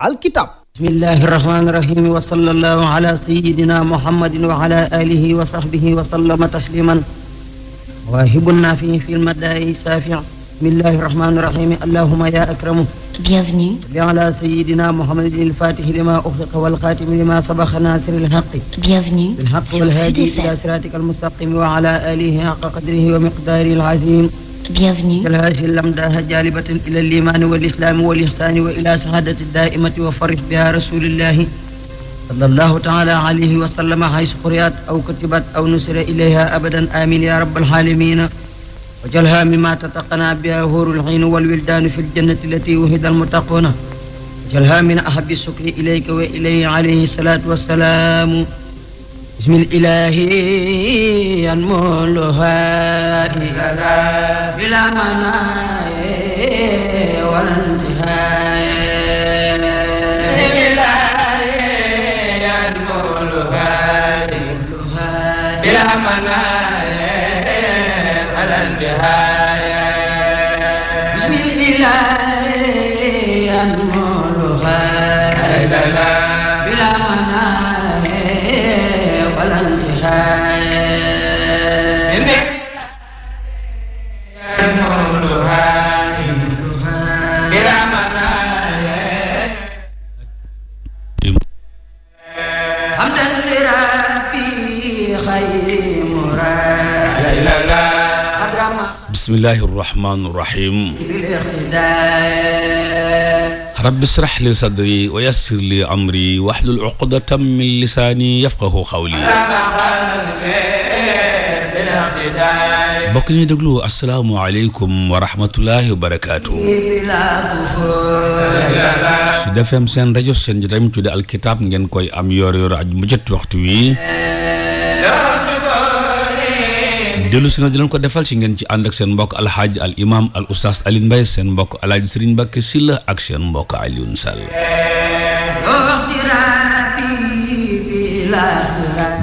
alkitab bismillahi rahmani rahim wa sallallahu ala sayidina muhammadin wa ala alihi wa sahbihi wa sallama tasliman waahibu naafi fi lmadayi saafi bismillahi rahmani rahim allahuma ya akramu bienvenue ala sayidina muhammadin ilfatixi lima uxliqa walxaatimi lima sabaxa naasiri lxaqi bienvenue bilxaqi walhaadi ila siratika almustaqimi wa ala alihi xaqa qadrihi wa miqdaari alazim bienvenue ala hadihi lamdaha jalibatan ila limaani wal islaami wal ihsaani wa ila saxadati daaimati wa farih biha rasulillahi sallallahu taala alayhi wa sallama haysu quriyat aw kutibat aw nusira ilayha abadan amin ya rabbal alamina waj'alha mimma tataqana biha hurul ayn wal wildaanu fil jannati allati wuhida al muttaquna waj'alha min ahabbi sukri ilayka wa ilayhi alayhi salatu wassalamu بسم الإله ينمو لها بلا منايا ولا انتهاء بسم الإله ينمو لها بلا منايا ولا انتهاء بسم الإله bismillahi arrahmani irrahim rabbi israh li sadri wa yassir li amri wahlul uqdatan min lisaani yafqahu qawli mbokk ñuy déglu asalaamualeykum wa rahmatullahi wa barakaatu su defeem seen rajo seen jotam tudde alkitaab ngeen koy am yor yor aj mu jot waxtu wi dellu si na di leen ko defal ci ngeen ci ànd ak seen mbokk alxaaj al imam al oustaz Alioune Mbaye seen mbokk alxaaj Serigne Mbacké Sylla ak seen mbokk Alioune Sall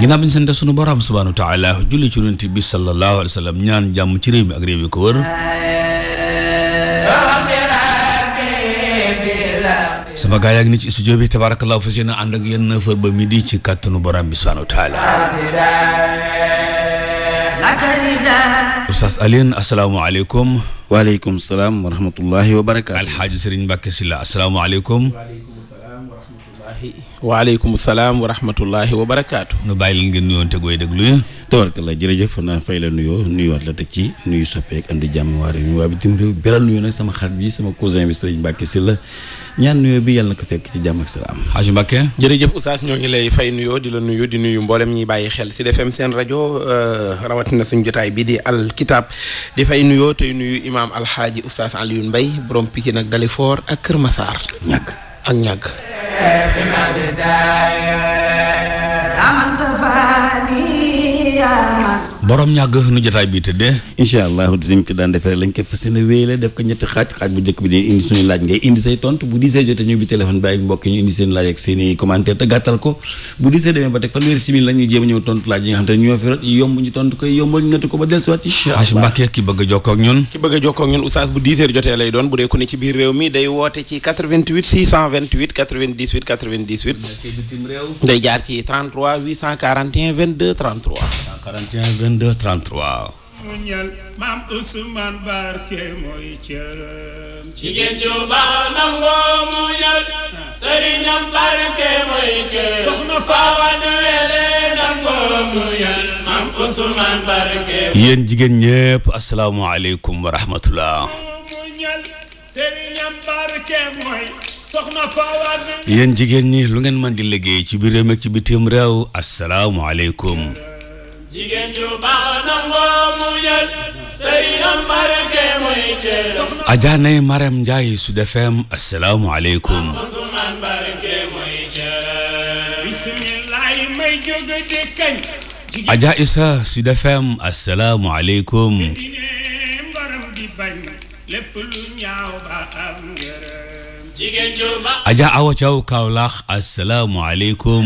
ginnaaw bi ñu sant sunu borom subhaanahu wa taala julli ci yonent bi sallallahu alayhi wa ñaan jàmm ci réew mi ak réew ko wër sama gaa yaa ni ci studio bi tabaarakallaahu fas yéene ànd ak ci kàttanu borom bi subhaanahu wa taala Oustaz Alioune asalaamaaleykum. waaleykum salaam wa rahmatullahi wa barakaatu. Alxaaji Sëriñ Mbàkke Sylla asalaamaaleykum. waaleykum salaam wa rahmatullahi wa barakaatu. nu bàyyi leen ngeen nuyoon te gooy déglu. tabarkalla jërëjëf naa fay la nuyoo nuyuwaat la teg ci nuyu soppeek andi jàmm waa réew mi waa bitim réew beral nuyoo nag sama xarit bi sama cousin bi Sëriñ Mbàkke Sylla ñaan nuyoo bi yàlla na ko fekk ci jàmm ak salaam Hadj Mbacké jërëjëf Oustaz ñoo ngi lay fay nuyoo di la nuyu di nuyu mboolem ñuy bàyyi xel Sud FM seen rajo euh, rawatina suñ jotaay bi di al di fay nuyoo tey nuyu imaam alxaaji Oustaz Alioune Mbaye borom Pikine ak Dalifort ak Kër Massar ñàkk ak ñàkk borom ñàgg nu jotaay bi tëddee. incha allah dinañ ko daan defee lañ ko fas yéene wéyale def ko ñetti xaaj xaaj suñu laaj ngay indi say tontu bu disee jotee ñu bi téléphone bi ay ñu indi seen laaj ak seen i te gàttal ko bu disee demee ba teg fanweeri simili la ñuy jéem a ñëw tontu laaj yi nga xam te ñoo fi rot yomb ñu tontu koy yombal ñu nettu ko ba dellusiwaat incha allah Mbàkke ki bëgg a ñun ki bëgg a ñun oustaz bu 10 jotee 32 33. muñal maam Ousmane Barke mooy cëram. jigéen ju baax nangoo muñal. sëriñam Barke mooy cëram. soxna Fawa Duwele nangoo muñal. maam Ousmane Barke. yéen jigéen ñëpp asalaamaaleykum wa rahmatullah. muñal sëriñam Barke mooy. yéen jigéen ñi lu ngeen mën di liggéey ci biir réew mi ak ci bitim réew asalaamaaleykum jigéen ju baax nangoo muñal sëriñam barke muy cëram ajaanay Maram Njaay Sud FM assalaamu Aja Isa Sud FM assalaamu aleykum mbaram Kawlax assalaamu aleykum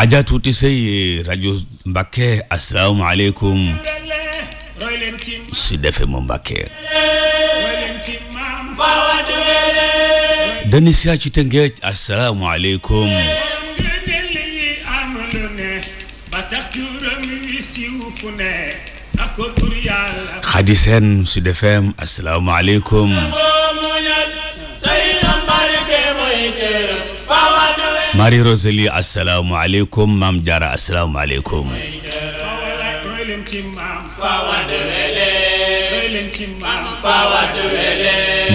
Adja Tuuti Sey rajo Mbàkke asalaamaaleykum Sud FM Mbàkke dani siyaa ci Tëngéej asalaamaaleykum Xadi Seen Sud FM asalaamaaleykum Marie Rosalie asalaamaaleykum maam Diarra asalaamaaleykum.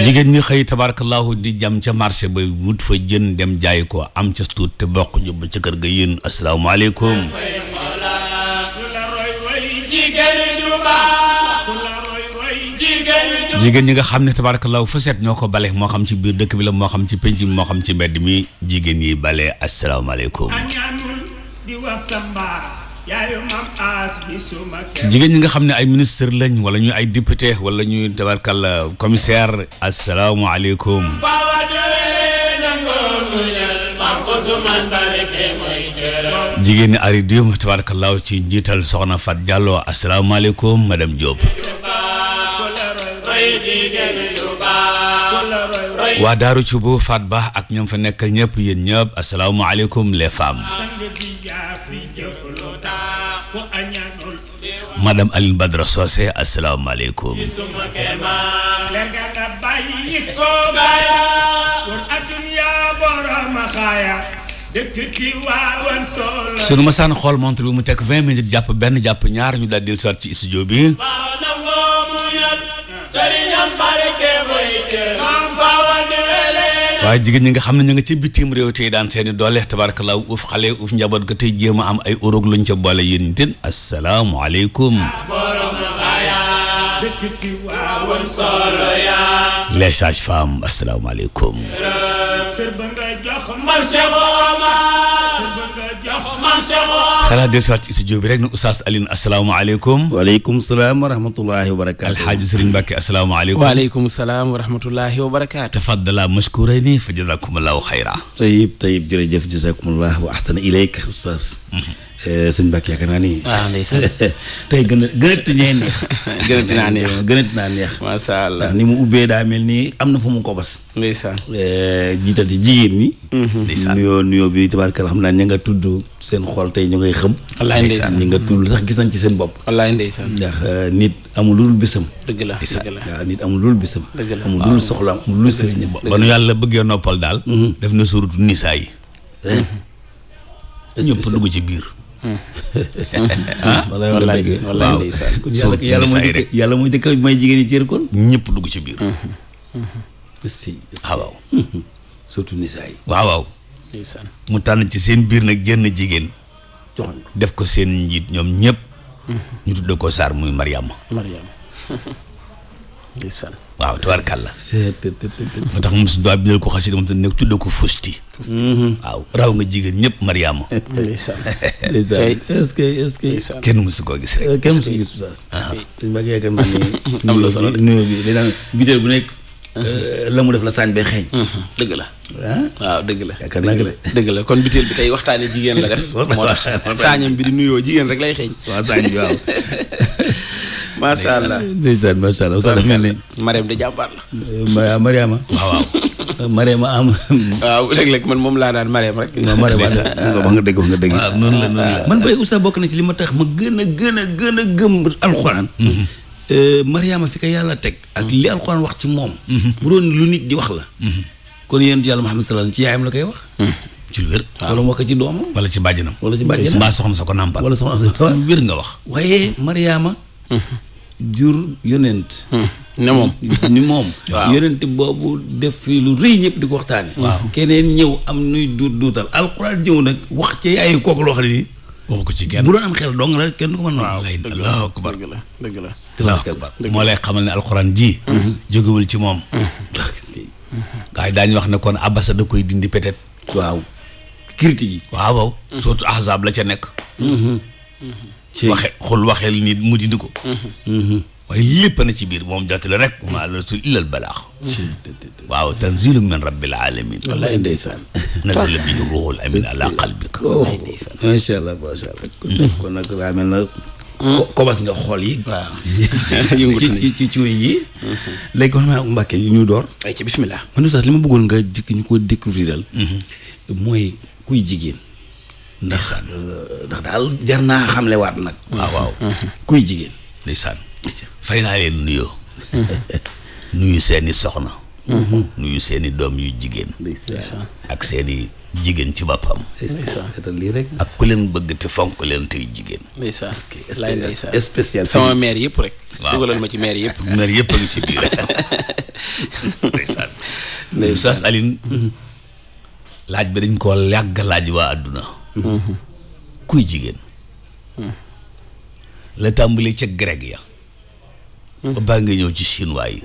jigéen ñi xëy tabarkallahu di jam ca marché ba wut fa jën dem jaay ko am ca tuut te bokk ca kër ga yéen asalaamaaleykum. jigéen ñi nga xam ne tabaarakallaahu fa seet ñoo ko bale moo xam ci biir dëkk bi la moo xam ci penc mi moo xam ci mbedd mi jigéen yi bale asalaamaaleykum ñi nga xam ne ay ministre lañ wala ñu ay député wala ñu tabaarakallaa commissaire asalaamaaleykum jigéen ñi ari dium tabaarakallaahu ci njiital soxna Fat Diallo asalaamaaleykum madame Diop waa daaru ci bu Fat Ba ak ñoom fa nekkal ñëpp yéen ñëpp asalaamaaleykum les femmes madame Aline Badra Socé asalaamaaleykum sunu masaan xool montre bi mu teg vingt minutes jàpp benn jàpp ñaar ñu daal di ci studio bi waaye jigéen ñi nga xam ne ñu ngi ci bitim réew tey daan seen i doole tabarakallaa uuf xale uuf njaboot ga tey jéem a am ay orog luñ ca boole yéen itin asalaamaaleykum les sages-femmes asalaamaaleykum xanaa del soit ci studio bi rek ne oustaz Alioune asalaamaaleykum waaleykum salaam wa rahmatullahi wa barakaatu alxaaji sëriñ Mbàkke asalaamaaleykum waaleykum salaam wa rahmatullahi wa barakaatu tafaddala mashkurayni fa jazakumullahu xayra tayib tayib jërëjëf jazakumullah wa ahsana ilayk oustaz mhm. Eh, sëñ Mbacke yaakaar naa nii. Ah, tey gën a gënati neex. gënati naa neex gënati naa neex. macha allah ni mu ubbee daa mel ni am na fu mu ko bas. Eh, jiital ci jigéen ñi. Mhm. ndeysaan nuyoo nuyoo bi tabaarkalla xam naa ña nga tudd seen xol tey ñu ngay xam. wallaay nga tudd sax gis nañ ci seen bopp. wallaay ndeysaan. ndax eh, nit amul lu dul bisam. dëgg la dëgg la waaw nit amul lu dul bisam. dëgg la amul lu dul soxlaam amul lu dul sëriñam. ba nu yàlla bëggee daal. Mhm. def na suuratu nisaa yi. Mhm. ñëpp dugg ci biir Hmm. ah walaay waaw yàlla mooy njëkk yàlla mooy jigéen ñi cër ñëpp dugg ci biir. Hmm. Hmm. si ah, waaw. mu tànn ci seen biir nag jënn jigéen. joxoon def ko seen njiit ñoom ñëpp. ñu tudde ko Sarr muy Mariama. ndeysaan waaw tubaarkàlla moo tax moom suñu tubaab bi ko xasida moom te nekk tudde ko fusti mm-hmm. waaw raw nga jigéen ñëpp mariama ndeysaan ndeysaan est-ce que est-ce que kenn musu koo gis rek euh, kenn musu suñ bàgg yaakaar naa ni am la solo nuyoo bi li daan biteel bu nekk uh-huh. euh, la mu def la saañ bay xeeñ uh-huh. dëgg la ah? waaw dëgg la yaakaar naa la dëgg la kon biteel bi tey waxtaane jigéen la def moo tax saañam bi di nuyoo jigéen rek lay xeeñ waaw saañ bi waaw macha allah ndeysaan macha allah ustaas mel ni Mariam de jàmbaar la ah, Mariama waaw waaw ah, Mariama am waaw léeg-léeg moom laa daan Mariam rek Mariama ah, wax nga dëgg wax nga dëgg waaw noonu la noonu la na ci li ma ma gën a gën a gën a gëm alxuraan mhm. euh, Mariama fi ko yàlla teg ak li alxuraan wax ci moom mhm. bu doon lu nit di wax la mhm. kon wa sallam ci yaayam la koy wax ci lu wér wala mu wax ko ci doomam wala ci bàjjanam wala ci bàjjanam mbaa soxna sa ko nàmpal wala soxna sa wér nga wax waaye Mariama jur yonent hmm. ne moom ni moom yonent boobu def fii lu rëy ñëpp di ko waxtaane waaw keneen ñëw am nuy duut duutal alxuraan ñëw nag wax ci ay kooku loo xam nii waxu ci kenn bu doon am xel dong la kenn du ko mën a moo lay xamal ne alxuraan ji mm-hmm. jógewul ci moom mm-hmm. mm-hmm. gaa yi daañu wax ne kon abasa da koy dindi peut-être waaw critique yi waaw waaw surtout ahzab la ca nekk waxe xul waxeel nit mu dindi ko mhm. Mhm. waaye ci biir moom jottali rek wa maa mhm. waaw tanzilu min rabbil alamin wallaay ndeysaan nazala bihi ruhul amin ala qalbika oh, wallaay ndeysaan macha allah macha allah kon nag daa mel na kobas nga xool yi waaw ci ci ci wéy yi léegi kon xam naa ñu door bismillah man sax li ma bëggoon nga jëkk ñu ko découvriral mooy kuy jigéen ndax ndax daal jar naa xamlewaat nag. waaw waaw. kuy jigéen. ndeysaan. fay naa leen nuyoo. nuyu seeni soxna. Mhm. nuyu seeni doom yu jigéen. ak seeni jigéen ci boppam. lii rek. ak ku leen bëgg te fonk leen tey jigéen. ndeysaan sama maire yëpp rek. waaw dugalal ma ci maire yëpp. maire yëpp a ngi ci biir ndeysaan. ndeysaan Oustaz Alioune. Mhm. laaj bi dañ koo yàgg laaj waa àdduna. Mm-hmm. kuy jigéen mm-hmm. la tàmbali ca grec ya mm-hmm. ba baa nga ñëw ci chinois yi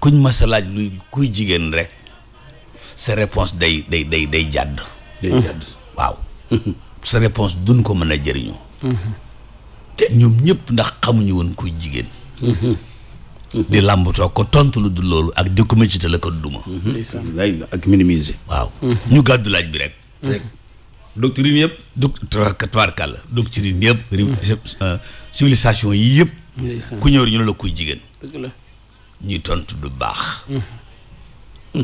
kuñ mas a laaj luy kuy jigéen rek sa réponse day day day day jàdd waaw sa réponse duñ ko mën a jëriñoo te ñoom ñëpp ndax xamuñu woon kuy jigéen di làmbatoo ko tontu lu dul loolu ak di ko méccita la ko duma waaw ñu gàddu laaj bi rek rek doctrine yëpp. doctrine doctrine yëpp. Hmm. Euh, civilisation yi yëpp. ku ñëw ñu ne la kuy jigéen. dëgg la ñuy tontu du baax. Hmm.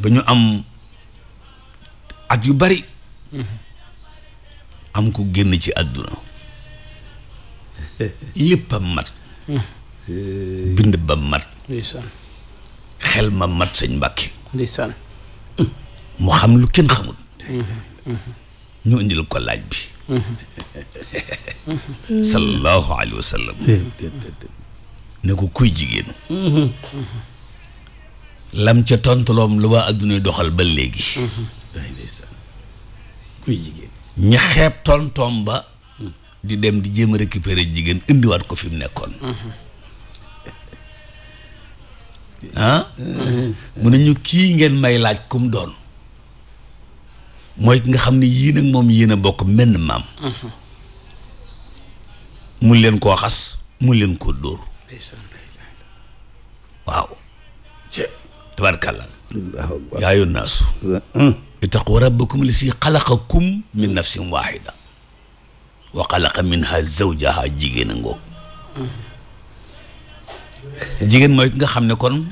ba ñu am at yu bari. Hmm. am ku génn ci àdduna lépp a mat eh. bind ba mat xel ma mat sëñ Mbàkke mu xam lu kenn xamul ñu indil ko laaj bi sallallahu alayhi wa ne ko kuy jigéen lam ca tontaloom lu waa adduna doxal ba léegi day xeeb tontoom ba di dem di jéem a récupérer jigéen indiwaat ko fi mu nekkoon ah mu ne ñu kii ngeen may laaj kum doon mooy ki nga xam ne yéen ak moom yéen a bokk menn maam mu leen ko xas mu leen koo dóor waaw tabarkàlla yaa ayyuhan naasu mm. ittaqu rabbakum lazi xalaqakum min nafsin waahida wa xalaqa minha zawjaha jigéen a ngoog jigéen mooy ki nga xam ne kon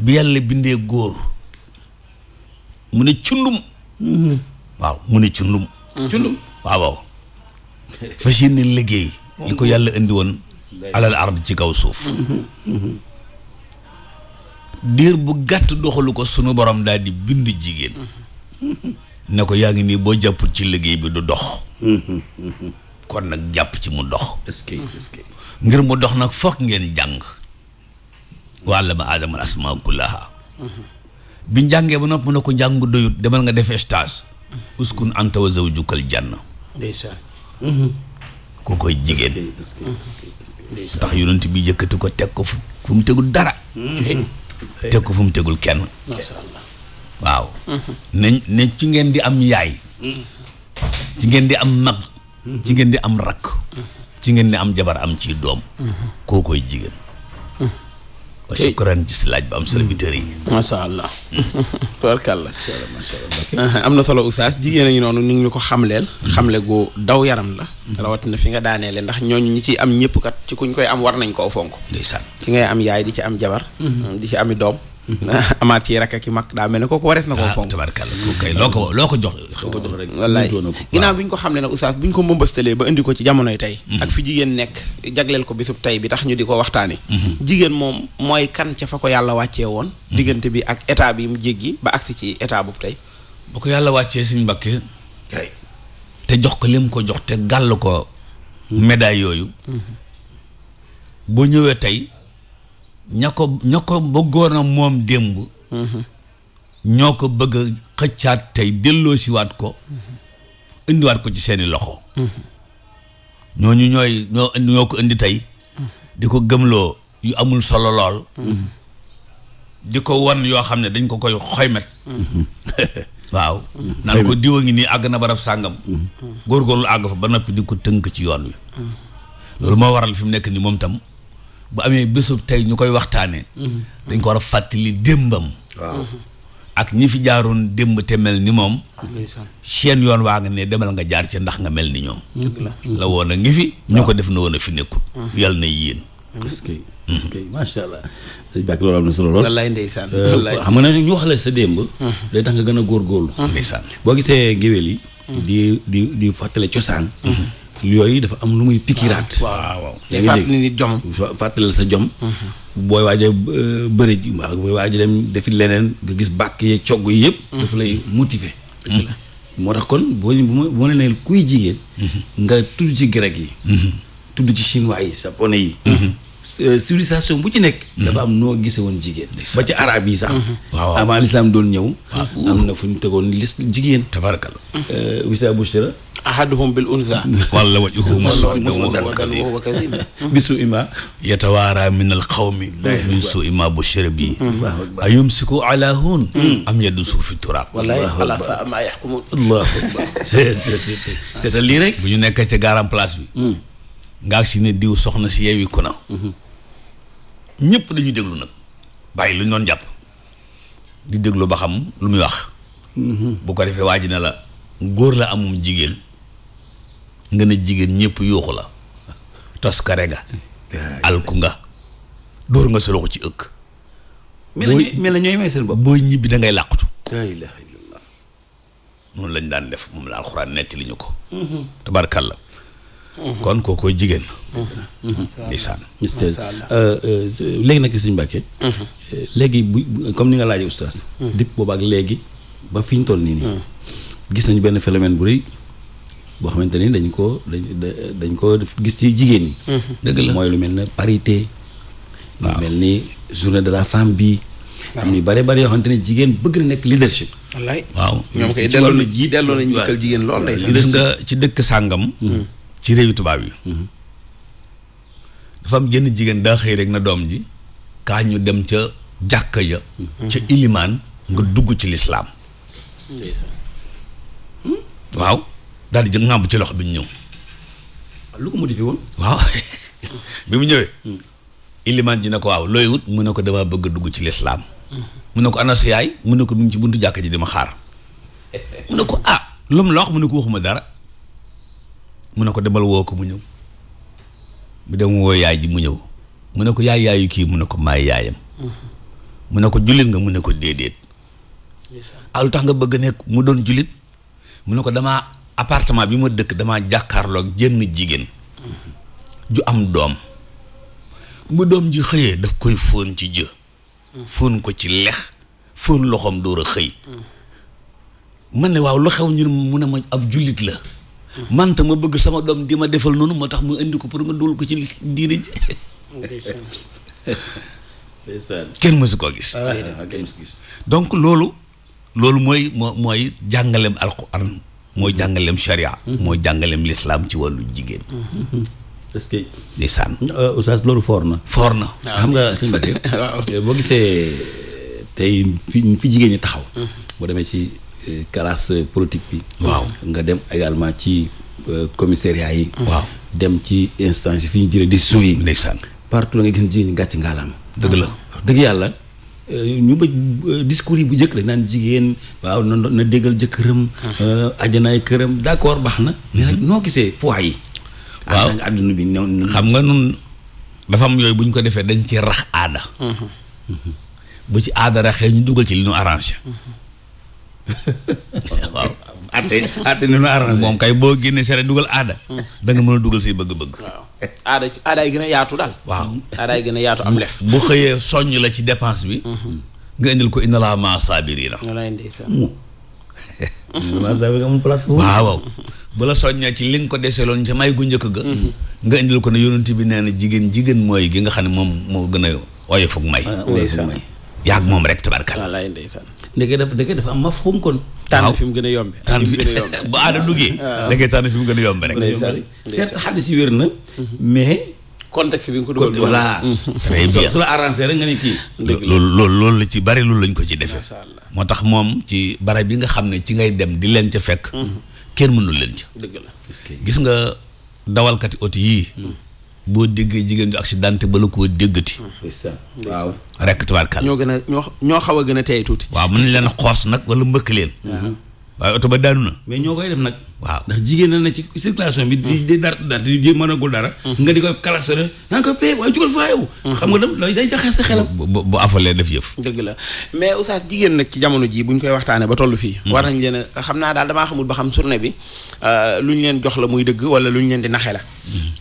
bi yàlla bindee góor mu ne cundum waaw mu ne ci cundum waaw waaw fas liggéey li ko yàlla indi woon alal ard ci kaw suuf diir bu gàtt doxalu ko sunu borom daal di bind jigéen ne ko yaa ngi nii boo jàppul ci liggéey bi du dox kon nag jàpp ci mu dox est ngir mu dox nag foog ngeen jàng wàlla ma aadamal asmaa kullaha bi njàngee ba nopp mu ne ko njàngu doyut demal nga defee stage uskun anta wa zawjukal janna ndeysaan koo koy jigéen tax yonent bi jëkkati ko teg ko fu mu tegul dara teg ko fu mu tegul kenn waaw ne mm-hmm. ne ci ngeen di am yaay mm-hmm. ci ngeen di am mag mm-hmm. ci ngeen di am rakk ci ngeen di am jabar am ci doom koo koy jigéen wa shukran ci si laaj ba am solo bi tër yi. macha allah. tubarkàlla. macha allah am na solo oustaz jigéen ñi noonu ñu ñu ko xamleel. xamle gu daw yaram la. na fi nga daaneele ndax ñooñu ñi ci am ñëpp kat ci kuñ koy am war nañ koo fonk. ndeysaan ngay am yaay di ci am jabar. Mm-hmm. di ci ami doom. amaat ci rakk ak i mag daa mel ne kooku warees na koo ah, fonk tabarkalla kay loo ko loo ko jox ko jox rek wallaay ginnaaw bi ñu ko xam ne nag oustaz bu ñu ko mbëmbastalee ba indi ko ci jamonoy tey mhm. ak fi jigéen nekk jagleel ko bisub tey bi tax ñu di ko waxtaane mhm. jigéen moom mooy kan ca fa ko yàlla wàccee woon mhm. diggante bi ak état bi mu jéggi ba agsi ci état boobu tey boo ko yàlla wàccee suñ mbakke te jox ko lim ko jox te gàll ko médaille yooyu bu ñëwee tey ña ko ña ko bëggoon a moom démb mhm. ñoo ko bëgg xëccaat tey delloosiwaat ko mhm. indiwaat ko ci seeni loxo mhm. ñooñu ñooy ñoo ñoo ko indi tey di ko gëmloo yu amul solo lool di ko wan yoo xam ne dañ ko koy xoymet waaw naan ko diwa ngi nii àgg na barab sàngam góorlu àgg fa ba noppi di ko tënk ci yoon wi loolu moo waral fi mu nekk nii moom tam bu amee bésub tey ñu koy waxtaanee. Mhm. dañ ko war a fàttali démbam. waaw mhm. ak ñi fi jaaroon démb te mel ni moom. seen yoon waa nga ne demal nga jaar ci ndax nga mel ni ñoom. Mhm. la woon a ngi fi. ñu ko def na woon a fi nekkul. yàlla na yéen. est-ce que est-ce que macha allah. sëñ Bakk loolu am na solo lool. Euh, xam nga nag ñu wax sa démb. day tax nga gën a góor ndeysaan boo gisee géwél yi. di di di fàttale cosaan. yooyu dafa am lu muy pikiraat. Ah, waaw waaw te fàttali ni jom. sa jom. Mhm. booy waaj a euh, bëri ji waaw booy waaj a dem defi leneen nga gis bàkk yeeg cogg yi yëpp. Mhm. dafa lay motiver. moo tax kon boo bu ma la nee kuy jigéen. Mhm. nga tudd ci grec yi. tudd ci chinois yi japonais yi. Euh, civilisation bu ci nekk. dafa am noo gisee woon jigéen. ba ci arab yi sax. waaw avant l'islam doon ñëw. am na fu ñu tegoon lis jigéen. tabarakalla. Wissa euh, ahaduhum bil unsa walla wajuhu muswaddan wa kadhib yatawaara min al qawmi min su ima bushira bi ayumsiku ala hun hmm. am yadusu fi turab wallahi ala lii rek bu ñu nekkee ca garan place bi hmm. nga si ne diw soxna si yeewi ku na hmm. ñëpp dañuy déglu nag bàyyi lu ñu doon jàpp di déglu ba xam lu muy wax bu ko defee waaj na la góor la amum jigéen nga jigéen ñëpp yuuxu la toskare nga alku nga dóor nga solo ko ci ëkk mel na ñooy may seen bopp booy ñibbi da ngay làqutu laa ilaha lañ daan def moom la alxuraan netti li ñu ko mhm. tabarkàlla mhm. kon koo koy jigéen mhm. Euh, euh, léegi nag Sëñ Mbàkke euh, léegi bu comme ni nga laajee oustaz dip ak léegi ba fi ñu toll nii nii gis nañu benn phénomène bu rëy boo xamante ni dañ ko dañ dañ ko gis ci jigéen ñi. Mhm. dëgg la mooy lu mel ne parité. waaw mel ni journée de la femme bi am yu bare bari yoo xamante ne jigéen bëgg na nekk leadership. wallaay waaw ñoom kay delloo na ji delloo nañukkal jigéen lool lay. gis nga ci dëkk sàngam. Mhm. ci réewi tubaab yi. Mhm. dafa am jenn jigéen daa xëy rek na doom ji kaa ñu dem ca jàkka ya ca ilimaan nga dugg ci lislaam waaw daal di jël ŋàmb ci loxo bi ñu ñëw. lu ko motivé waaw bi mu ñëwee. ilimaan ji ne ko waaw looy wut mu ne ko dama bëgg a dugg ci lislaam mu ne ko ana sa yaay mu ne ko mu ngi ci buntu jàkka ji xaar. mu ne ko ah lu mu ne ko waxuma dara mu ne ko demal woo ko mu ñëw mu dem woo yaay ji mu ñëw mu ne ko yaay yaayu kii mu ne ko maay yaayam. mu ne ko jullit nga mu ne ko déedéet. ah lu tax nga bëgg nekk mu doon jullit mu ne ko damaa. appartement bi ma dëkk damaa jàkkaarlook jenn jigéen ju am doom bu doom ji xëyee daf koy fóon ci jë fóon ko ci lex fóon loxoom door a xëy man ne waaw lu xew ñun mu ne ma ab jullit la man ta ma bëgg sama doom di ma defal noonu moo tax mu indi ko pour nga dugal ko ci diine kenn ah, kenn mësu koo gis donc loolu loolu mooy moo mooy jàngaleem alquran mooy jàngaleem sharia mooy jàngaleem lislaam ci wàllu jigéen est que que ndeysaan euh, oustaz loolu foor na foor na ah, xam nga sëñ euh, boo gisee euh, tey fi fi jigéen ñi taxaw mm-hmm. boo demee ci classe politique bi waaw nga dem également ci commissariat yi waaw dem ci instance yi fi ñu jëlee décision yi ndeysaan partout la nga gis jigéen ñi gàcc ngaalaam dëgg la dëgg yàlla Euh, ñu bëj euh, discours bu njëkk la naan jigéen waaw na na déggal jëkkëram. ajanaay ah. euh, këram d' accord baax na. mais mm-hmm. noo gisee poids yi. waaw adduna bi ñoom xam nga nun dafa am yooyu bu ñu ko defee dañ ci rax aada. Mm-hmm. Mm-hmm. bu ci aada raxee ñu dugal ci li ñu arrangé. atte atte ni nu moom kay boo génnee sere dugal aada hmm. danga mën a dugal say bëgg-bëgg waaw aada aadaay gën a yaatu daal waaw aadaay gën a yaatu am lef bu xëyee soññ la ci dépense bi hmm. nga indil ko inna laa maa saabiriina hmm. maa saabiriina amul place foofu waaw li nga ko deseeloon ca may njëkk ga indil ko ne yonent bi nee na jigéen jigéen mooy gi nga xam ne moom moo gën a oyof ah, ak may oyof ak may yaag moom rek tabarkal ndeke dafa ndeke dafa am mafhum kon. mu gën a yombe tànn fi mu gën a yombe bu aada duggee. ndeke tànn fi mu gën a yombe rek. certes xadis yi wér na. mais. context bi nga ko dugal. la arrangé rek nga ni kii. loolu loolu la ci bari loolu lañ ko ci defee. moo tax moom ci barab bi nga xam ne ci ngay dem di leen ca fekk. Mhm. kenn mënul leen ca. dëgg la gis nga dawalkati oto yii. Mhm. boo déggee jigéen du accidenté ba la koo déggati. Hmm. waaw rek tubaarkàlla. ñoo gën a ñoo ñoo xaw a gën a tey tuuti. waaw mën leen xoos nag wala mbëkk leen. Hmm. waaye oto ba daanu na. mais ñoo koy def nag. waaw ndax jigéen na ne ci circulation bi. di di dar dar di jéem a nagul dara. Hmm. nga di ko kalasore naan ko pay waaye jugal faa yow. Hmm. xam nga dem looy day jaxase sa xelam. dëgg la mais oustaz jigéen nag ci jamono jii buñ koy waxtaanee ba toll fii. Hmm. war nañ leen a naa daal damaa ba xam surne bi euh, lu ñu leen jox la muy dëgg wala lu ñu leen di naxe la.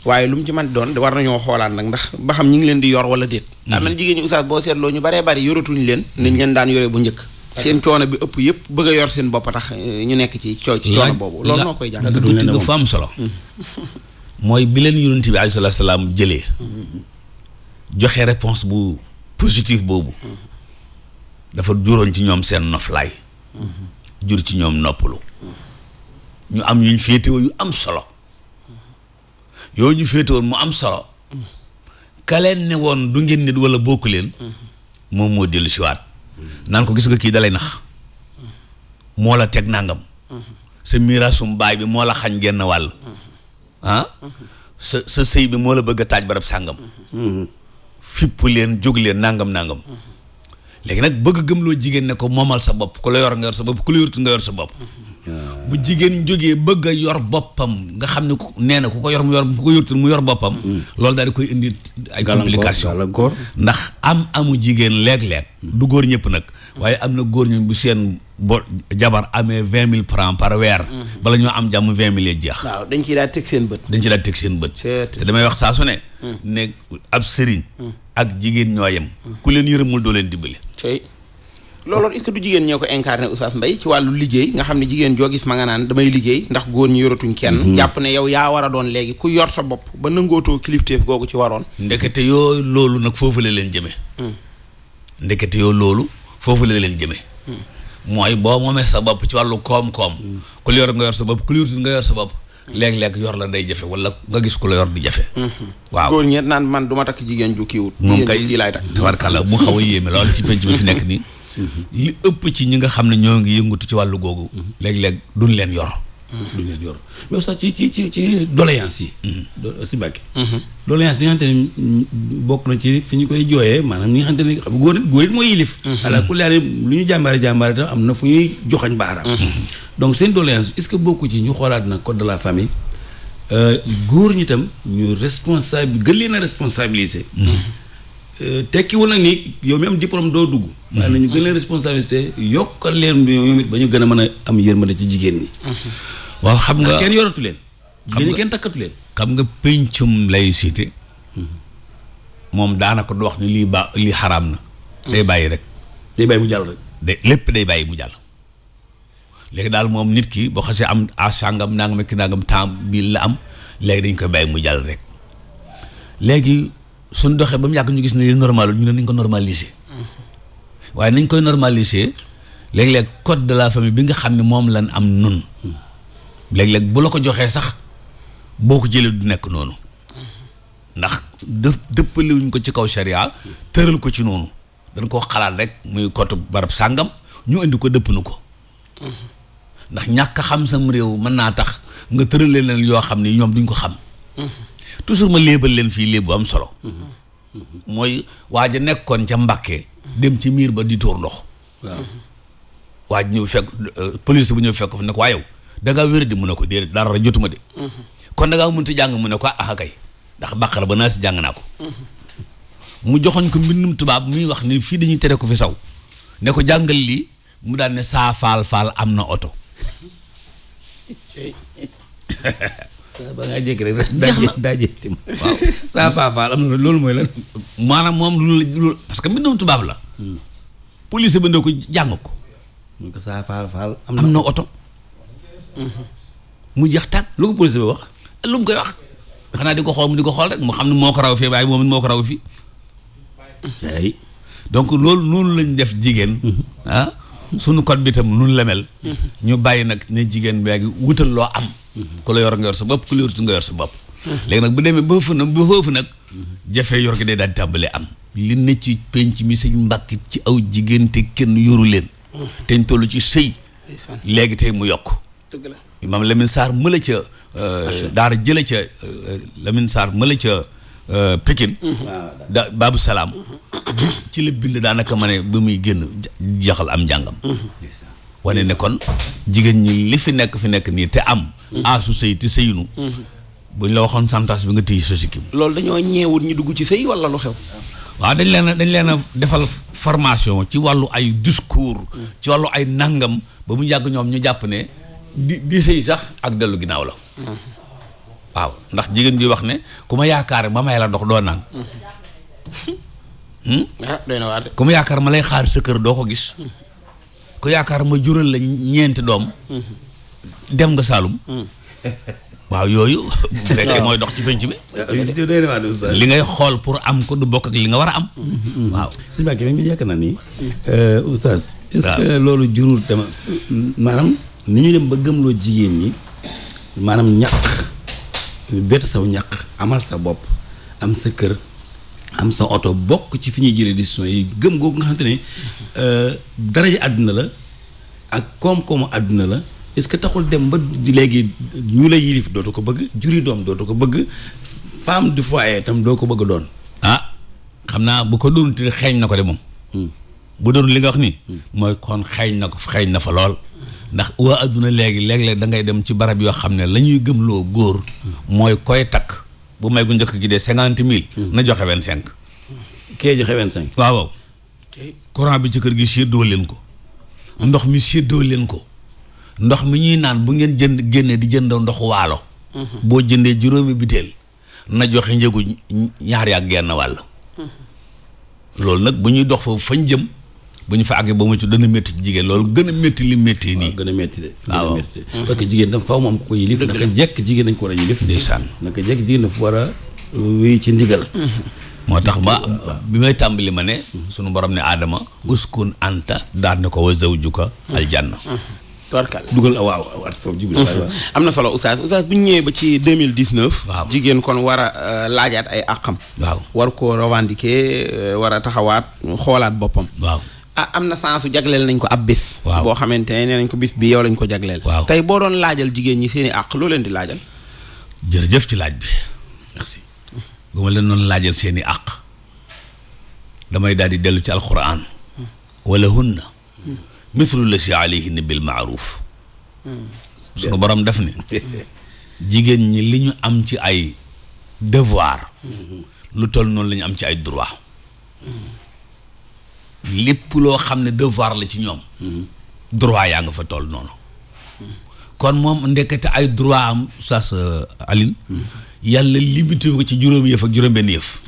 waaye lu mu ci mën doon war nañoo xoolaat nag ndax ba xam ngi leen di yor wala déet. daa mel jigéen ñi oustaz boo ñu bari yoratuñ leen. niñ leen daan yoree bu njëkk seen coono bi ëpp yëpp bëgg a yor seen bopp tax eh, ñu nekk ci coow ci coono boobu loolu noo koy jàng du tëgg fa am solo mm. mooy bi leen yonent bi alayhi salaatu salaam jëlee joxe réponse bu positif boobu dafa juróon ci ñoom seen noflaay jur ci ñoom noppalu ñu am yuñ féetewoo yu am solo yoo ñu féetewoon mu am solo ka leen ne woon du ngeen nit wala bokk leen moom moo dellu siwaat naan ko gis nga kii dalay nax moo la teg nangam sa miiraasum baay bi moo la xañ genn wàll ah sa sa sëy bi moo la bëgg a taaj barab sàngam fipp leen jóg leen nangam nangam léegi nag bëgg gëm loo jigéen ne ko moomal sa bopp ku la yor nga yor sa bopp ku la yortu nga yor sa bopp bu jigéen jógee bëgg a yor boppam nga xam ne nee na ku ko yor mu yor ku ko yortul mu yor boppam. loolu daal di koy indi ay complication ndax am amu jigéen léeg-léeg. du góor ñëpp nag. waaye am na góor ñu bu seen bo jabar amee vingt mille francs par weer. bala ñoo am jàmm vingt mille jeex. dañ ciy daal teg seen bët. dañ ci daal teg seen bët. te damay wax saa su ne. Hmm. ne ab sëriñ. Hmm. ak jigéen ñoo yem. Hmm. ku leen yërëmul doo leen dimbali. looloon est que du jigéen ñoo ko incarné Oustaz Mbaye ci wàllu liggéey nga xam ne jigéen joo gis ma nga naan damay liggéey ndax góor ñi yoratuñ kenn mhm. jàpp ne yow yaa war a doon léegi ku yor sa bopp ba nangootoo kilifteef googu ci waroon ndekete yoo loolu nag foofu la leen jëme hmm. ndekete loolu foofu la leen jëme hmm. mooy boo moomee sa bopp ci wàllu koom-koom hmm. ku yor nga yor sa bopp ku yoratul nga yor sa bopp léeg-léeg yor la day jafe wala nga gis ku la yor di jafe. waaw góor ñeent naan man du ma takk jigéen ju kiiwut. moom kay jigéen ju kii laay takk. mu xaw a yéeme loolu ci penc bi fi nekk nii. li ëpp ci ñi nga xam ne ñoo ngi yëngatu ci wàllu googu. léeg-léeg duñ leen yor. duñ leen yor mais sax ci ci ci ci doléance yi. Mm-hmm. si Mbàkke. Mm-hmm. doléance yi nga xamante ne bokk na ci fi ñu koy jooyee maanaam ñi nga xamante ne xam góor góor it mooy yilif. Mm-hmm. ku laale lu ñu jàmbaare jàmbaare tam am na fu ñuy joxañ baaraam. donc seen doléance est-ce que bokku ci ñu xoolaat na code de la famille. Euh, góor ñi tam ñu responsable gën leen a Euh, tekkiwul nag ni yow mi am diplôme doo dugg. waaye mhm. nañu gën leen responsabilité yokkal leen ñoom it ba ñu gën a mën a am yërmande ci jigéen ñi. Mhm. waaw xam nga kenn yoratu leen. jigéen ñi kenn takkatu leen. xam nga pencum laïcité mhm. moom daanaka du wax ni lii ba lii xaraam na. day bàyyi rek. day bàyyi mu jàll rek. lépp day bàyyi mu jàll. léegi daal moom nit ki boo xasee am asangam nangam ak nangam temps bii la am léegi dañ koy bàyyi mu jàll rek suñ doxee ba mu yàgg ñu gis ne li normal ñu ne nañ ko normaliser mm-hmm. waaye nañ koy normaliser léeg-léeg code de la famille bi nga xam ne moom lan am nun mm-hmm. léeg-léeg bu la ko joxee sax boo ko jëlee du nekk noonu mm-hmm. ndax dë dëppaliwuñ ko ci kaw sharia tëral ko ci noonu dañ koo xalaat rek muy code barab sàngam ñu indi ko dëpp nu ko ndax ñàkk xam sam réew mën naa tax nga tëralee leen yoo xam ne ñoom duñ ko xam toujours ma léebal leen fii léeb bu am solo mooy waa ja nekkoon ca Mbàkke dem ci miir ba di tóor ndox waaw waa ji ñëw fekk euh, police bu ñëw fekk fa ne ko waa yow da wér di mu ne ko déedéet dara jotuma de mhm. kon da ngaa mënti jàng mu ne ko ah kay ndax bàqara ba naa si jàng naa ko mu joxoñ ko mbindum tubaab muy wax ni fii dañuy tere ko fi saw ne ko jàngal lii mu daal ne saa faal faal am na oto ba ngaa jékki rek daa jeexti waaw saa faafaal am na loolu mooy la maanaam moom loolu parce que mbindum tubaab la hmm. police ba ndoo ko jàng ko mun ko saa faal hmm. mu jeex tàkk lu ko police ba wax lu mu koy wax xanaa di ko xool mu di ko xool rek mu xam ne moo ko raw fii raw fii ay donc loolu noonu lañ def jigéen hmm. ah, suñu code bi tam noonu la ñu bàyyi nag ne jigéen wutal loo am ku la yor nga yor sa bopp ku la yorutu nga yor sa bopp léegi nag bu demee ba foofu nag ba foofu jafe yor gi day daal di tàmbalee am li ne ci penc mi sëñ mbàkk ci aw jigéen te kenn yoru leen te ñu toll ci sëy léegi tey mu yokk dëgg la saar Lamine Sarr mëla ca euh, daara jële ca euh, lemin Sarr mëla ca euh, Pikine mhm. da Babu Salaam mhm. ci la bind daanaka ma ne ba muy génn jaxal am njàngam mhm. wane ne kon jigéen ñi li fi nekk fi nekk nii te am. Mm-hmm. aasu ah sëy te sëyunu. Mm-hmm. buñ la waxoon santas bi nga téye sa sikkim. loolu dañoo ñeewut ñu dugg ci sëy wala lu xew. waaw dañ leen dañ leen a defal formation ci wàllu ay discours. Mm-hmm. ci wàllu ay nangam ba mu jàgg ñoom ñu jàpp ne di sëy sax ak dellu ginnaaw la. waaw ndax jigéen ji wax ne ku ma yaakaar ba may la dox doo naan. Hmm? ah doy yaakaar ma lay xaar sa kër doo ko gis. ku yaakaar ma jural la ñeenti doom dem nga Saalum mm. waaw yooyu bu mooy dox ci penc bi ah, ah, li ngay xool pour am ko du bokk li nga war a am mm-hmm. Mm-hmm. waaw sëñ Mbacke mi yàkk na nii mm. euh, oustaz est-ce loolu jurul dama maanaam ni ñu dem ba gëmloo jigéen ñi maanaam ñaq bett saw ñaq amal sa bopp am sa kër am sa oto bokk ci fi ñuy jëlee décision yi gëm googu nga xamante ne euh, daraja àdduna la ak koom-koomu àdduna la est-ce que taxul dem ba léegi ñu la yilif dootu ko bëgg juri doom doo dootu ko bëgg femme du foyer itam doo ko bëgg doon. ah xam naa bu ko doon tuuti xeeñ na ko de moom. Hmm. bu doon li nga wax nii. Hmm. mooy kon xeeñ na ko xeeñ na fa lool. ndax waa adduna léegi léeg-léeg da ngay dem ci barab yoo xam ne lañuy ñuy gëmloo góor. Hmm. mooy koy takk. bu may bu njëkk gi dee cinquante mille. Hmm. na joxe vingt cinq. kee joxe vingt cinq. waaw waaw. bi ci kër gi séddoo leen ko. ndox mi séddoo leen ko. ndox mi ñuy naan bu ngeen jënd génne di jënd ndox waalo. Hmm. boo jëndee juróomi biteel na joxe njëgu ñaar yaa genn wàll. Hmm. loolu nag bu ñuy dox foofu fañ jëm. bu ñu fa àggee ba mu ci dana métti jigéen loolu gën a métti li métti nii gën a métti a métti de parce que jigéen dafa faaw ko ko yilif naka jekk jigéen dañ ko war a yilif ci ndigal moo tax ma bi may tàmbali ma ne sunu borom ne aadama uskun anta daan ne ko wa zawjuka aljanna torkal dugal waaw am na solo oustaz bu ñu ñëwee ba ci 2019 waaw jigéen kon war a euh, laajaat ay àqam waaw war ko revendiquer euh, war a taxawaat xoolaat boppam waaw ah am na sensu jagleel nañ ko ab bis. waaw boo xamante ne nee nañ ko bis bi yow lañ ko jagleel. waaw tey boo doon laajal jigéen ñi seen àq loo leen di laajal. jërëjëf ci laaj bi. merci. bu ma leen doon laajal seeni àq damay daal di dellu ci alquran. walla hunna. mithlu lasi alayhinna bil maaruf. sunu borom def ni jigéen ñi li ñu am ci ay devoir. lu toll noonu lañu am ci ay droit. lépp loo xam ne devoir la ci ñoom droit yaa nga fa tool noonu kon moom ndekete ay droit am sa alin yàlla limité ko ci juróom yëf ak juróom benn yëf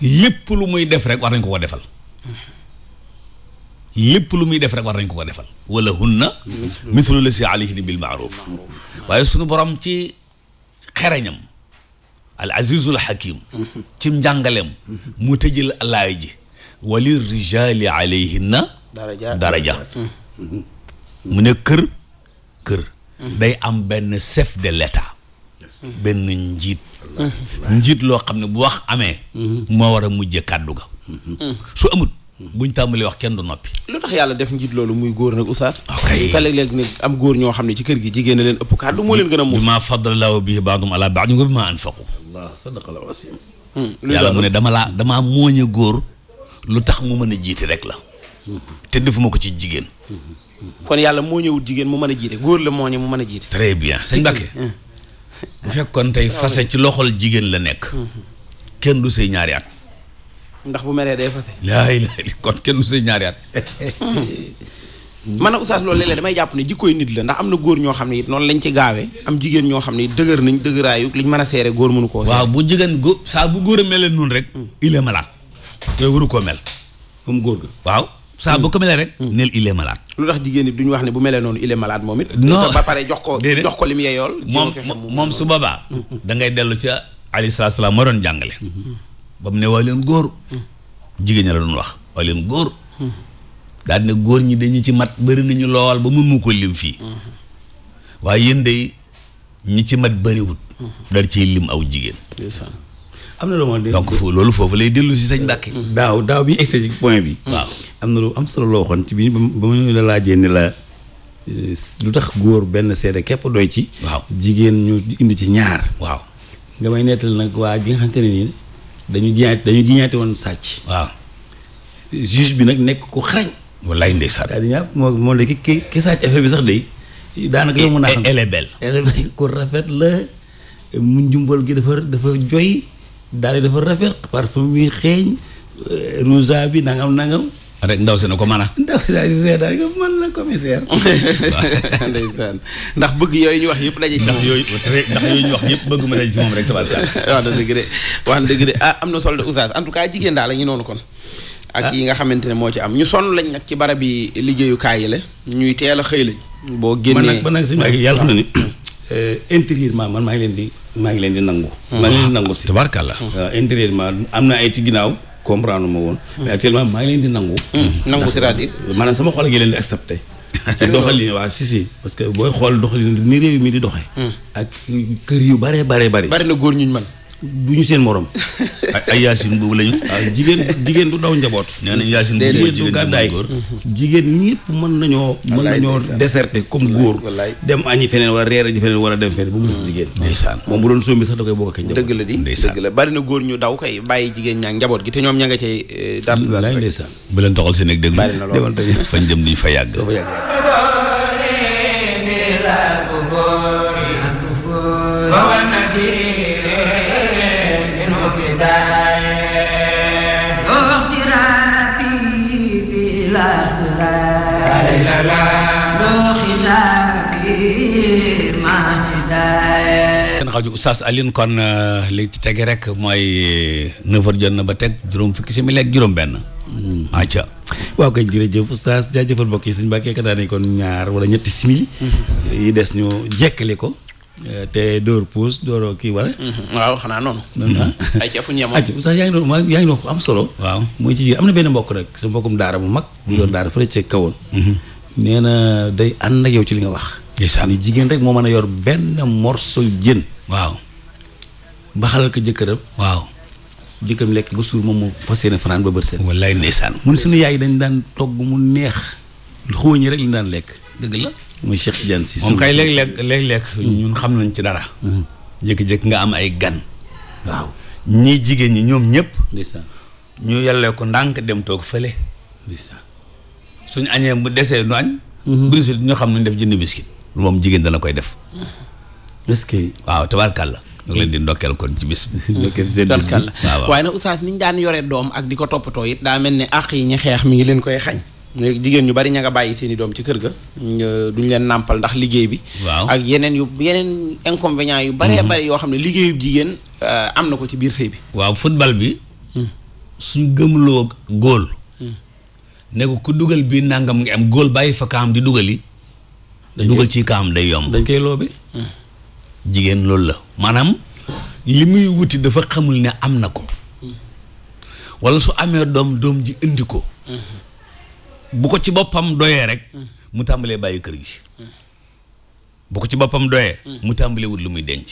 lépp lu muy def rek war nañ ko ko defal lépp lu muy def rek war nañ ko ko defal wala hunna mithlu lasi alayhin bil maaruf waaye sunu borom ci xereñam al azizul hakim ci njàngaleem mu tëjël laay ji wali rijaali alayhinna daraja hmm. mu ne kër kër hmm. day am benn sef de l'état benn njiit njiit loo xam ne bu wax amee hmm. moo war a mujje kàddu ga su amut buñ tàmbalee wax kenn du noppi lu tax yàlla def njiit loolu muy góor nag oustaz te léeg ne am góor ñoo xam ne ci kër gi jigéen a leen ëpp kàddu moo leen gën a muus bi ma faddalallaahu bihi baadum yàlla mu ne dama laa damaa mooñe góor lu tax mu mën a jiite rek la te defuma ko ci jigéen kon yàlla moo ñëwut jigéen mu mën a jiite góor la moo ñëw mu mën a jiite très bien sëñ Mbacke fekkoon tey ah. fase ci loxol jigéen la nekk kenn du sëy ñaariyaat ndax bu meree day fase laay laay kon kenn du sëy ñaari at man a oustaz loolu léeg-léeg damay jàpp ne jikkooy nit la ndax am na góor ñoo xam ne it noonu lañ ci gaawe am jigéen ñoo xam ne dëgër nañ dëgëraayu liñ mën a seere góor mënu koo waaw bu jigéen góor saa góor a mel noonu rek il yooyu waru koo mel. moom góor waaw. saa bu ko melee rek. Hmm. nel il est lu tax jigéen ñi duñu wax ne bu melee noonu il est moom it. non ba pare jox ko jox ko li mu yeyool. moom moom su boobaa. Hmm. da ngay dellu ca alayhi salaatu salaam moo doon jàngale. Hmm. ba leen góor. la wax waa leen góor. ñi dañu ci mat bëri nañu lool ba mun mu ko lim fii. waaye yéen day ñi ci mat bëriwut. daal ciy lim aw jigéen. am na lu ma donc loolu foofu lay dellu si sëñ Mbàkke mm. daaw daaw bi ñu egsi point bi. Mm. waaw am na lu am solo loo ci bi ba mu la laajee ni la euh, lu tax góor benn seede képp doy ci. waaw jigéen ñu indi ci ñaar. waaw nga may nettali nag waa ji ne nii dañu jiñaat dañu jiñaate woon sàcc. waaw juge bi nag nekk ko xarañ. wallaay indi daal di ñàpp moo moo léegi ki ki sàcc affaire bi sax de daanaka yow mën naa e, xam. E, elle rafet la mu njumbal gi dafa dafa joy daal dafa rafet parfum bi xeeñ euh, rousa bi nangam nangam. rek ndaw si na ko mën a. ndaw si daal di daal di mën la commissaire. ndeysaan ndax bëgg yooyu ñu wax yëpp daje ci. yooyu ndax yooyu ñu wax yëpp bëgg ma daje ci rek tabaarkalla. wax dëgg de dëgg de ah am na solo de oustaz en tout cas jigéen daal la ñu noonu kon. ak ah. yi nga xamante ne moo ci am ñu sonn lañ nag ci barab yi liggéeyukaay yi la. ñuy teel a xëy lañ. boo génnee man nag nag si yàlla xam na ni euh, intérieurement man maa ngi leen di. maa ngi leen di nangu. maa ngi leen di nangu si. tubarkalla. Euh, intérieurement am na ay ci ginnaaw. comprendre ma woon. Hmm. mais actuellement maa ngi leen di nangu. Hmm. nangu c'est-à-dire. Euh, maanaam sama xol gi leen di accepté. ci doxalin waa si si parce que booy xool doxalin ni réew mii di doxee. Hmm. ak kër yu bare bare bare. bari na góor ñuñ man bu ñu seen morom. ay yaasin boobu lañu. waaw jigéen jigéen du daw njaboot. nee nañ yaasin boobu jigéen du gàddaay jigéen ñëpp mën nañoo. mën nañoo déserté comme góor. dem añi feneen wala reer ji feneen wala dem feneen bu mu des jigéen. ndeysaan moom bu doon sombi sax da koy bokk ak njaboot. dëgg la di dëgg la bari na ñu daw kay bàyyi jigéen ñaa njaboot gi te ñoom ña nga cay. dara walaay ndeysaan. bu leen toxal seen ak déglu bari na jëm duñ fa yàgg. xaju oustaz Alioune kon euh, li ci tege rek mooy euh, neuf heures jot na ba teg juróom fukki simili ak juróom benn hmm. aca waaw kay jërëjëf oustaz jaajëfal mbokk yi sëñ Mbàkke ka daane kon ñaar wala ñetti simili hmm. yi des ñu jekkale ko euh, te dóor puus dóoroo kii wala hmm. waaw xanaa noonu ay ah. ca fu ñu yemoon ay oustaz yaa ngi doon am solo waaw muy ci am na benn mbokk rek sa mbokkum daara bu mag bu yoon daara fële ca kawoon nee na day ànd yow ci li nga wax ni jigéen rek moo mën a yor benn morceau jën waaw ba xalal ko jëkkëram waaw jëkkëram lekk ba suur moom mu fas yéene fanaan ba bër seen wallaay ndeysaan mu ne suñu yaay dañ daan togg mu neex xóoñi rek lañ daan lekk dëgg la muy Cheikh Tidiane si moom kay léeg-léeg léeg-léeg hmm. ñun xam nañ ci dara hmm. jékki nga am ay gan waaw ñii jigéen ñi ñoom ñëpp ndeysaan ñu yàllee ko ndànk dem toog fële ndeysaan suñu añee bu desee nu añ hmm. brisit ñu xam nañ def jënd biskit moom jigéen dana koy def est-ce waaw tabarkàlla. ñu ngi leen di ndokkeel kon ci bis bi. ndokkeel seen bis bi waaw waaye nag oustaz ni ñu daan yore doom ak di ko toppatoo it mel ne àq yi ñu xeex mi ngi leen koy xañ. jigéen ñu bari ña nga bàyyi seen i doom ci kër ga. duñ leen nàmpal ndax liggéey bi. waaw ak yeneen yu yeneen inconvénients yu. baree mm-hmm. bari yoo xam ne liggéeyub jigéen euh, am na ko ci biir sëy bi. waaw football bi. Mm. suñ gëmloo góol. Mm. ne ko ku dugal bii nangam nga am góol bàyyi fa kaam di dugal yi dugal ci kaam day yomb. dañ koy loobe. Mm. jigéen loolu la maanaam li muy wuti dafa xamul ne am na ko wala su amee doom doom ji indi ko bu ko ci boppam doyee rek mu tàmbalee bàyyi kër gi bu ko ci boppam doyee mu tàmbalee wut lu muy denc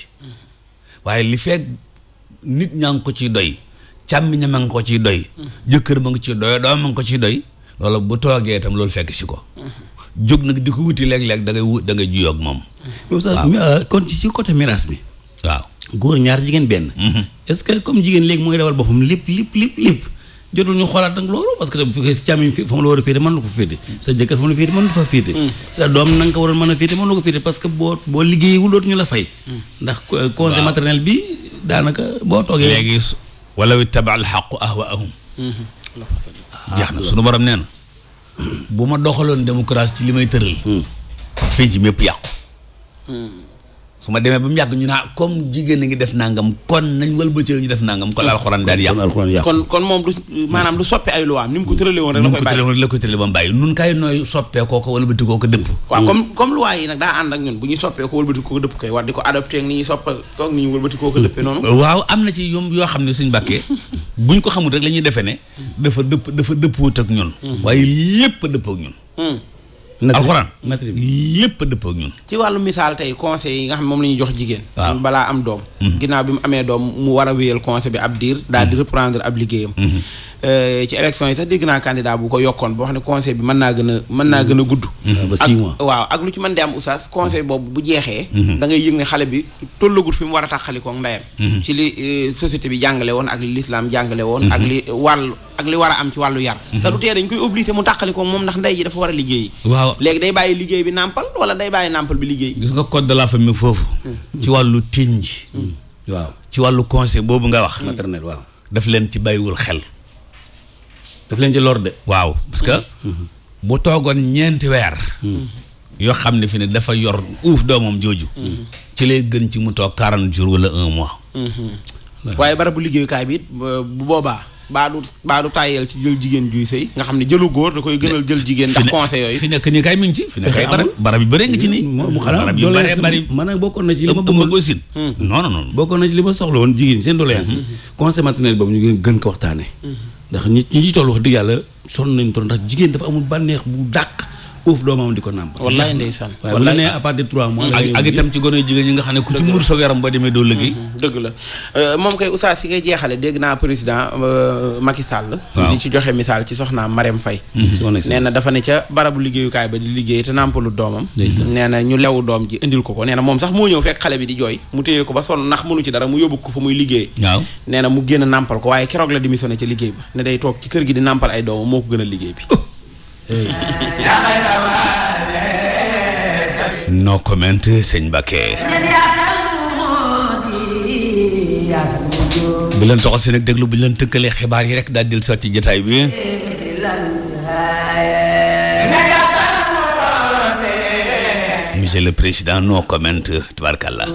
waaye li fekk nit ñaa ngi ko ciy doy càmmiña ma ngi ko ciy doy jëkkër ma ngi ciy doy doom ma ngi ko ciy doy loolu bu toogee itam loolu fekk si ko jóg nag di ko wuti léeg-léeg da ngay wut da ngay moom. waaw euh, kon ci côté miraas mi. waaw góor ñaar jigéen benn. Mhm. est-ce que comme jigéen léegi mooy dawal boppam lépp lépp lépp fa mu la war a féete mën na ko féete sa jëkkër fa mu la féete mën na mhm. a féete mën na ko féete boo boo liggéeyewul dootu ñu la fay mhm. ndax euh, congé maternel bi daanaka boo toogee léegi walaw ittaba al xaqu ahwaahum jeex na suñu borom nee bu ma doxaloon démocratie ci li may tëral. ji hmm. mépp yàqu. Hmm. su ma demee ba mu yàgg ñu naa comme jigéen a ngi def nangam kon nañ wëlbatee ñu def nangam. kon alxuraan daal yàqu kon kon moom du maanaam du soppe ay luwaam ni mu ko tëralee woon rek. la koy bàyyi ni mu ko tëralee woon rek la koy tëralee ba mu bàyyi ko wëlbati koo ko dëpp. waaw comme comme luwaa yi nag daa koo ko dëpp kay war di ko adopté hmm. am na ci yom yoo xam ne suñ ko xamul rek la ñuy defee ne dafa dëpp dafa dëppwut ak ñun hmm. waaye lépp dëpp ak ñun hmm. alxuraan lépp dëppoo ak ñun ci wàllu misaal tey conseil yi nga xam moom la ñuy jox jigéen balaa am doom mhm. ginnaaw bi mu amee doom mu war a wéyal conseil bi ab diir mhm. daal di reprendre ab liggéeyam mhm. Euh, ci election yi sax dégg naa candidat bu ko yokkoon boo xam ne conseil bi mën naa gën a mën naa gën a gudd mm-hmm. Mm-hmm. ba six ak lu ci mën de am oustaz conseil boobu bu jeexee mm-hmm. da ngay yëg ne xale bi tollagut fi mu war a taxalikoog ndeyam ci li euh, société bi jàngale woon ak li lislaam woon ak li wàllu ak li war a am ci wàllu yar te du dañ koy obligé mu tàqali ko moom ndax ndey ji dafa war a liggéey waaw léegi day bàyyi liggéey bi nàmpal wala day bàyyi nàmpal bi liggéey gis nga code de la famille foofu ci wàllu tiñ ji waaw ci wàllu conseil boobu nga wax maternel waaw daf leen ci bàyyiwul xel daf leen ci lor de. waaw parce que. bu toogoon ñeenti weer. yoo xam ne fi ne dafa yor uuf doomam jooju. ci lay gën ci mu toog quarante jours wala un mois. waaye barabu liggéeyukaay bi it bu boobaa. baadu baadu tàyyeel ci jël jigéen juy sëy nga xam ne jëlu góor da koy gënal jël jigéen ndax conseil yooyu fi nekk nii kay mi ngi ci fi nekk kay barab yu bëree ngi ci nii barab yu bëree bokkoon na ci li ma bëggoon aussi hmm. non non non bokkoon na ci li ma soxla woon jigéen seen doléance yi hmm. conseil boobu ñu gën ko waxtaane hmm. ndax nit ñi ci wax dëgg yàlla sonn nañ toll ndax jigéen dafa amul bànneex bu dàq uuf doomam di ko nàmp. wallaahi ndeysaan waaye bu la nee à partir de trois mois. ak itam ci gone jigéen ñi nga xam ne ku ci muur sa mm-hmm. la euh, moom kay Oustaz si ngay jeexale dégg naa président euh, Macky Sall. di ci joxe misaal ci soxnaam Marème Faye. Mm-hmm. nee na dafa ne ca barabu liggéeyukaay ba di liggéey te nàmpalu doomam. nee na ñu lewu doom ji indil ko ko nee na moom sax moo ñëw fekk xale bi di jooy mu téye ko ba sonn ndax mënu ci dara mu yóbbu ko fa muy liggéey. waaw nee na mu génn nàmpal ko waaye keroog la démissionné ca liggéey ba ne day toog ci kër gi di nàmpal ay no comment sëñ Mbacké bu leen toxal si nag déglu bu leen tëkkalee xibaar yi rek daal di sotti ci jotaay bi monsieur le président no comment tubarkalla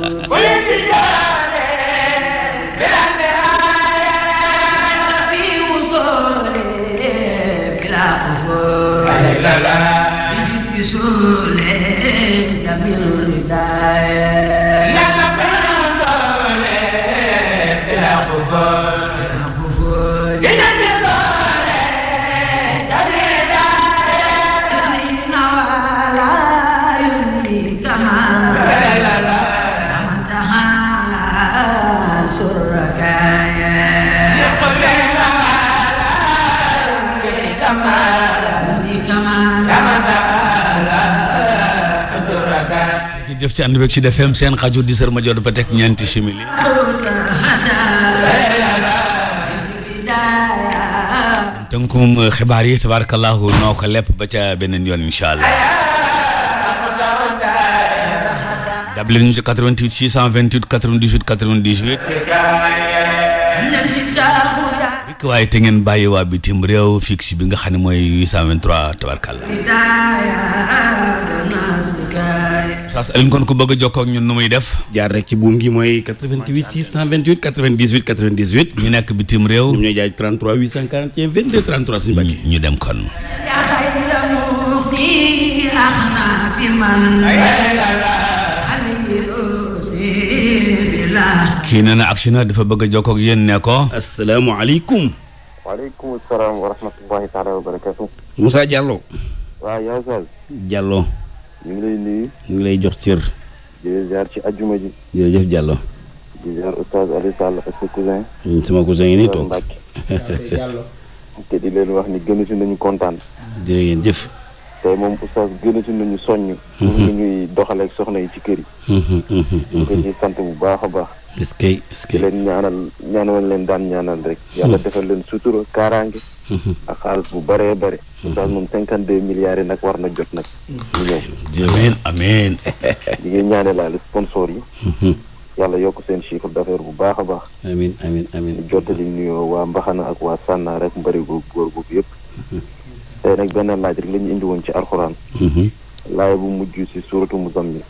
jëf ci ànd beeg Sud FM seen xaju di sër ma jot ba teg ñeenti simili tënkum xibaar yi tabaarakallahu noo ko lépp ba ca beneen yoon incha allah dabli ñu ci 88 628 98 98 waaye te ngeen bàyyi waa bitim bi nga xam ne mooy 823 tabarkalla Oustaz Alioune kon ku bëgg a jokkoo ak ñun def. jaar rek ci buum gi mooy 88 628 98 98. ñu nekk bitim réew. ñoom ñooy jaay 33 841 22 33 suñu Mbàkke. ñu dem kon. kii nee na action dafa bëgg jokkook jokkoo ak ne ko. asalaamaaleykum. waaleykum salaam wa rahmatullahi ñu ngi lay nuyu. ñu ngi lay jox cër. di leen ci ajjuma ji. jërëjëf Diallo. di ziar ak sa cousin. Mm, sama cousin yi nii toog te di leen wax ni gënu nañu kontaan. jërë ngeen jëf. tey moom oustaz gënu si nañu soññ. pour ñu mm-hmm. ñuy doxaleeg soxna yi ci kër yi. Mm-hmm, mm-hmm, ñu ko ciy bu baax a baax. est-ce que est-ce que leen ñaanal ñaanal leen daan ñaanal rek. yàlla defal leen sutura kaaraange. ak xaalis bu bëree bëri. Mm-hmm. daal moom cinquante deux milliards nag war na jot nag. Mm-hmm. ñu ñëw amiin amiin. di ngeen ñaanalaale sponsor yi. Mm-hmm. yàlla yokk seen chiffre d'affaires bu baax a baax. amiin amiin amiin. jottali nuyoo waa Mbaxana ak waa Sànna rek mbëri góor góor yëpp. tey nag benn laaj rek la indi woon ci alxuraan. laay bu mujj si suuratu Muzammil.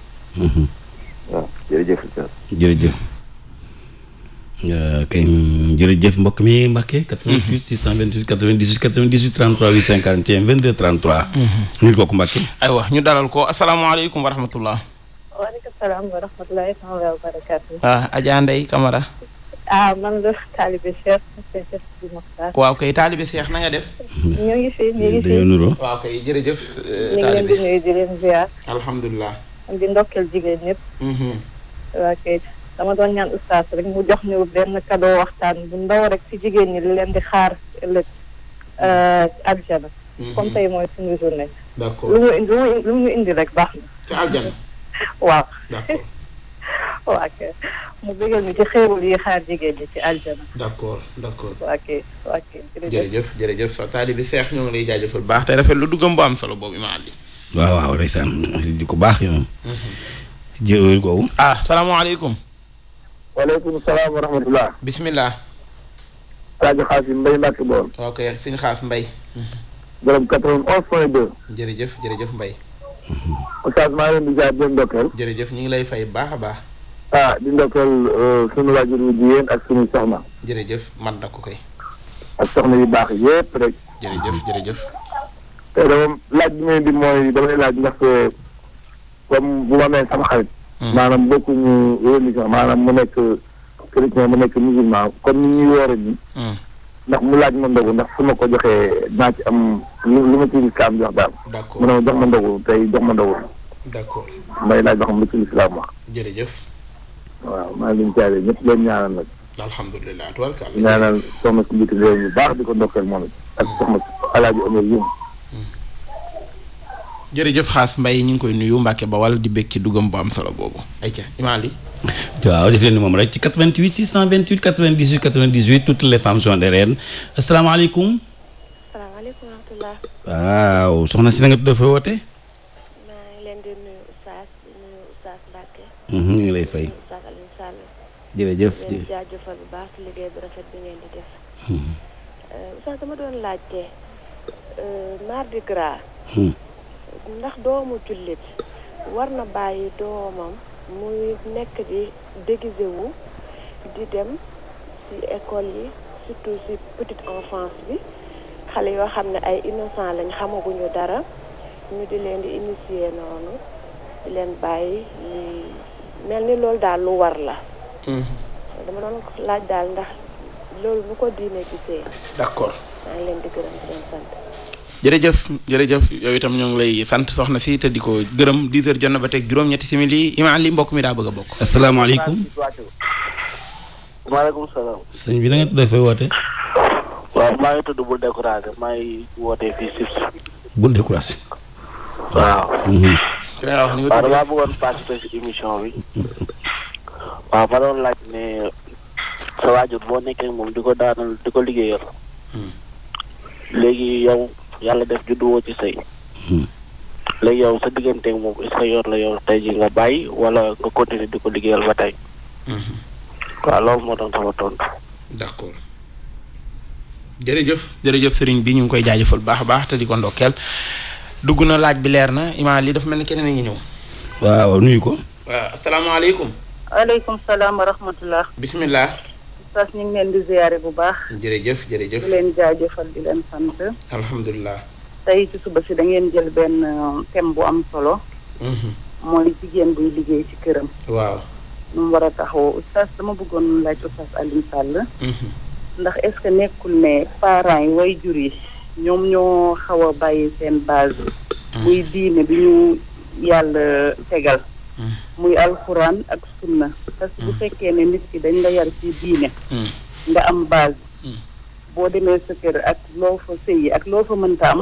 waaw jërëjëf. jërëjëf. Euh, kay jërëjëf mbokk mi Mbacke. 88 628 98 98 33 851 22 33. ñu ngi kooku Mbacke. aywa ñu dalal ko asalaamaaleykum wa rahmatullah. waaleykum salaam wa rahmatulah wa barakaatu. ah Adja Ndeye Camara. ah man la Talibe Cheikh. waaw kay Talibe Cheikh na def. ñu ngi waaw kay jërëjëf. Talibe euh, ñu ngi leen di nuyu di leen ziar. alhamdulilah. di ndokkeel jigéen ñëpp. Mhm. dama doon ñaan ustaas rek mu jox ñu benn cadeau waxtaan bu ndaw rek ci jigéen ñi leen di xaar ëllëg euh, aljana mhm. comme tey mooy suñu journée. d'accord lu mu indi lu mu indi rek baax na. ci aljana waaw. yi xaar jigéen ci aljana. d'accord d'accord. waaw jërëjëf jërëjëf sa bi Seex ñoo la lay jaajëfal baax te rafet lu duggam bu am solo boobu Imaam Ali. waaw waaw ndeysaan di ko baax yow. jërëjëf boobu. ah waaleykum salaam wa rahmatulah. bisimilah. Sadio Xaas Mbaye Mbacke Bawol. ok sëñ Xaas Mbaye. borom 91 point 2. jërëjëf jërëjëf Mbaye. Oustaz maa ngi leen di jërëjëf ñu ngi lay fay baax a baax. ah di ndokkeel euh, sunu waajur wu jigéen ak jërëjëf man na ko koy. ak soxna yu baax yépp rek. jërëjëf jërëjëf. te dama laaj bi may indi mooy damay laaj ndax comme bu ma amee sama xarit. maanaam bokkuñu religion maanaam mu nekk chrétien mu nekk musulman kon ni ñuy woore ni hmm. ndax mu laaj ma ndogu ndax su na ko joxee naa ci am lu ma ci lislaam jox daal mu ne jox ma ndogu tay jox ma ndogu d'accord may laaj ba xam lu ci lislaam wax jërëjëf waaw maa ngi leen caale ñëpp leen ñaanal nag alhamdulilah tubarkalla ñaanal soxna si njiitu réew mi baax di ko ndokkeel moom ak soxna ma alaaji Omar jërëjëf xas mbay ñu ngi koy nuyu ba walla di bëgg ci dugam bu am solo boobu. ayca imaam li waaw def leen ni moom rek ci 88 628 98 98 toutes les femmes sont derrière asalaamaaleykum. asalaamaaleykum wa si na fa woote. maa ngi leen di nuyu Oustaz di nuyu Oustaz Mbacke. Mhm, ñu ngi lay fay. Mhm. Euh, euh, mardi gras. Mhm. ndax doomu jullit war na bàyyi doomam muy nekk di déguisé di dem ci école yi surtout ci petite enfance bi xale yoo xam ne ay innocent lañ xamaguñu dara ñu di leen di initier noonu di leen bàyyi mel ni loolu daal lu war la mm-hmm. dama doon laaj daal ndax loolu lu ko diine gisee d'accord maa ngi leen di gërëm di sant jërëjëf jërëjëf yow itam ñoo ngi lay sant soxna si te di ko gërëm 10 heures jot na ba teg juróom-ñetti simili imaam li mbokk mi daa bëgg a bokk. asalaamaaleykum. maaleykum salaam. sëñ bi na nga tudd woote. waaw maa ngi tudd Bul Découragé maa ngi wootee fii Sips. Bul Découragé. Mhm. waaw. ma doon laaj ne sa waajur boo nekkee moom di ko daanal di ko liggéeyal. Hmm. léegi yow. yàlla def juddu woo ci sëy hmm. léegi yow sa digganteeg moom est-ce yoon la yow tey ji nga bàyyi wala nga continuer di ko liggéeyal ba tey. Hmm. waaw loolu moo doon sama tontu. d'accord jërëjëf jërëjëf sëriñ bi ñu ngi koy jaajëfal baax a baax te di ko ndokkeel dugg na laaj bi leer na imaam li dafa mel ni keneen a ngi ñëw. waaw nuyu ko. waaw asalaamaaleykum. waaleykum salaam wa rahmatullah. oustaz ñu ngi leen di ziyaare bu baax. jërëjëf jërëjëf di leen jaajëfal di leen sant. alhamdulilah. tey ci suba si da ngeen jël benn um, thème bu am solo. Mhm. mooy jigéen buy liggéey ci këram. waaw mu war a taxawoo oustaz dama bëggoon laaj oustaz Alioune Sall. Mhm. ndax est-ce que nekkul ne parents yi way jur ñoom ñoo xaw a bàyyi seen base. Mhm. muy diine bi ñu yàlla tegal. muy alxuraan ak sunna parce que bu mm. fekkee ne nit ki dañ la yar ci diine mm. nga am base mm. boo demee sa kër ak loo fa sëyi ak loo fa mënta am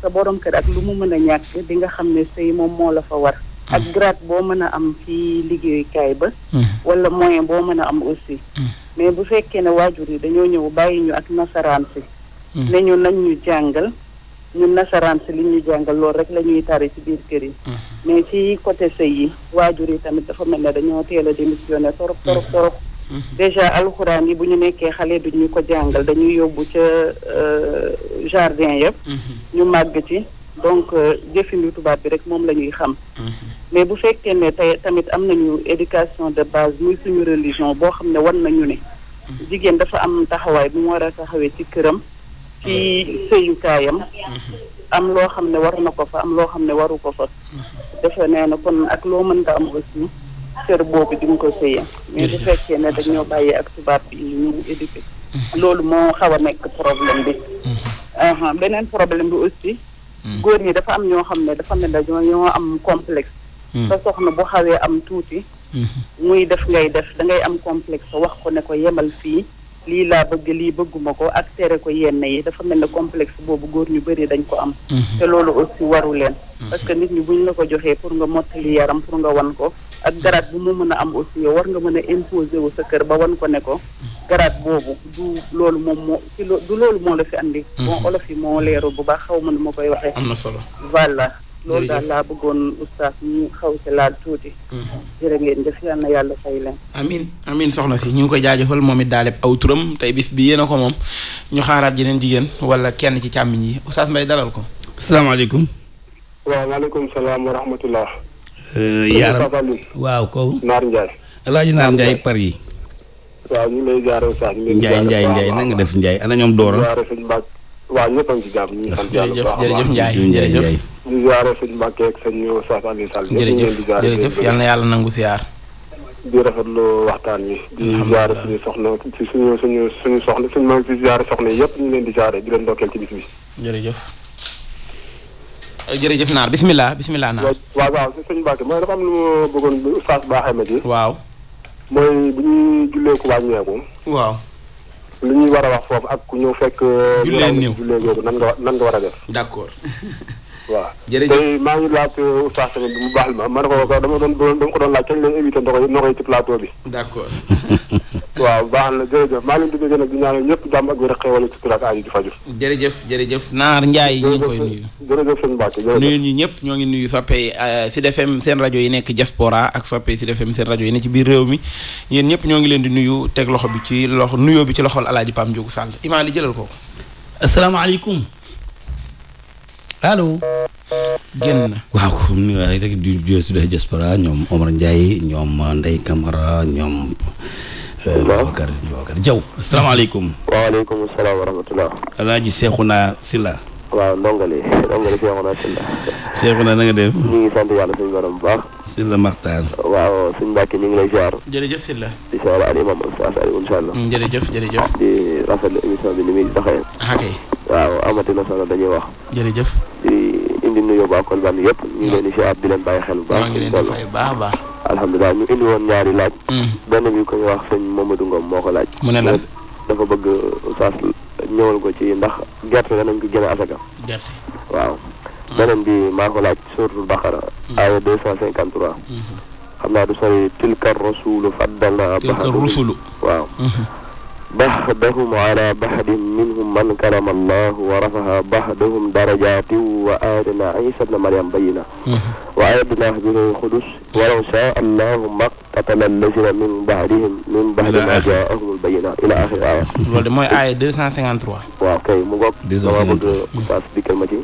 sa borom kër ak lu mu mën a ñàkk di nga xam ne sëy moom moo la fa war ak grade boo mën a am ci liggéeyukaay ba wala moyen boo mën a am aussi mais bu fekkee ne waajur yi dañoo ñëw bàyyi ñu ak nasaraan si ne ñu nañ ñu jàngal ñun nasaraan si li ñuy jàngal loolu rek la ñuy tari ci biir kër yi. Mhm. mais ci côté sëy yi waajur yi tamit dafa mel ne dañoo teel a démissionné torop torop mhm. torop. Mhm. déjà alxuraan yi bu ñu nekkee xale du ñu ko jàngal dañuy yóbbu ca euh, jardin yëpp. ñu màgg ci donc euh, jëfinu tubaab bi rek moom la ñuy xam. mais bu fekkee ne tey tamit am nañu éducation de base muy suñu religion boo xam ne wan nañu ne. jigéen dafa am taxawaay bu mu war a taxawee ci këram. ci sëyukaayam mm-hmm. am loo xam ne war na ko fa am loo xam ne waru ko fa mm-hmm. defe nee na kon ak loo mën nga am aussi cër boobu di ko sëye mais bu fekkee ne dañoo bàyyee ak tubaab bi ñu éduqué mm-hmm. loolu moo xaw a nekk problème bi beneen problème bi aussi góor ñi dafa am ñoo xam ne dafa mel ne dañoo am complexe sa soxna bu xawee am tuuti muy def ngay def dangay am complexe wax ko ne ko yemal fii lii laa bëgg lii bëgguma ko ak tere ko yenn yi dafa mel ne complexe boobu góor ñu bëri dañ ko am mhm. te loolu aussi waru leen mhm. parce que nit ñi buñ la ko joxee pour nga mottali yaram pour nga wan ko ak garaat bu mu mën a am aussi yow war nga mën a imposer wu sa kër ba wan ko ne ko mhm. garaat boobu du loolu moom moo du loolu moo la fi andi bon olof yi moo leeru bu baax xaw ma nu ma koy waxee am na solo voilà loolu daal laa bëggoon oustaz ñu xaw ci laal tuuti. Mhm. jërë ngeen jëf yal na yàlla fay leen. amiin amiin soxna si ñu ngi koy jaajëfal moom it daal aw turam tey bis bi yéen ko moom ñu xaaraat yeneen jigéen wala kenn ci càmmiñ yi oustaz Mbaye dalal ko. salaamaaleykum. waaw maaleykum salaam wa rahmatullah. Euh, yaaram waaw ko Naar Ndiaye. El Hadj Naar Ndiaye Paris. waaw ñu ngi lay jaaree oustaz. Ndiaye Ndiaye Ndiaye na nga def Ndiaye ana ñoom Dora. waaw ñëpp a ngi ci jàmm ñu ngi sant yàlla bu baax jërëjëf Ndiaye jërëjëf ñu ziare suñu Mbàkke ak sëñ Oustaz Alioune Sall jërëjëf jërëjëf yal na yàlla nangu siyaar di rafetlu waxtaan wi di ziare suñu soxna si suñu suñu suñu soxna suñu mag si ziare soxna yëpp ñu leen di ziare di leen ndokkeel ci bis bi jërëjëf jërëjëf naar bismillah bismillah naar waaw waaw sëñ Mbàkke mooy dafa am lu ma bëggoon Oustaz baaxee ma ci waaw mooy bu ñuy jullee ku wàññeeku waaw lu ñuy war a wax foofu ak ku ñëw fekk. Euh, jullee néew jullee yooyu nan nga nan nga war a def. d'accord. waaw jërëjëf tey maa ngi laaj oustaz tamit bu baax ma ma ne ko dama doon dama ko doon laaj kañ leen invité ndox yi ndox yi ci plateau bi. waaw baax na jërëjëf maa ngi leen a di ñëpp jàmm ak wér xéwal ci piraat jërëjëf jërëjëf Naar Ndiaye ñu koy nuyu. jërëjëf sëñ Mbacke jërëjëf ñëpp ñoo ngi nuyu soppe euh, Sud FM seen rajo yi nekk diaspora ak soppe si FM seen rajo yi ne ci biir réew mi yéen ñëpp ñoo ngi leen di nuyu teg loxo bi ci loxo nuyoo bi ci loxol Alaaji Pam Njóogu Sàll imaam li jëlal ko asalaamaaleykum allo. génn na waaw comme ni waaye rek di di Sud Diaspora ñoom Omar Ndiaye ñoom Ndeye Camara ñoom. Euh, Babacar Babacar Diaw. asalaamaaleykum. waaleykum salaam wa rahmatulah. Alaaji Seexuna Silla. waaw ndongali ndongali Cheikhouna Sylla. Cheikhouna na nga def. ñu ngi sant yàlla suñu borom bu baax. Sylla Maxtaar. waaw suñu mbàkk ñu ngi lay ziar. jërëjëf Sylla. di ziar al imam Oustaz Alioune incha allah. Mm, jërëjëf jërëjëf. di rafetlu bi ni muy doxee. Ah, ok waaw amati na solo dañuy wax. jërëjëf. di indi nuyoo ba Kolban yëpp. ñu ngi leen di ziar di leen bàyyi xel bu baax. ñu ngi leen di fay baax baax. alhamdulilah indi woon ñaari laaj. Mm. benn bi ko ñu wax sëñ Mamadou Ngom moo ko laaj. mu ne lan dafa bëgg Oustaz ñëwal ko ci ndax gerte danañ ko génne asaka. gerte waaw. Ah. beneen bi maa ko laaj suuratul Baqara. aaya hmm. 253. Hmm. xam naa du sori tilka rasulu faddalna. tilka rasulu waaw. Hmm. baxdahum ala baxdin minhum man karama allahu wa rafaha baxdahum darajatin wa aatina isa bna maryam bayina mhm. wa aydnah bihi xudus walaw saa allahu maqtatala allazina min baxdihim min baxdi ma jaahum albayina ila axiri aaya loolu de mooy aaya 253 waaw kay mu ngoog dama bëgg paas dikkal ma ci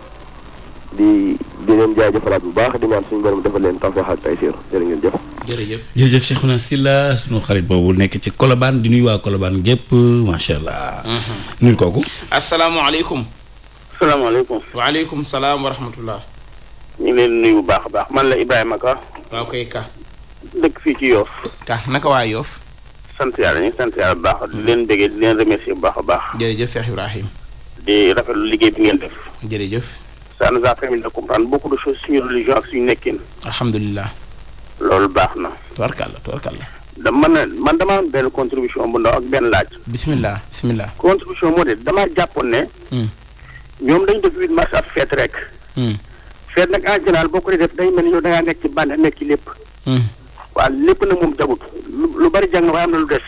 di di leen jaajëfalaat bu baax di ñaan suñu borom defal leen tawfeex ak taysiir jërë ngeen jëf. jërëjëf jërëjëf Cheikhouna Sylla sunu xarit boobu nekk ci Colobane di nuyu waa Colobane gépp macha allah. Mhm. nuyu kooku. asalaamaaleykum. asalaamaaleykum. waaleykum salaam wa rahmatullah. ñu ngi leen nuyu bu baax a baax man la Ibrahima Ka. waaw kay Ka. dëkk fii ci Yoff. Ka naka waa Yoff. sant yàlla ñu sant yàlla bu baax mhm. di leen déggee di leen remercier bu baax a baax. jërëjëf Cheikh Ibrahim. di rafetlu liggéey bi ngeen def. jërëjëf. ça nous a permis de comprendre beaucoup de choses suñu religion ak suñu nekkin. alhamdulilah. loolu baax na. tubarkalla tubarkalla. da mën na man dama am benn contribution bu ndaw ak benn laaj. bisimilah bisimilah. contribution moo de damaa jàppoon ne. Hmm. ñoom dañu def huit mars ab fête rek. Hmm. fête nag en général boo ko def day mel yow da ngaa nekk ci bànn nekk ci lépp. Hmm. waaw lépp nag moom jagut lu bari jàng na waaye am na lu des.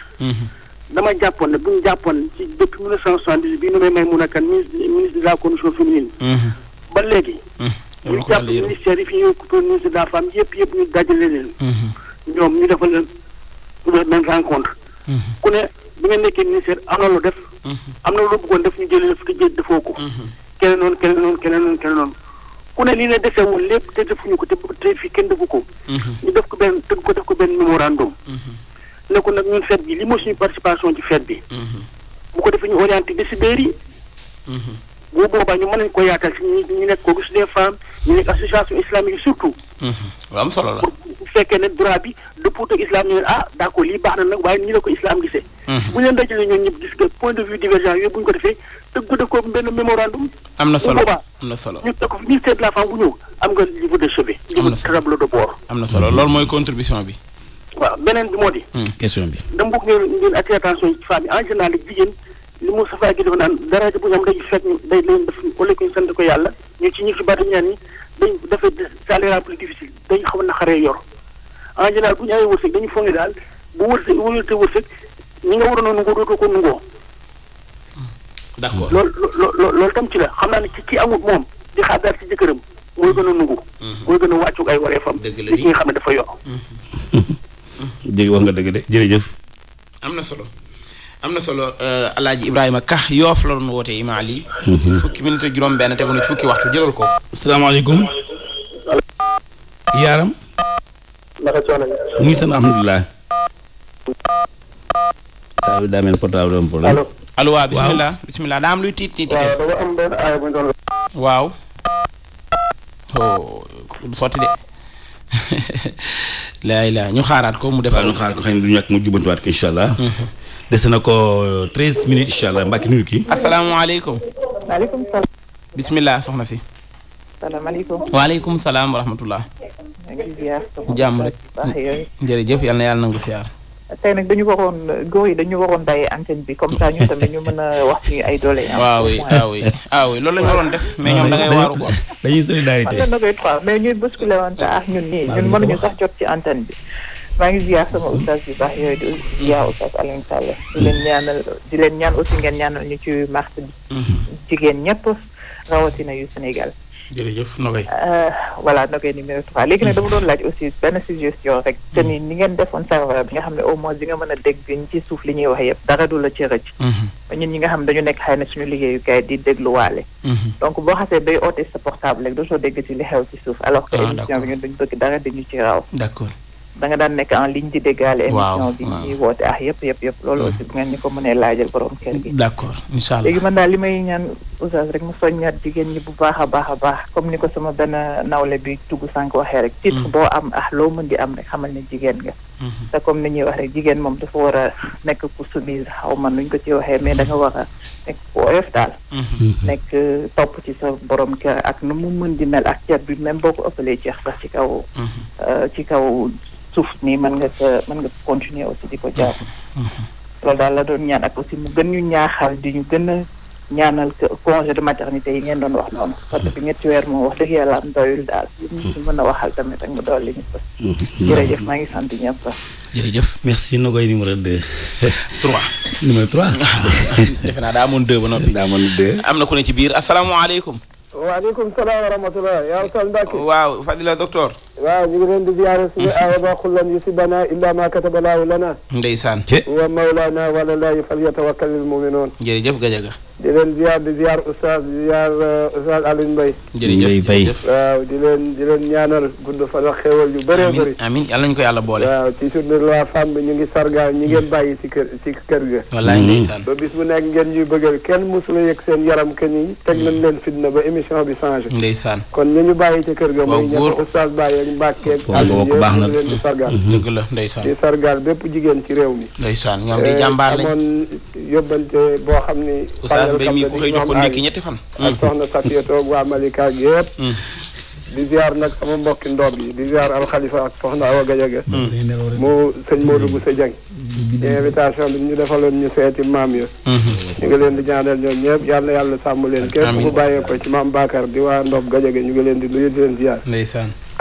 dama jàppoon ne bu ñu jàppoon ci depuis mille neuf cent soixante-dix ba léegi. ñu jàpp ministère yi fi ñu occupé ministre de la femme yëpp yëpp ñu dajale leen. ñoom ñu defal leen la même rencontre. ku ne bi nga nekkee ministère am na lu def. am na lu bëggoon def ñu jëlee la fi jël defoo ko. keneen noonu keneen noonu keneen noonu keneen noonu ku ko te te fii kenn ko. ñu def ko benn ko def ko benn mémorandum. ne ko nag ñun fête bi li mooy suñu participation ci fête bi. bu ko defee ñu orienté décideurs bu boobaa ñu mën nañu ko yaatal si ñu ñu nekk Caucus des femmes ñu nekk association islamique surtout. Mhm. lu am solo la bu fekkee ne droit bi dëpput ak islam ñu ne ah d' accord lii baax na nag waaye nii la ko islam gisee. Mhm. bu ñu leen dajalee ñoom ñëpp gis nga point de vue divergent yooyu bu ñu ko defee tëggatoo ko benn mémorandum. am na solo am na solo ñu teg ko ministère de la femme bu ñëw am nga livre de chevet. am na solo tableau de bord. am na solo mhm. loolu mooy contribution bi. waaw beneen bi moo di. Hmm. question bi. dama bëgg ngeen ngeen attirer attention ci femme yi en général jigéen li Moustapha gi dafa naan dara bu ñu am dañu fekk ñu day leen def wala ñu sant ko yàlla ñu ci ñu ci bari ñaan yi dañ dafa salaire plus difficile dañ xaw a naqaree yor en général bu ñu amee wërsëg dañu foog daal bu wërsëg wëyate wërsëg ñi nga waroon a nungoo dootoo ko nungoo. d'accord loolu loo loolu tam ci la xam naa ne ci ci amut moom di xaar daal ci gën a nungu. Mhm. mooy gën a wàccu ay wareefam. dëgg la li nga xam ne dafa yor. dégg mhm. wax nga dëgg de jërëjëf. am na solo. am na solo euh, alaaji Ibrahima Ka yoof la doon wootee Imam mhm. fukki minute juróom-benn tegu na ci fukki waxtu jëlal ko. asalaamaaleykum. yaaram. naka ngi sant alhamdulilah. saa bi daa mel portable am tiit tiit. waaw waaw. Oh, sotti de. laa ilaa ñu xaaraat ko mu defal. waaw ñu xaar ko xëy na du ñàkk mu jubbantuwaat ko incha dese na ko 13 minutes incha allah mbàkki nuyu kii. asalaamaaleykum. maaleykum salaam. bisimilah soxna si. salaamaaleykum. waaleykum salaam wa rahmatullah. jàmm rek. jërëjëf yal na yàlla nangu siyaar. tey nag dañu waroon góor yi dañu waroon bàyyi antenne bi comme ça ñu tamit ñu mën a wax suñu ay doole. waaw oui loolu la ñu waroon def. mais ñoom da ngay waaru ko mais ñuy bousculé woon ah, ci antenne bi. maa ngi ziar sama oustaz yu baax yooyu di ziar oustaz Alioune Sall di leen ñaanal di leen ñaan aussi ngeen ñaanal ñu ci mars bi mhm. jigéen ñëpp rawatina euh, suggestion rek. Mhm. te ni ngeen defoon serveur nga xam ne au moins di nga mën a ci suuf li wax yëpp dara du la ci rëcc. Mhm. ñun ñi nga xam dañu nekk xëy na suñu liggéeyukaay di dégluwaale. donc boo xasee bay oote sa portable rek dootoo ci li xew ci suuf. alors que ah, émission bi ñun dañu bëgg dara dañu ci raw. danga nga daan nekk en ligne di déggaale. émission bi ñuy woote ah yëpp yëpp yëpp. loolu aussi bu ngeen ñu ko mënee laajal borom kër gi. d'accord incha allah léegi man daal li may ñaan oustaz rek mu soññaat jigéen ñi bu baax a baax a baax comme ni ko sama benn nawle bi tugg sànq waxee rek. titre mm. boo am ax ah, loo mën di am rek xamal ne jigéen nga. Mm-hmm. te comme ni ñuy wax rek jigéen moom dafa war a nekk ku soumise xaw ma nuñ ko ci waxee mais da nga war nekk bu oyof daal mhm. nekk euh, topp ci sa borom kër ak nu mu mën di mel ak ceer bi même boo ko ëppalee jeex sax ci kaw mhm. euh, ci kaw suuf nii mën nga ko mën nga ko continuer aussi di ko jaar mhm. loolu daal la doon ñaan ak aussi mu gën ñu ñaaxal di ñu gën ñaanal congé de maternité yi ngeen doon wax noonu. parce que ñetti weer moom wax dëgg yàlla am doyul daal. ñu hmm. mën a waxal tamit ak mu dolli ñu ko. Hmm. jërëjëf maa ngi sant ñëpp. jërëjëf merci Nogaye numéro 2. 3. numéro 3. defe naa daa amoon 2 ba noppi. daa amoon am na ku ci biir asalaamaaleykum. waaleykum salaam wa rahmatulah. yaa ngi sant Mbacke. waaw Fadila docteur. waaw ñu ngi leen di ziyaara suñu aawa mhm. ba xullan yusibana illa ma katabalaahu lana ndeysaan wa mawlana walalaahi fal yatawakkalil muminoon jërëjëf Gajaga di leen ziyaar di ziyaar oustaz di ziyaar uh, oustaz Alioune Mbaye jërëjëf jërëjëf waaw di leen di leen ñaanal gudd fan ak xéewal yu bëree bëri amiin yàlla ñu ci journée la femme bi ñu ngi sargaal ñi ngeen mhm. bàyyi ci kër ci kër ga wallaay mhm. ndeysaan ba bis bu nekk ngeen ñuy bëggal kenn mosula yëg seen yaram ke ni teg nañ leen fitna ba émission bi changé ndeysaan kon ñu ñu ga mooy ñett ak Mbackeeg. Aliou baax na leen di sargaal. dëgg la ndeysaan di sargaal bépp jigéen ci réew mi. ndeysaan ñoom di eh, jàmbaar lañ amoon yóbbante boo xam ni. Oustaz Mbaye mii ku xëy jox ko ndékki ñetti fan. ak mm. soxna Safiato ak waa Malika ak yëpp. Mm. di ziar nag sama mbokki ndoob yi di ziar alxalifa ak soxna Awa Gajaga mm. mu sëñ Modou Moussa Dieng invitation bi ñu defaloon ñu seeti maam ya ñu ngi leen di ñaanal ñoom ñëpp yal na yàlla sàmm leen képp ku bàyyee ko ci maam Bakar di waa ndoob Gajaga ñu ngi leen di nuyu di leen ziar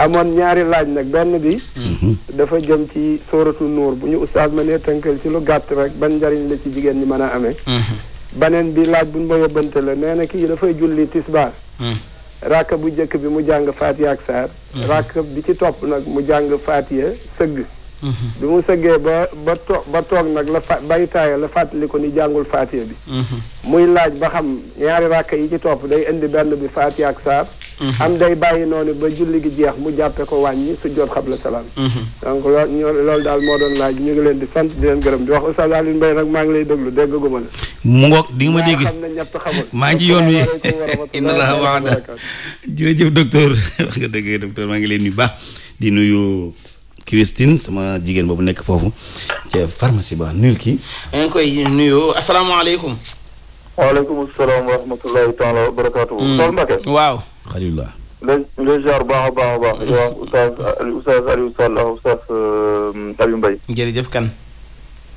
amoon ñaari laaj nag benn bi. Mhm. dafa jëm ci sóoratu nuur bu ñu ustaas ma ne tënkal ci lu gàtt rek ban njariñ la ci jigéen ñi mën a amee. Mhm. beneen bi laaj bu ñu ma yóbbante la nee na kii dafay julli tisbaar. Mhm. rakk bu njëkk bi mu jàng faatiya ak saar. rakk bi ci topp nag mu jàng faatiya sëgg. bi mu sëggee ba ba toog nag la fa baytaaya la fàttali ko ni jàngul faatiya bi. muy laaj ba xam ñaari rakk yi ci topp day indi benn bi faatiya ak saar. Mm-hmm. am day bàyyi noonu ba julli gi jeex mu jàppe ko wàññi su jot xabla salaam mm-hmm. donc loolu loolu daal moo doon laaj ñu ngi leen di sant di leen gërëm di wax Oustaz Alioune Mbaye nag maa ngi lay déglu dégguma la mu ngoog di nga ma dégg maa ngi ci yoon wi inna laa waada jërëjëf docteur wax nga dëgg docteur maa ngi leen nuyu baax di nuyu Christine sama jigéen boobu nekk foofu ca pharmacie ba nuyul ki maa ngi koy nuyu asalaamaaleykum waaleykum salaam wa rahmatulahi taala wa barakaatu. Mm. Soxna Mbacke. waaw. xalilullah. léegi léegi jaar baax a baax a baax. Mm. yow Oustaz Oustaz Aliou Sall ak Oustaz euh, Aliou Mbaye. jërëjëf kan.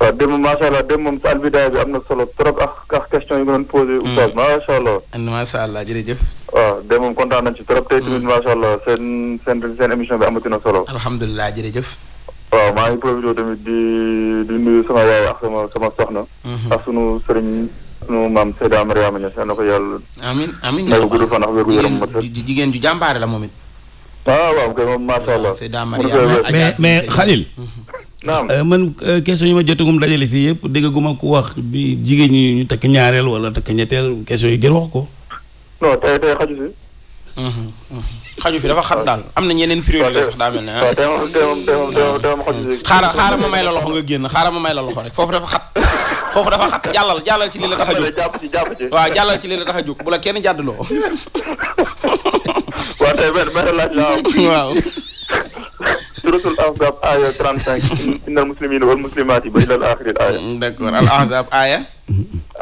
waaw démb macha allah démb moom sa albidaaya bi am na solo trop ak ak question yu nga doon posé. Mm. Oustaz macha allah. macha allah jërëjëf. waaw démb moom kontaan nañ ci trop. tey tamit macha allah seen seen seen émission bi amati na solo. alhamdulilah jërëjëf. waaw maa ngi profité tamit di di nuyu sama yaay ak sama sama soxna. Mm-hmm. ak sunu sëriñ. sunu maam Seydou Amary Amina yal na ko yàlla. amiin amiin ñu gudd fan ak wér gu yaram la moom it. ah waaw kay moom macha allah. Seydou Amary mais mais Khalil. naam euh, euh, question yi ma jotagum dajale fii yëpp déggaguma ku wax bi jigéen ñi ñu takk ñaareel wala takk ñetteel question yu gën wax ko. xaju fi dafa xat daal am na yeneen priorité sax daa mel ne ah. xaaral xaaral ma may la loxo nga génn xaaral ma may la loxo rek foofu dafa xat foofu dafa xat jàllal jàllal ci lii la tax a jóg waaw jàllal ci lii la tax a jóg bu la kenn jàddloo. waaw tey benn benn waaw. suratul ahzab aya 35 innal wal muslimaati ba ilal axiril al ahzab aya.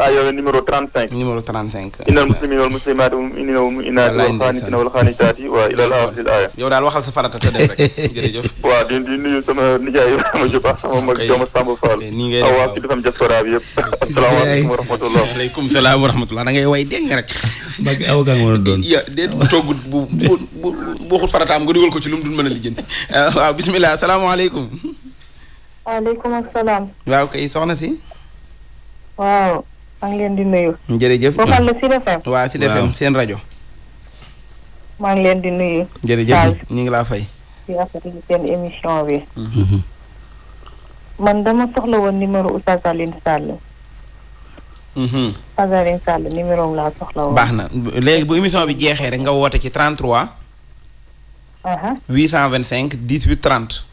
ah yow numéro 35. numéro 35. innal muslimina wal muslimaati mu'minina wa mu'minaati wal qaanitina wal qaanitaati wa ilal aaxiril aaya. yow daal waxal sa farata te dem rek jërëjëf. waaw di di nuyu sama nijaay Ibrahima Diop ak sama mag Joma Samba Fall. nii ngay def waaw ci defam diaspora bi yëpp. asalaamaaleykum wa rahmatulah. waaleykum salaam wa rahmatulah da ngay way dégg nga rek. mag aw gaa nga war a doon. ya déet toggut bu bu bu waxut farataam nga dugal ko ci lu mu dul mën a lijjanti. waaw bisimilah salaamaaleykum. waaleykum salaam. waaw kay soxna si. waaw maa ngi leen di nuyu. jërëjëf bokkal la Sud FM. waaw seen rajo. maa ngi leen di nuyu. jërëjëf ñu ngi laa fay. di rafetlu seen émission bi. Mm-hmm. woon numéro Oustaz Alioune Sall. Mm-hmm. Oustaz Alioune Sall numéro am laa soxla woon. baax na léegi bu émission bi jeexee rek nga woote ci 33. 825 18 30.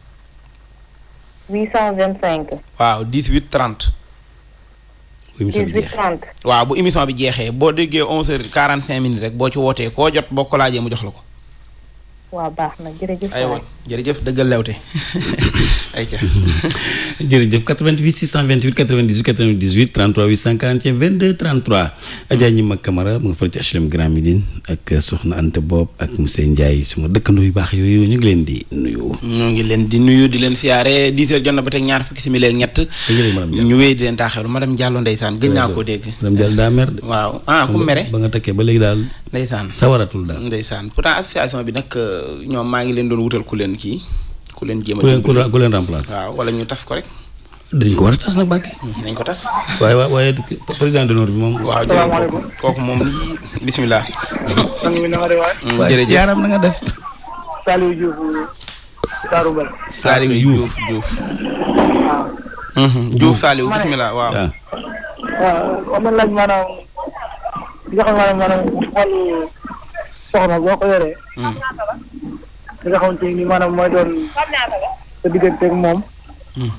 825. waaw 18 30. bu bi jeexee waaw bu émission bi jeexee boo déggee onze heures quarante cinq minutes rek boo ci wootee ko jot boo ko mu jox la ko. waaw baax na jërëjëf. aywa jërëjëf dëggal lewte ayca. jërëjëf 88 628 98 98 33 841 22 33. Adja ñi mag Camara mu nga fële ci HLM Grand Médine ak Soxna Anta Bob ak monsieur Ndiaye suma dëkkandoo yu baax yooyu ñu ngi leen di nuyu. ñu ngi leen di nuyu di leen siyaare 10 jot na ba teg ñaar fukki simili ak ñett. ñu wéy di leen taaxeelu madame Diallo ndeysaan gën naa ko dégg. madame ah, ba nga takkee ba léegi daal. ndeysaan sa waratul daal ndeysaan pourtant association bi nag euh, ñoom maa ngi leen doon wutal ku leen kii ku leen jéem a ku leen ku leen remplace waaw wala ñu tas ko rek dañ ko war a tas nag Mbacke hmm, dañ ko tas waaye waa waaye président d'honneur bi moom waaw salaamaaleykum kooku moom bisimilah man mi na nga def waay jërëjëf yaaram na def Saliou Diouf Darou Mbale Saliou Diouf Diouf ah. hmm, hmm. Diouf waaw ah. Ah, li nga xam maanaam maanaam wàllu soxna boo ko yoree. li hmm. mooy doon sa digganteeg moom. Hmm.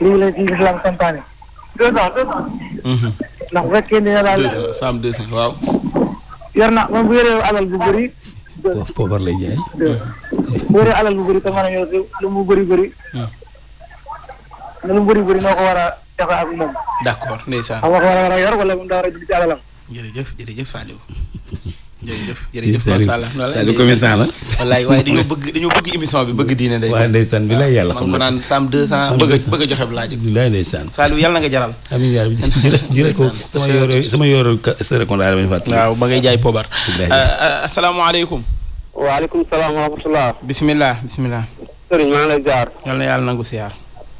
lii la hmm. ndax na moom bu yoree alal bu bëri. waaw poobar lay jaay. bu yoree alal bu bëri te maanaam yow lu mu bëri bëri. noo ko war a joxe ak moom. d'accord ko war a war a yor wala moom daa war a jël alalam. jërëjëf jërëjëf Saliou jërëjëf jërëjëf macha allah Saliou commerçant la wallaay waaye dañoo bëgg dañoo bëgg émission bi bëgg diine day waaye bi lay yàlla xam na naan sam deux cent bëgg bëgg a joxe bu laaj bilaay ndeysaan Saliou yàlla nga jaral amiin yaa rabbi jërë sama yoro sama yoro sëre kon daal bañ fàtt waaw ba ngay jaay poobar euh, euh, asalaamaaleykum waaleykum salaam wa rahmatullah bisimilah bisimilah sëriñ maa ngi lay yàlla na yàlla nangu siyaar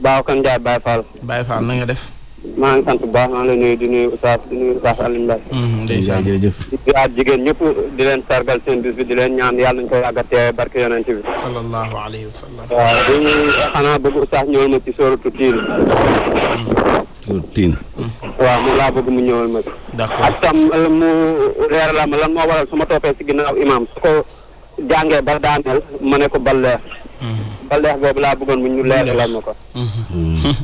baaw kan jaay Baye Fall Baye na nga def maa ngi sant baax maa la lay nuyu di nuyu Oustaz di nuyu Oustaz Alioune mm-hmm, jigéen ñëpp di leen sargal seen bis bi di leen ñaan yàlla nañu ko yàgg a teewee barke yonent bi. wa sallam. waaw di nuyu xanaa bëgg Oustaz ñëwal ma ci sóoratu Tiin. Mm-hmm. waaw moom laa bëgg mu ñëwal ma ci. d'accord ak tam mu reer la ma lan moo waral su ma toppee si ginnaaw imaam su ko jàngee ba daaneel ma ne ko bal leer. faldeex mm-hmm. boobu laa bëggoon bu ñu leeralal ma ko. Mm-hmm. Mm-hmm.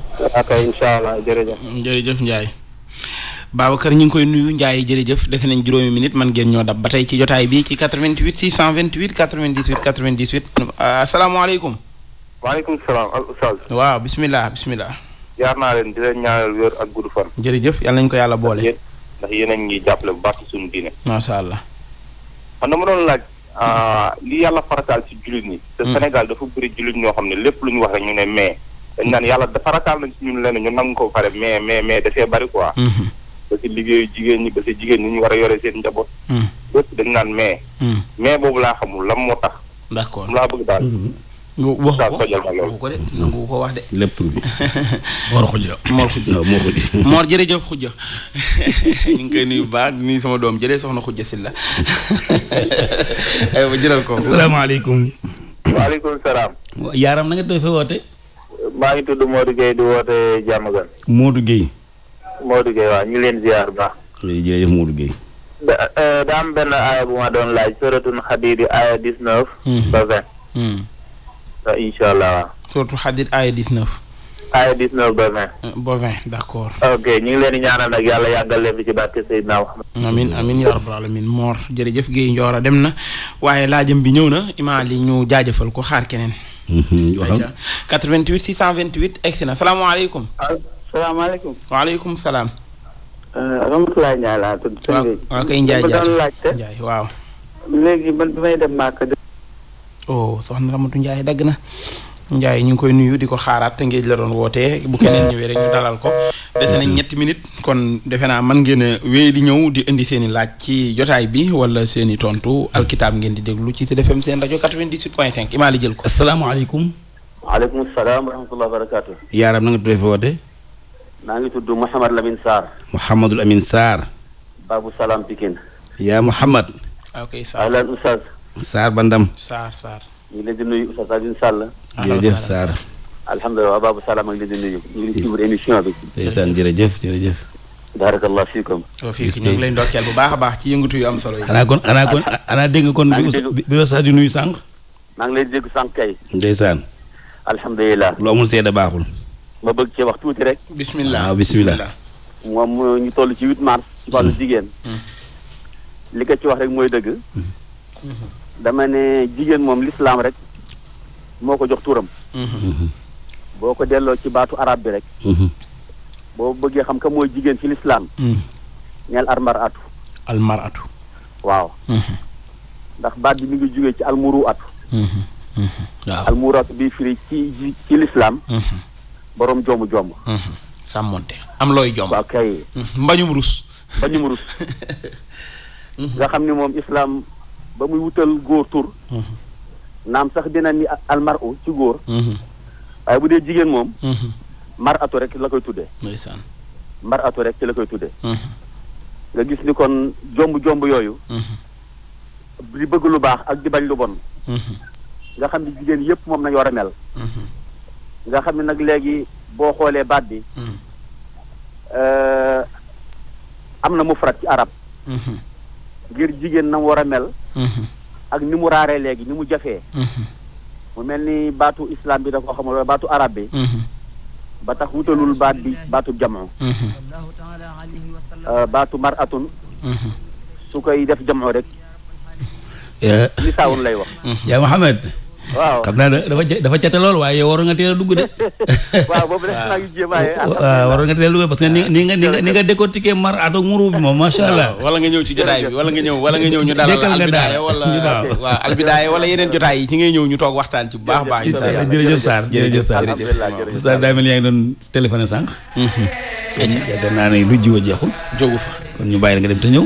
ok incha allah jërëjëf. jërëjëf Ndiaye. Babacar ñu ngi koy nuyu Ndiaye jërëjëf dese nañ juróomi minute man geen ñoo dab ba tey ci jotaay bi ci 88 628 98 98. asalaamaaleykum. waaleykum salaam al oustaz. waaw bisimilah bisimilah. yaar naa leen di leen ñaanal wér ak gudd fan. jërëjëf yal nañu ko yàlla boole. ndax yéen a ngi jàppale bu baax ci suñu diine. macha allah. man dama doon laaj. Euh, li yàlla farataal ci jullit ñi. Hmm. te Sénégal dafa bëri jullit ñoo xam ne lépp lu ñu wax rek ñu ne mais. dañ naan yàlla farataal nañ ci ñun lenn ñu nangu ko pare mais mais mais dafee bari quoi. Hmm. ba si liggéeyu jigéen ñi ba si jigéen ñi ñu war a yore seen njaboot. Hmm. lépp dañ naan mais. mais boobu laa xamul lan moo tax. d'accord laa bëgg daal. waxu ko waxu ko de nangu ko wax de. lépp bi Mor Khoudia. Mor Khoudia waaw Mor Khoudia. Mor jërëjëf Khoudia ñu ngi di nuyu sama doom jëree soxna jëlal ko. asalaamaaleykum. waaleykum salaam. yaaram na nga doon fa woote. maa ngi tudd Modou Guèye di woote jàmm gan. Modou Guèye. Modou Guèye waaw ñu leen ziar baax. jërëjëf Modou Guèye. Euh, da benn aaya bu ma doon laaj suratul Hadid aaya dix neuf hmm. ba vingt. Hmm. waaw incha allah. surtout xadit aaya 19. aaya 19 ba 20. Euh, ba 20 d' ok ñu ngi leen di ñaanal nag yàlla yàggal leen fi ci barke Seydina Muhammad. amiin amiin yaa rabbal aalamiin Mor jërëjëf Guèye Ndiora dem na waaye laajam bi ñëw na imaam li ñu jaajëfal ko xaar keneen. waxam 88 628 egsi na salaamaaleykum. salaamaaleykum. waaleykum salaam. Euh, Ramatulaay Njaay laa tudd. waaw kay Njaay Njaay waaw. léegi man bi dem Màkka oh soxna Ramatu Njaay dagg na Njaay ñu ngi koy nuyu di ko xaaraat te ngeen la doon wootee bu keneen ñëwee rek ñu dalal ko dese nañ ñetti minutes kon defe naa man ngeen a wéy di ñëw di indi seen i laaj ci jotaay bi wala seen i tontu alkitaab ngeen di déglu ci Sud FM seen rajo 98.5 Imaali jël ko. asalaamaaleykum. waaleykum salaam wa rahmatulah wa barakaatu. yaaram na nga tuddee fi naa ngi tudd Mouhamadul Amin Sarr. Mouhamadul Amin Sarr. Babou Salam Pikine. yaa Mouhamad. ok Sarr ahlan Saar ba ndam Saar Saar. ñu ngi leen di nuyu Oustaz Alioune Sall. jërëjëf Saar. alhamdulilah waa Babou Salam ak leen di nuyu. ñu bi. ndeysaan jërëjëf jërëjëf. baarakallah fiikum. gis ñu ngi lay ndokkeel bu baax a baax ci yëngatu yu am solo yi. xanaa kon xanaa kon xanaa dégg kon. bi bi nuyu sànq. maa ngi lay dégg sànq kay. ndeysaan. alhamdulilah. lu amul seede baaxul. ma bëgg cee wax tuuti rek. bismillah waaw ah, bismillah. moom ñu toll ci 8 mars. ci wàllu hmm. jigéen. Hmm. li ko ci wax rek mooy dëgg. Hmm. dama ne jigéen moom lislaam rek moo ko jox turam. Mm-hmm. boo ko delloo ci baatu araab bi rek. Mm-hmm. boo bëggee xam ka mooy jigéen ci lislaam mm-hmm. ñeel almar atu. waaw. ndax baat bi mi ngi jógee ci almuru atu. waaw almuru bi firi ci ci ci lislaam borom joomu joomu. sàmmonte am looy joom. waaw mbañum rus. mbañum rus. nga xam ni moom islam. ba muy wutal góor tur mhm. naam sax dina ni almar u ci góor mhm. waaye bu dee jigéen moom mhm. mar atu rek la koy tuddee ndeysaan mar atu rek ci la koy tuddee nga gis ni kon jomb jomb yooyu di bëgg lu baax ak di bañ lu bon nga xam ne jigéen yëpp moom nañ war a mel nga xam ni nag léegi boo xoolee baat bi euh, am na mufrad ci arab ngir jigéen na war a mel. Mhm. ak ni mu raaree léegi ni mu jafee. Mhm. mu mel ni baatu islam bi da koo xamal baatu arab bi. Mhm. ba tax wutalul baat bi baatu jamono. Euh, baatu maratun su koy def jamono rek. nisaawun lay wax. yaa Mouhamed. waaw xam naa ne dafa dafa cate lool waaye waroon nga teel a dugg de. waaw boobu de waroon nga teel a dugg parce que ni nga ni nga ni nga mar at ak muru bi moom macha allah. wala nga ñëw ci jotaay bi wala nga ñëw wala nga ñëw ñu dalal albidaaya wala waaw albidaaya wala yeneen jotaay yi ci nga ñëw ñu toog waxtaan ci bu baax baax. incha allah jërëjëf Sarr jërëjëf Sarr jërëjëf Sarr daa mel yaa ngi doon téléphoné sànq. Mhm. yaakaar naa ne lu jiw a jeexul. jógu fa kon ñu bàyyi la nga dem te ñëw.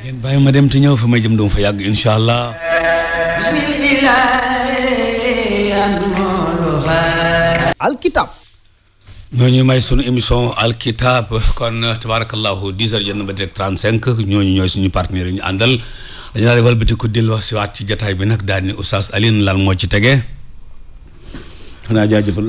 ngeen bàyyi ma dem te ñëw fa may jëm doom fa yàgg incha allah alkitab ñooñu may sunu émission alkitab kon tabarakallahu dix a jënn ba direct 35 ñooñu ñooy suñu partenaire yi ñu àndal dañu daal di walbati ko delluwaat si waat ci jataay bi nag daal ni oustaz Alioune moo ci tegee xanaa jaajëfal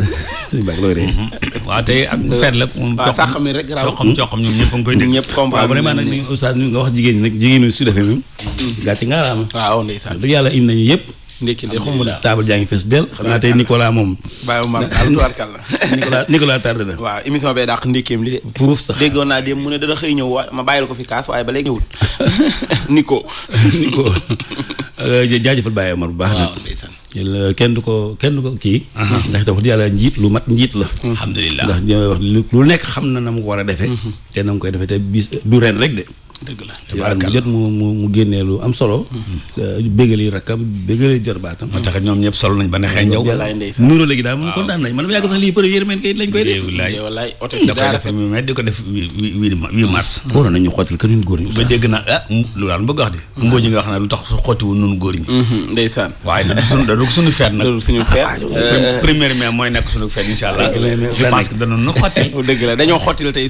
suñu baax looy rey. Mhm. waaw tey ak la. waaw sax mi rek raw coxam coxam ñoom ñëpp a ñëpp comprendre vraiment nag ñu oustaz ñu nga wax jigéen ñi nag jigéen ñi su defee moom. Mhm. gàcce nga raam. waaw ndeysaan dëgg yàlla indi nañu yëpp. taabal jaa ngi fees del xam naa tey Nicolas moom. bàyyi ma alhamdulilah Nicolas Nicolas tardé na. waaw émission bee dàq ndékkeem li de. puuf sax déggoon naa dem mu ne dana xëy ñëw waaye ma bàyyil ko fi kaas a ba léegi ñëwul Nico. Nico jaajëfal bàyyi Omar bu baax. waaw ndeysaan Euh, kenn du ko kenn du ko kii. ndax dafa yàlla njiit lu mat njiit la. Hmm. alhamdulilah ndax li wax lu nekk xam na na mu war a defee. Hmm. te na mu koy defee te bis du reen rek de. dëgg la at mu jot mu mu mm-hmm. euh, ba ne xëy njaw nuuro léegi daal moom kontaan nañ man ma yàgg sax lii première meen kay lañ koy def wallaay oto yi daa rafet di ko def huit suñu ah, ah, ah. mm-hmm, feet nag suñu euh, mooy nekk suñu feet incha allah je pense que danoon nu xottil dëgg la dañoo xottil tey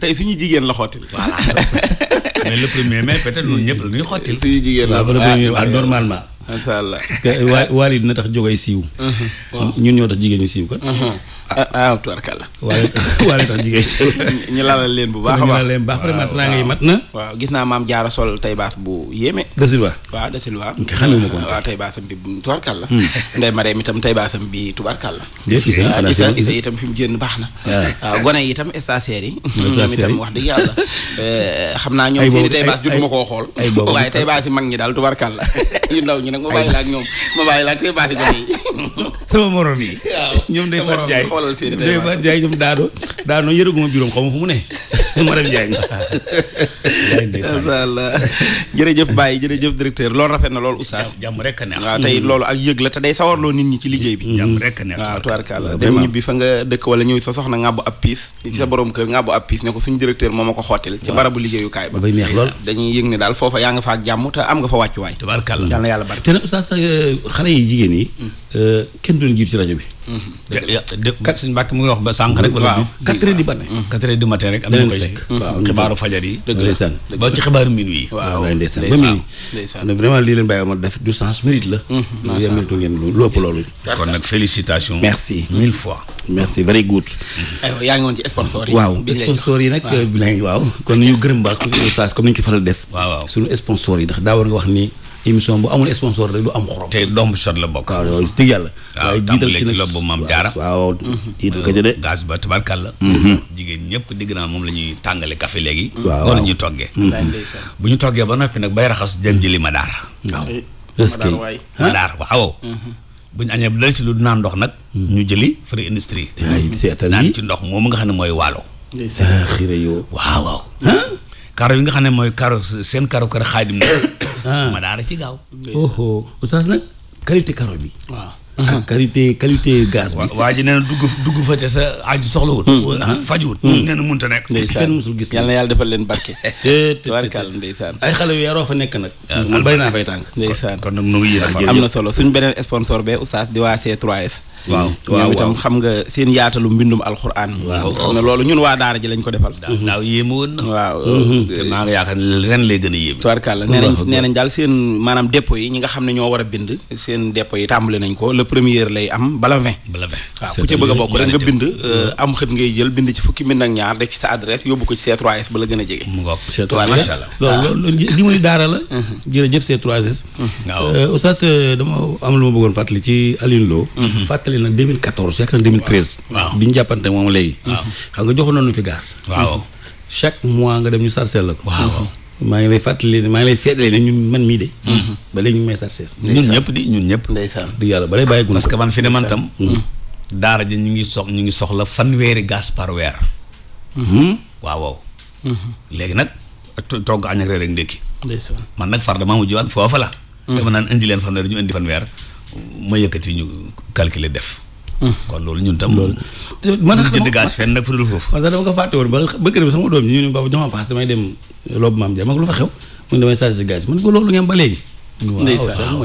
tey suñu jigéen la xottil mais le premier mai peut-être ñun ñëpp la ñuy xottil. Ah, ah, normalement. incha allah parce que waa waali dina tax jógay siiw. Uh-huh. ñun ñoo tax jigéen ñi siiw kan. Uh-huh. ah ah, ah tubarkalla. waali waali tax jigéen siiw. ñu laalal leen bu baax a baax ñu laalal leen bu baax vraiment tànnaa ngay mat na. waaw gis naa maam jaara sol tey baas bu yéeme. desul wa waaw desul wa. nga xam ne moom kon waaw tey baasam bi tubarkalla. Hmm. ndey mareem itam tey baasam bi tubarkalla. gis nga ah, gis itam fi mu génn baax na. waaw ah. gone yi itam stagiaires yi. ñoom itam wax dëgg yàlla. Eh, xam naa ñoom seeni tey baas jotuma koo xool. ay boobu waaye tey baas yi mag ñi daal tubarkalla yu ndaw ñi nag ma bàyyi la ak ñoom ma bàyyi la ak tey baasi gone yi. sama morom yi. waaw ñoom day Fat Ndiaye xoolal seen tey day Fat Ndiaye ñoom daado daado yërëguma juróom xaw ma fu mu ne madame loolu rafet na loolu oustaz. a neex waaw tey loolu ak yëg la te day sawarloo nit ñi ci liggéey bi. jàmm rek a neex waaw tubaarkàlla dem ñibbi fa nga dëkk wala ñëw sa soxna ngàbbu ab piis ci sa borom kër ngàbbu ab piis ne ko suñu directeur moo ma ko ci barabu liggéeyukaay ba dañuy yëg ne daal foofa yaa nga fa ak jàmm te am nga fa wàccuwaay tubaarkàlla yàlla te nag oustaz euh, hmm. euh, du leen bi. Hmm. de kat suñu mu ngi wax ba sànq rek. waaw quatre heures du matin. Hmm. quatre heures du matin rek am na koy xibaaru fajar yi. dëgg yi. waaw ba minuit. ndeysaan vraiment lii kon nag félicitations. merci mille fois. yaa ngi woon ci sponsor yi. waaw sponsor yi nag. waaw euh, bi waaw kon ñu gërëm baax oustaz comme ni ko faral def. suñu sponsor yi ndax daa nga wax ni émission bu amul sponsor rek du am xorom. te domb shot la bokk. waaw loolu dëgg yàlla. waaye jiital ci nag waaw maam jaara waaw mm-hmm. jiital ko ci de. Euh, mm-hmm. jigéen ñëpp dégg naa moom la ñuy tàngale café léegi. Mm-hmm. waaw loolu la ñuy bu ñu toggee ba noppi nag bay raxas jëm jëli madaar. waaw eh, est-ce que madaar waaw. bu ñu añee dal ci lu naan ndox nag. ñu jëli Free Industrie. naan ci ndox moom nga xam ne mooy waalo. Ah, waaw waaw. karo yi nga xam ne mooy karo seen karo kër xaadim na ma daara ci gaaw oho oustaz nag qualité karo bi waaw ak qualité qualité gaz bi. waa ji nee na dugg dugg fa te sa aju soxlawul. Hmm. Hmm. fajuwul. Hmm. nee na mënut nekk. ndeysaan kenn mësul gis. defal leen barke. tubaarkàlla ndeysaan. ay xale yu yaroo fa nekk nag. Ah, man bari naa fay tànk. ndeysaan kon am na solo suñ beneen sponsor bee oustaz di waa C3S. waaw waaw ñoom itam xam nga seen yaatalu mbindum alxuraan. waaw xam na loolu ñun waa daara ji lañ ko defal. daaw yéeme woon na. waaw te maa ngi yaakaar ren lay gën a yéeme. tubaarkàlla nee nañ nee daal seen maanaam dépôt yi ñi nga xam ne ñoo war a bind seen dépôt yi tàmbali nañ ko première lay am bala vingt bala vingt waaw ku ci bëgg a bokk rek nga bind euh, am xët ngay jël bind ci fukki min ak ñaar def ci sa adresse yóbbu ko ci C3S ba gën a jege macha allah loolu ah. li muy daara la uh-huh. jërëjëf C3S waaw euh, oustaz euh, dama am lu ma bëggoon fàttali ci Alioune Lo uh-huh. fàttali nag 2014 yaakaar na 2013 bi ñu jàppante moom léegi xam nga joxoon nañu fi gaar chaque mois nga dem ñu sarcel la ko waaw maa ngi lay fàttali maa ngi lay feetlee ne ñun man mii de mhm. ba léegi ñu may sarseer ñun ñëpp di ñun ñëpp di yàlla ba lay bàyyi gun parce que man fi ne man tam mhm. daara ji ñu ngi sox ñu ngi soxla fanweeri gaz par weer mhm. waaw waaw léegi nag togg añ ak reer rek ndékki ndeysaan man nag far damaa mujj waan foofa la naan indi leen fanweer ñu indi fanweer ma yëkkati ñu calculer def loolu ñun tam. loolu man jënd gaz fenn nag fu dul foofu man sax dama ko fàtte woon ba bëgg na sama doom ñu ne boobu jox damay dem loobu maam Dia ma ko lu fa xew mu ne damay chargé gaz man ko loolu ngeen ba léegi. ndeysaan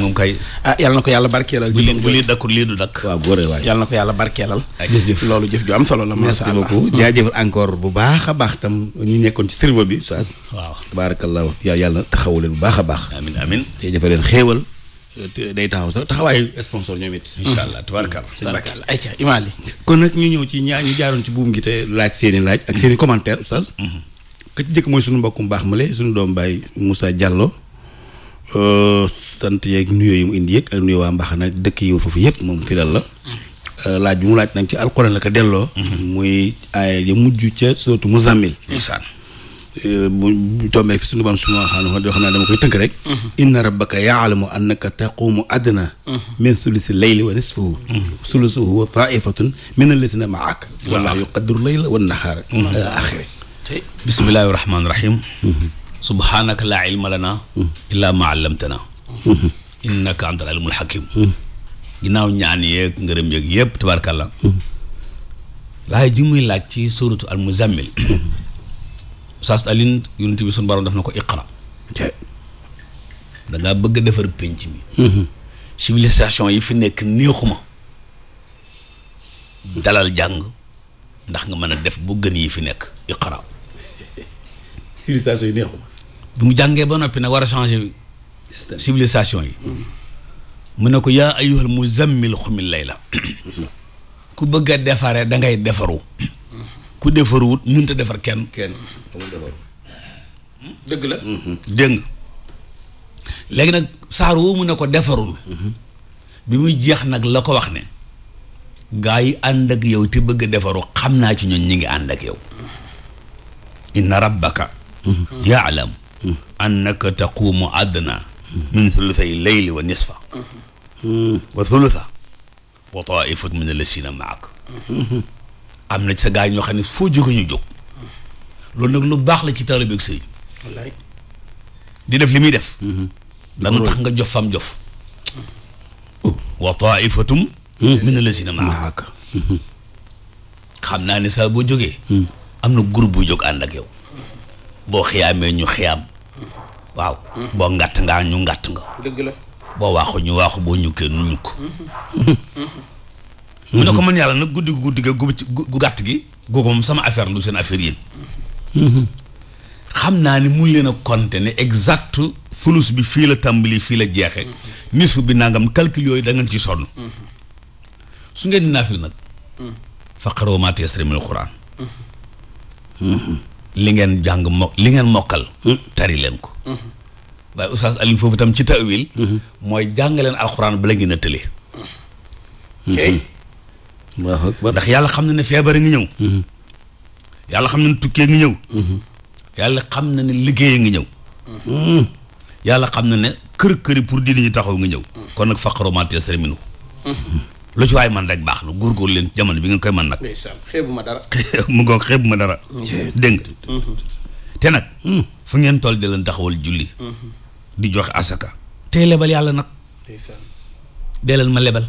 moom kay ah na ko yàlla barkeelal bu lii bu lii dakkul lii du dakk waaw góore waay yàlla na ko yàlla barkeelal jëf loolu jëf ju am solo la merci beaucoup mm-hmm. jaajëfal encore bu baax a baax itam ñu nekkoon ci sirba bi saa waaw tabaarakallaahu yàlla taxawu leen bu baax a baax amin amin te defal leen xéewal day taxaw sax taxawaayu sponsor ñoom it incha allah tabaarakallaa tabaarakallaa ayca imaali kon nag ñu ñëw ci ñaa ñu jaaroon ci buum gi te laaj seen i laaj ak seen i commentaire oustaz mm-hmm. ka ci jëkk mooy suñu mbokkum baax ma le suñu doom baay Moussa Diallo euh, sant yeeg nuyoo yi mu indi yëg ak nuyoo waa mbaax nag dëkk yi foofu yëpp moom fi dal la euh, laaj mu la ko delloo mhm. muy aaya ya mujj ca sootu Muzammil insaan euh, bu tombee fi suñu ban suma xam xam naa dama koy tënk rek mhm. inna rabbaka yaalamu annaka taqumu adna mhm. min sulusi layli wa nisfahu sulusuhu wa taifatun min allasina maak wallahu yuqaddiru layla wa nahaara ila axiri bismillaahi rahmaani rahiim subhaanaka laa ilma lanaa illaa maa allamtanaa innaka antal alimul hakim ginnaaw ñaan yeeg ngërëm yeeg yëpp tabaarkalla laay ji muy laaj ci suuratu al muzammil Oustaz Alioune yonent bi sunu borom daf na ko iqra da ngaa bëgg a defar pénc mi mm-hmm. civilisation yi fi nekk neexuma dalal jàng ndax nga mën a def bu gën yi fi nekk iqra civilisation yi neexu bi mu jàngee ba noppi nag war a changer civilisation yi hmm. mu ne ko yaa ayyuhal muzammil xumil layla ku bëgg a defaree da defaru ku defaruwut mënut a defar kenn kenn amul defar hmm. léegi nag saar woo mu ne ko defarul hmm. bi muy jeex nag la ko wax ne gaa yi ànd ak yow te bëgg defaru xam naa ci ñun ñu ngi ànd ak yow inna rabbaka yaalam annaka taquumu adna min thuluthay leyli wa nisfa wa thulutha wa taifat min allasina maak am na sa gaa ñoo xam ne foo jóge ñu jóg loolu nag lu baax la ci taalibe ak sëriñ wallaay di def li muy def mhm. dana tax nga jof fam jof wa taifatum min allasina maak mhm. xam naa ne saa boo jógee mhm. am na groupe bu jóg ànd ak yow boo xiyaamee ñu xiyaam waaw boo ngàtt ngaa ñu ngàtt nga dëgg la boo waaxu ñu waaxu boo ñukkee nu ñukk mu ne ko man yàlla nag guddi guddi ga gu gàtt gi googu moom sama affaire lu seen affaire yéen xam naa ni mun leen a compter ne exact fulus bi fii la tàmbali fii la jeexe nisfu bi nangam calcul yooyu da ngeen ci sonn su ngeen di naafil nag mm. faqaroo maa tayassara minal Qur'aan mm-hmm. li ngeen jàng mo li ngeen mokkal hmm. tari leen ko hmm. waaye oustaz Alioune foofu tam ci tawil hmm. mooy jàng leen alxuraan la ngeen a tële kay ndax yàlla xam na ne feebar a ngi ñëw yàlla xam na ne ngi ñëw xam na ne liggéey ngi ñëw yàlla xam na ne kër këri pour diini ñu taxaw ngi ñëw kon nag faqaru maa teesara minhu lu ci waay man rek baax na góor leen jamono bi nga koy man nag. xeebu ma dara. mu ma dara. dégg nga mm-hmm. te nag. Mm-hmm. fu ngeen tool di leen taxawal julli. Mm-hmm. di joxe asaka. tey lebal yàlla nag. delal ma lebal.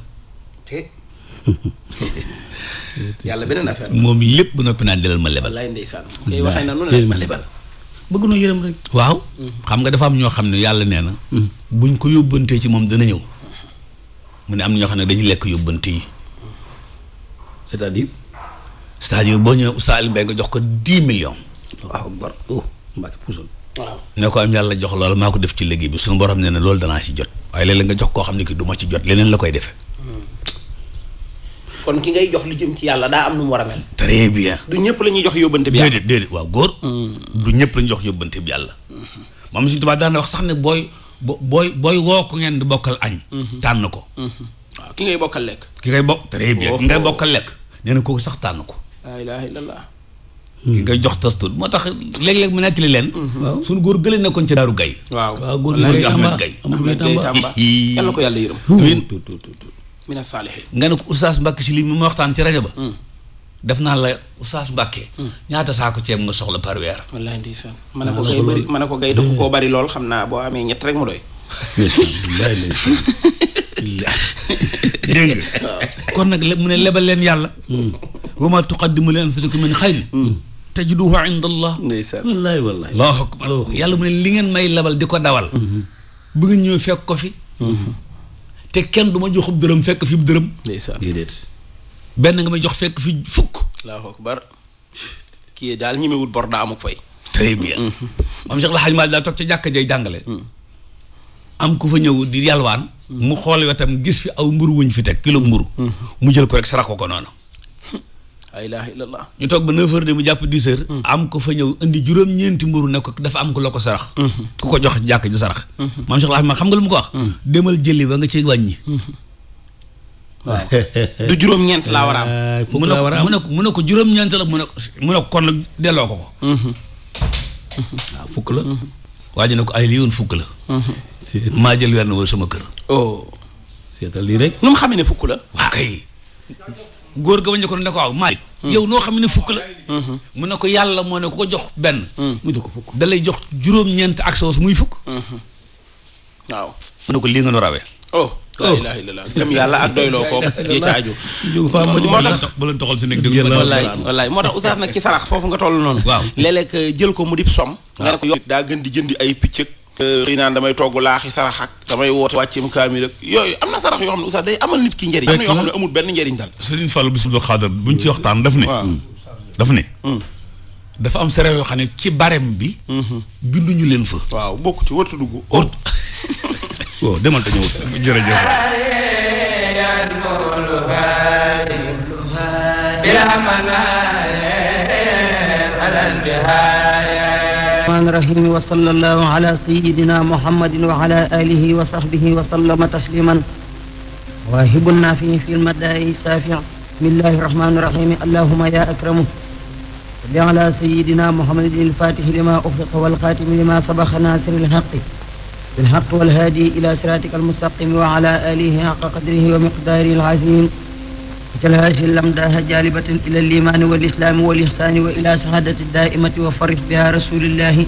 yàlla beneen affaire moom lépp bu noppi naan delal ma lebal. wallaay ndeysaan na nu ma lebal. bëgg na yërëm rek. waaw. xam nga dafa am ñoo xam ne yàlla nee na. buñ ko yóbbantee ci moom dana ñëw. mu ne am na ñoo xam ne dañuy lekk yóbbante yi c'est-à-dire c'est-à-dire boo ñëwee Oustaz Alioune Mbaye nga jox ko dix millions waaw bar oh Mbacke puusal waaw ne ko am yàlla jox loolu maa ko def ci liggéey bi suñu borom ne ne loolu danaa ci jot waaye léeg-léeg nga jox koo xam ne ki du ma ci jot leneen la koy defee hmm. kon ki ngay jox lu jëm ci yàlla daa am nu mu war a mel très bien du ñëpp la ñuy jox yóbbante bi yàlla déedéet déedéet waaw góor hmm. du ñëpp la ñuy jox yóbbante bi yàlla moom na wax sax ne booy bo booy booy woo ko ngeen di bokkal añ. Mhm. tànn ko. waaw mhm. ah, ki ngay bokkal lekk. ki ngay bokk très bien ki ngay bokkal lekk nee na kooku sax tànn ko. la ilaha illallah. ki ngay jox tas tuut moo tax léeg-léeg mu nettali leen. Mhm. waaw góor gële nekkoon ci daaru gay. waaw waaw góor gi Ahmed Gay Ahmed Gay Tamba yàlla ko yàlla yërëm. amiin tuut tuut tuut. mina saalihin. nga ne ko oustaz Mbacke si lii mi ma waxtaan ci rajo ba. def naa la Oustaz Mbacke. Hmm. ñaata saako ceeb nga soxla par weer. wallaahi ndeysaan ma ne ko ah, gay bëri ko gay koo bëri lool xam naa boo amee ñett rek mu doy. dégg kon nag mu ne lebal leen yàlla. Hmm. wa ma tuqaddimu li anfusikum min xayrin hmm. tajiduhu inda allah ndeysaan yàlla mu ne li ngeen may lebal di ko dawal. bu ngeen ñëw fekk ko fi. te kenn du ma joxub dërëm fekk fi bu dërëm. benn nga may jox fekk fi fukk. allahu akbar kii daal ñi may wut bor daa amuk fay. très bien. moom mm-hmm. Cheikh El Hadj Malick daa toog ca jàkka jay jàngale. Mm. am ku fa ñëw di yalwaan. Mm. mu xool wetam gis fi aw mburu wuñ fi teg kilo mburu mm-hmm. mu jël ko rek sarax ko ko noonu. la ñu toog ba 9 heures de mu jàpp 10 mm. am ko fa ñëw indi juróom-ñeenti mburu ne ko dafa am ko la ko sarax. Mm-hmm. ku ko jox jàkk ju sarax. maam Cheikh El ma xam nga lu mu ko wax. demal jëli ba nga ci wàññi. du juróom-ñeent laa war a am. foofu eh, war a am mu ne ko juróom-ñeent la mun ne mu ne kon delloo ko ko. Mm-hmm. waaw fukk la. waa ji ne ko ay lii woon fukk la. Mm-hmm. maa jël weer na sama kër. Oh. lii rek. nu mu ne fukk la. waa kay góor ga waññi ko mm. yow noo xam ne fukk la. Mm-hmm. mu ko yàlla moo ne ku ko jox benn. Mm. mu jox ko fukk da jox juróom-ñeent ak soos muy fukk. waaw mu ne ko lii nga nu la ilaha illallah gëm yàlla ak doyloo ko yee ca aju foofu nga toll noonu waaw léeg-léeg euh, jël ko mu dib som nga ne ko yow daa gën di jëndi ay piccëg euh, xëy naan damay togg laaxi sarax ak damay woote wàccim kaamil ak yooyu am na sarax yoo xam ne oustaz day amal nit ki njëriñ am na benn njëriñ daal Serigne Fallou bi bu xaadar buñ ci waxtaan daf ne hmm. daf ne hmm. dafa am sarax yoo xam ne ci barem bi hmm, binduñu leen fa waaw bokk ci wërtu dugg waaw demal te ñëwut jërëjëf rahmaan rahim wa sallallahu ala sayidina muhammadin wa ala alihi wa sahbihi wa sallama tasliman واهب النافع في المداعي سافع بسم الله الرحمن الرحيم اللهم يا أكرم صل على سيدنا محمد الفاتح لما أغلق والخاتم لما سبق ناصر الحق بالحق والهادي إلى صراطك المستقيم وعلى آله حق قدره ومقداره العظيم وتلهاش اللمداها جالبة إلى الإيمان والإسلام والإحسان وإلى سعادة الدائمة وفرح بها رسول الله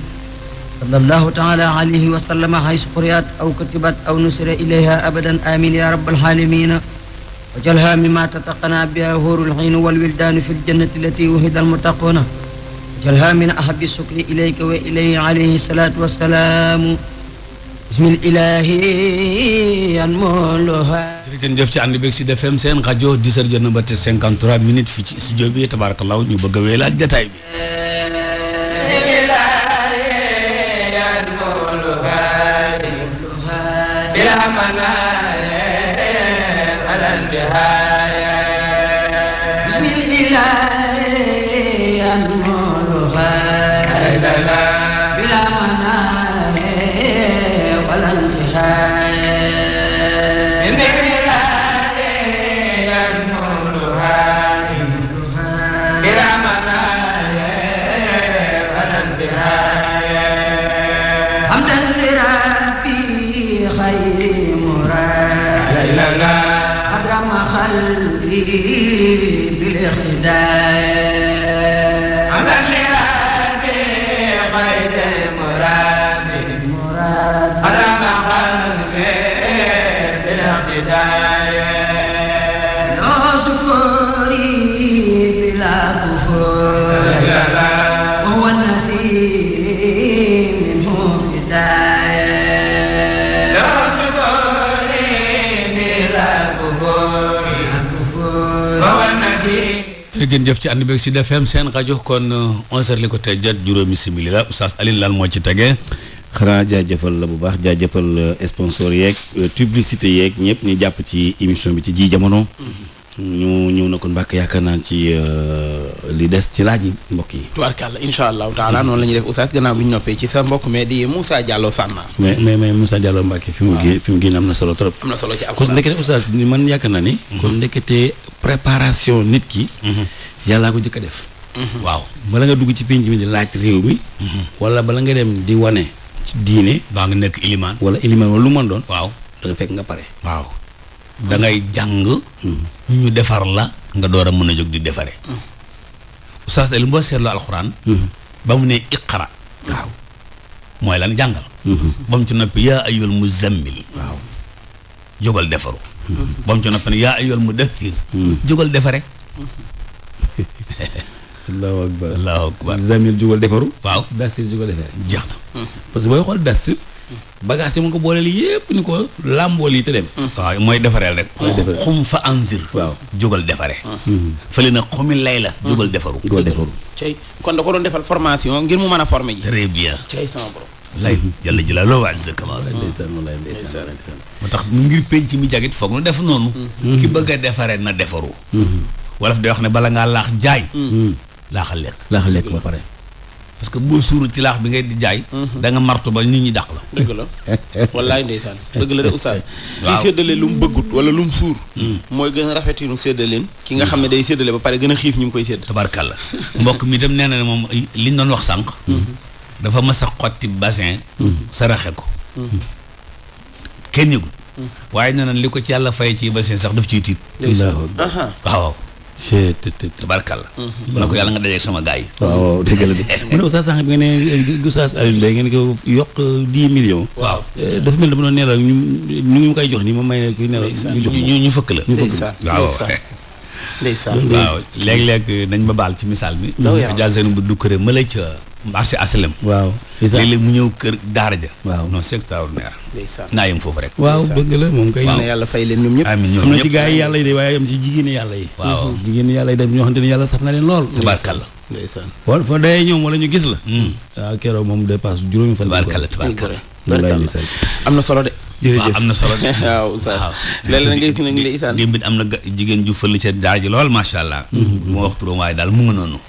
صلى الله تعالى عليه وسلم حيث قرئت أو كتبت أو نسر إليها أبدا آمين يا رب العالمين وجلها مما تتقنا بها هور العين والولدان في الجنة التي وهد المتقون وجلها من أحب الشكر إليك وإليه عليه الصلاة والسلام jërëjëf ci ànd beeg si defem seen rajo 10h jot na ba te 53 minutes fii ci studio bi tabaarakallaahu ñu bëgg a wéyalaat jataay bi. bismillah. gën jëf ci ànd beeg si defeem seen rajo kon 11 euh, li ko tey jot juróomi simili la oustaz Alioune lan moo ci tegee. xanaa jaajëfal la bu baax jaajëfal euh, sponsor yeeg euh, publicité yeeg ñëpp ñu jàpp ci émission bi ci jii jamono. Mm-hmm. ñu ñëw na kon Mbàkke yaakaar naa ci euh, li des ci laaj yi mbokk yi. tubaarkàlla incha allahu taala noonu la ñuy def gannaaw bi ñu noppee ci sa mbokk mais di Moussa Diallo Sanna. mais mais mais Moussa Diallo Mbàkke fi mu génn fi mu génn am na solo trop. am na solo ci man yaakaar naa ni. kon ndekete préparation nit ki. Mhm. yàllaa ko njëkk a def. Mhm. waaw bala nga dugg ci penc mi di laaj réew mi. Mhm. wala bala nga dem di wane. ci diine. baa ngi nekk ilimaan. wala ilimaan wala lu mën doon. waaw da nga fekk nga pare. da ñu defar la nga door a mën a jóg di defare mm. oustaz el boo seetloo alxuraan mm-hmm. ba mu ne iqra mooy lan jàngal mm-hmm. ba mu ci noppi yaa ayyul muzammil waaw jógal defaru mm-hmm. ba mu ci noppi ne yaa ayyul mudaththir jógal defaru waaw dasir jógal defare jeex na parce booy xool dasir bagage yi mu ko booleel yëpp ni ko làmbool yi te dem. Mm. waaw mooy defareel rek. xum fa anzir. waaw jógal defare. Mm. Mm. fële na xumi lay la. jógal defaru. jógal defaru. cey kon da ko doon defal formation ngir mu mën a former ji. très bien cey sama borom. lay jalla jalla loo waaj sa kamaa moo tax ngir penc mi jagit foog nu def noonu ki bëgg a defare na defaru wolof day wax ne bala ngaa laax jaay laax lekk laax lekk ba pare parce que boo suuru ci laax bi ngay di jaay. Mhm. da nga martu ba nit ñi dàq la. dëgg la wallaay ndeysaan dëgg la de oustaz. waaw séddale lu bëggut wala lu mu suur. Mm. mooy gën a rafetinu séddaleen ki nga mm. xam ne day séddale ba pare gën a xiif ñu ngi koy sédd. tabarkalla mbokk mi itam nee na moom liñ doon wax sànq. Mm-hmm. dafa mas a xotti bassin. Mm-hmm. saraxe ko. Mm-hmm. kenn yëgul. waaye nee na li ko ci yàlla fay ci bassin sax daf ciy tiit. waaw. c' tabarkalla mu ne ko yàlla nga dajeeg sama gars yi waaw dëgg la de mu a oustaz sànq bi nga ne eh, oustaz Alioune Mbaye ngeen ko yokk euh, dix millions waaw eh, dafa mel dama doon nelaw koy jox ni moom may ne kuy nelaw ñu jox ñu fëkk la ñu fëkk la waaw ndeysaan waaw léeg-léeg euh, nañ ma baal ci misaal mi jal seen bu dukkëre ma ca marché aslem waaw léeg-léeg mu ñëw kër daara ja waaw non c'est extraordinaire naa yem foofu rek waaw dëgg la moom kay na yàlla fay leen ñoom ñëpp am na ci gars yi yàlla yi de jigéen yàlla waaw jigéen yàlla yi dem ñoo xamante yàlla saf na leen lool tabarkalla ndeysaan wala fa dayee ñoom ñu gis la waaw hmm. ah, keroog moom dépasse juróomi fan am na solo de jërëjëf am na solo de waaw waaw léeg-léeg nga am na jigéen ju fël ca daara ji lool macha allah hmm. mu wax turam waaye daal mu nga noonu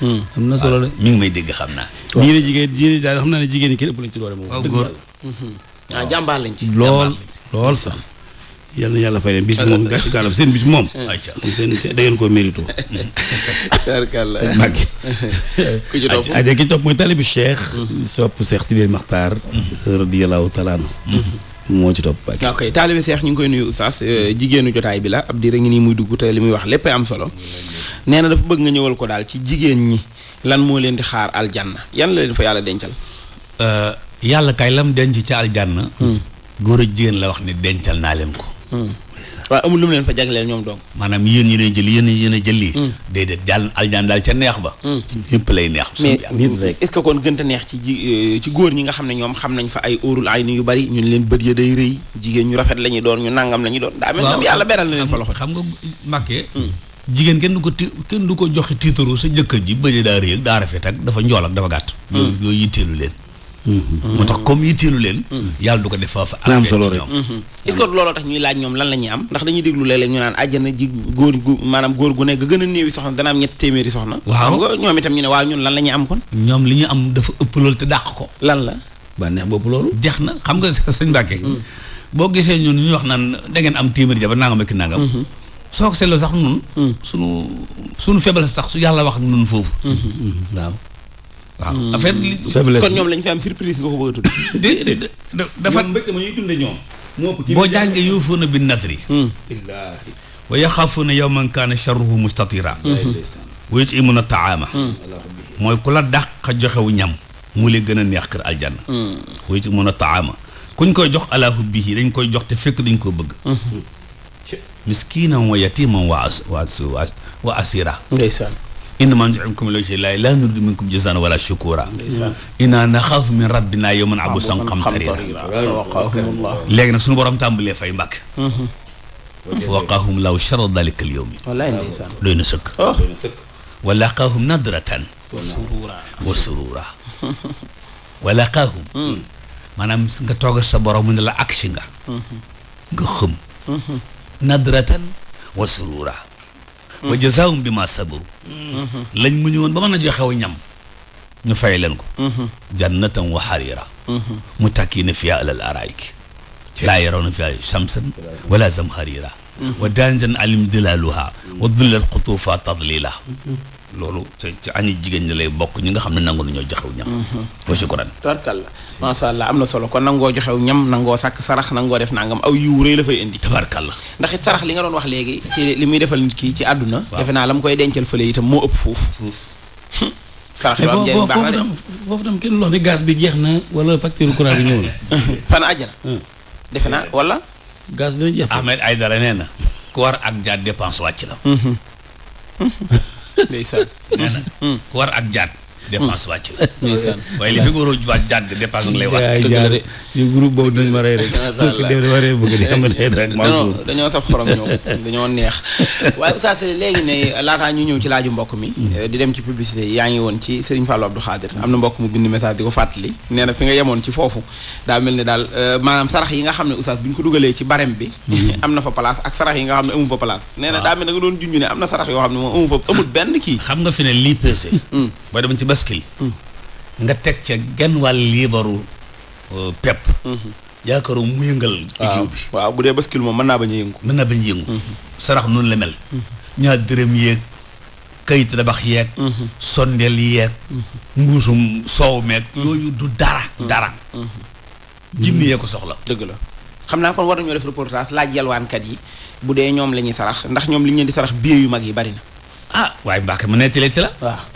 Hmm. am na solo de ah, mi ngi may dégg xam naa. diine jigéen diine daal xam naa ne jigéen ñi kenn ëpp lañ ci doole moom. Hmm. Ah, lañ ci. lool lool sax. yàlla na yàlla fay leen bis bi moom gàcce gàllam seen bis moom. ayca seen seen da ngeen koo mérito. barkalla sëñ Mbacke. ku ci topp ayca ki ci topp mooy talibu Cheikh. Hmm. sopp Cheikh Sidil Makhtar. radiyallahu taala anhu moo ci topp pàcc. ok taalibe Seex ñu ngi koy nuyu Oustaz euh, jigéenu jotaay bi la ab diir ngi nii muy dugg te li muy wax lépp am solo nee na dafa bëgg nga ñëwal ko daal ci jigéen ñi lan moo leen di xaar aljanna yan la leen fa yàlla dencal. Euh, yàlla kay lam denc ca aljanna. Hmm. góor jigéen la wax ne dencal naa leen ko. Hmm. waaw amul lu mu leen fa jagleel ñoom donc maanaam yéen ñu ne jël yéen yéen a jël lii hmm. déedéet daal aljaan daal ca neex ba hmm. ci lay neex mais est-ce kon gënta neex ci ji euh, ci góor ñi nga xam ne ñoom xam nañ fa ay óorul ay ni yu bari ñu leen bët ya day rëy jigéen ñu rafet la ñuy doon ñu nàngam la ñuy doon daa mel ñoom yàlla beral na leen fa loxo xam nga Mbàkke hmm. jigéen kenn du ko ti kenn du ko joxe tiitaru sa jëkkër ji bëjee daa rëy daa rafet ak dafa njool ak dafa gàtt yooyu yitteelu leen moo tax comme yitteelu leen yàlla du ko def foofu am solo rek mhm. est-ce que looloo tax ñuy laaj ñoom lan la ñuy am ndax dañuy déglu léeg-léeg ñu naan àjjana ji góor gu maanaam góor gu nekk gën a néewi soxna dana am ñett téeméeri soxna waaw nga ñoom itam ñu ne waaw ñun lan la ñuy am kon ñoom li ñu am dafa ëpp loolu te dàq ko lan la bànneex bopp loolu jeex na xam nga sëñ Mbàkke mm. boo gisee ñun ñu wax naan da ngeen am téeméeri jabar nangam ak nangam mm-hmm. soo ko seetloo sax nun suñu mm. sunu feebal sax su yàlla wax nun foofu mm-hmm. Mm-hmm. waaw waaw hmm. en ñoom lañ fi am surprise nga ko bëgg a tudd. déedéet dafa mbégte boo jàngee yuufuuna bi nadri. Hmm. illaahi. wa yaxaafuuna yawman kaana sharruhu mustatira. Hmm. wa yutimuuna taama. mooy ku la dàq joxewu ñam. mu lay gën a neex kër aljanna. mën a taama. kuñ koy jox ala hubbihi dañ koy jox te fekk dañ koo bëgg. miskiinan wa yatiiman wa as wa asira. innama nutimukum li wajhi llaahi laa nuriidu minkum jazaa'an wala shukuuraa. innaa naxaafu min rabbinaa yawman abuusan qamtariiraa. léegi nag suñu borom tàmbalee fay mbàkk. waqaahum llaahu sharra daalika l-yawmi. doy na sëkk. wa laqaahum nadratan. wa suruuraa wa suruuraa. wa laqaahum. maanaam nga toog sa borom mu ne la agsi nga. nga xëm. nadratan wa suruuraa. wa jazaahum bi ma sabaru lañ mu ñu woon ba mën a joxew ñam ñu fay leen ko jannatan wa harira mu takki na fiya alal araiki laa yarawna fiya shamsan wala zam harira wa daanjan alim dilaluha wa dullal qutufa tadlila loolu ca ca jigéen ñi lay bokk ñi nga xam ne nangu nañoo joxew ñam mhm. wa shukran tabarkalla masha allah am na solo ko nangoo joxew ñam nangoo sàkk sarax nangoo def nangam aw yiw rëy la fay indi tabarkalla ndax it li nga doon wax léegi ci li muy defal nit ci àdduna defe naa la mu koy dencal fële itam moo ëpp foofu sarax yi am foofu tam kenn lox ni gaz bi jeex na wala facture courant bi ñëw na fan defe naa wala gaz dina jeex Ahmed Aïdara nee ku war ak jaar dépense wàcc mhm. la ndeysaan nee na hmm. war ak jaat dépense wàcc na. waaye li fi nga war a waaj jàdd dépense lay wàcc. dëgg léegi ne laataa ñu ñëw ci laaju mbokk mi. Mm. Eh, di dem ci publicité yi yaa ngi woon ci Serigne Fallou Abdou Khadir am na mbokk mu bind message di ko fàttali nee na fi nga yemoon ci foofu daa mel ne daal eh, maanaam sarax yi nga xam ne oustaz bu ñu ko dugalee ci barem bi. Mm-hmm. am na fa place ak sarax yi nga xam ne amu fa place. nee na daa mel ne nga doon junj ne am na sarax yoo xam ne moom amu benn kii. xam nga fi ne tabaskil nga teg ca genn wàll liibaru euh, pep mhm. yaakaaru mu yëngal liggéey bi waaw bu dee baskil moom mën naa bañ a yëngu mën naa bañ a yëngu mhm. sarax noonu la mel mhm. ñaar dërëm yeeg kayit tabax yeeg sondeel yeeg mbuusum soow meeg yooyu du dara dara jinne yee ko soxla dëgg la xam naa kon war nañoo def reportage laaj yalwaankat yi bu dee ñoom la sarax ndax ñoom li ñu sarax biir yu mag yi bari na ah waaye mbaake mu nettali ci la waaw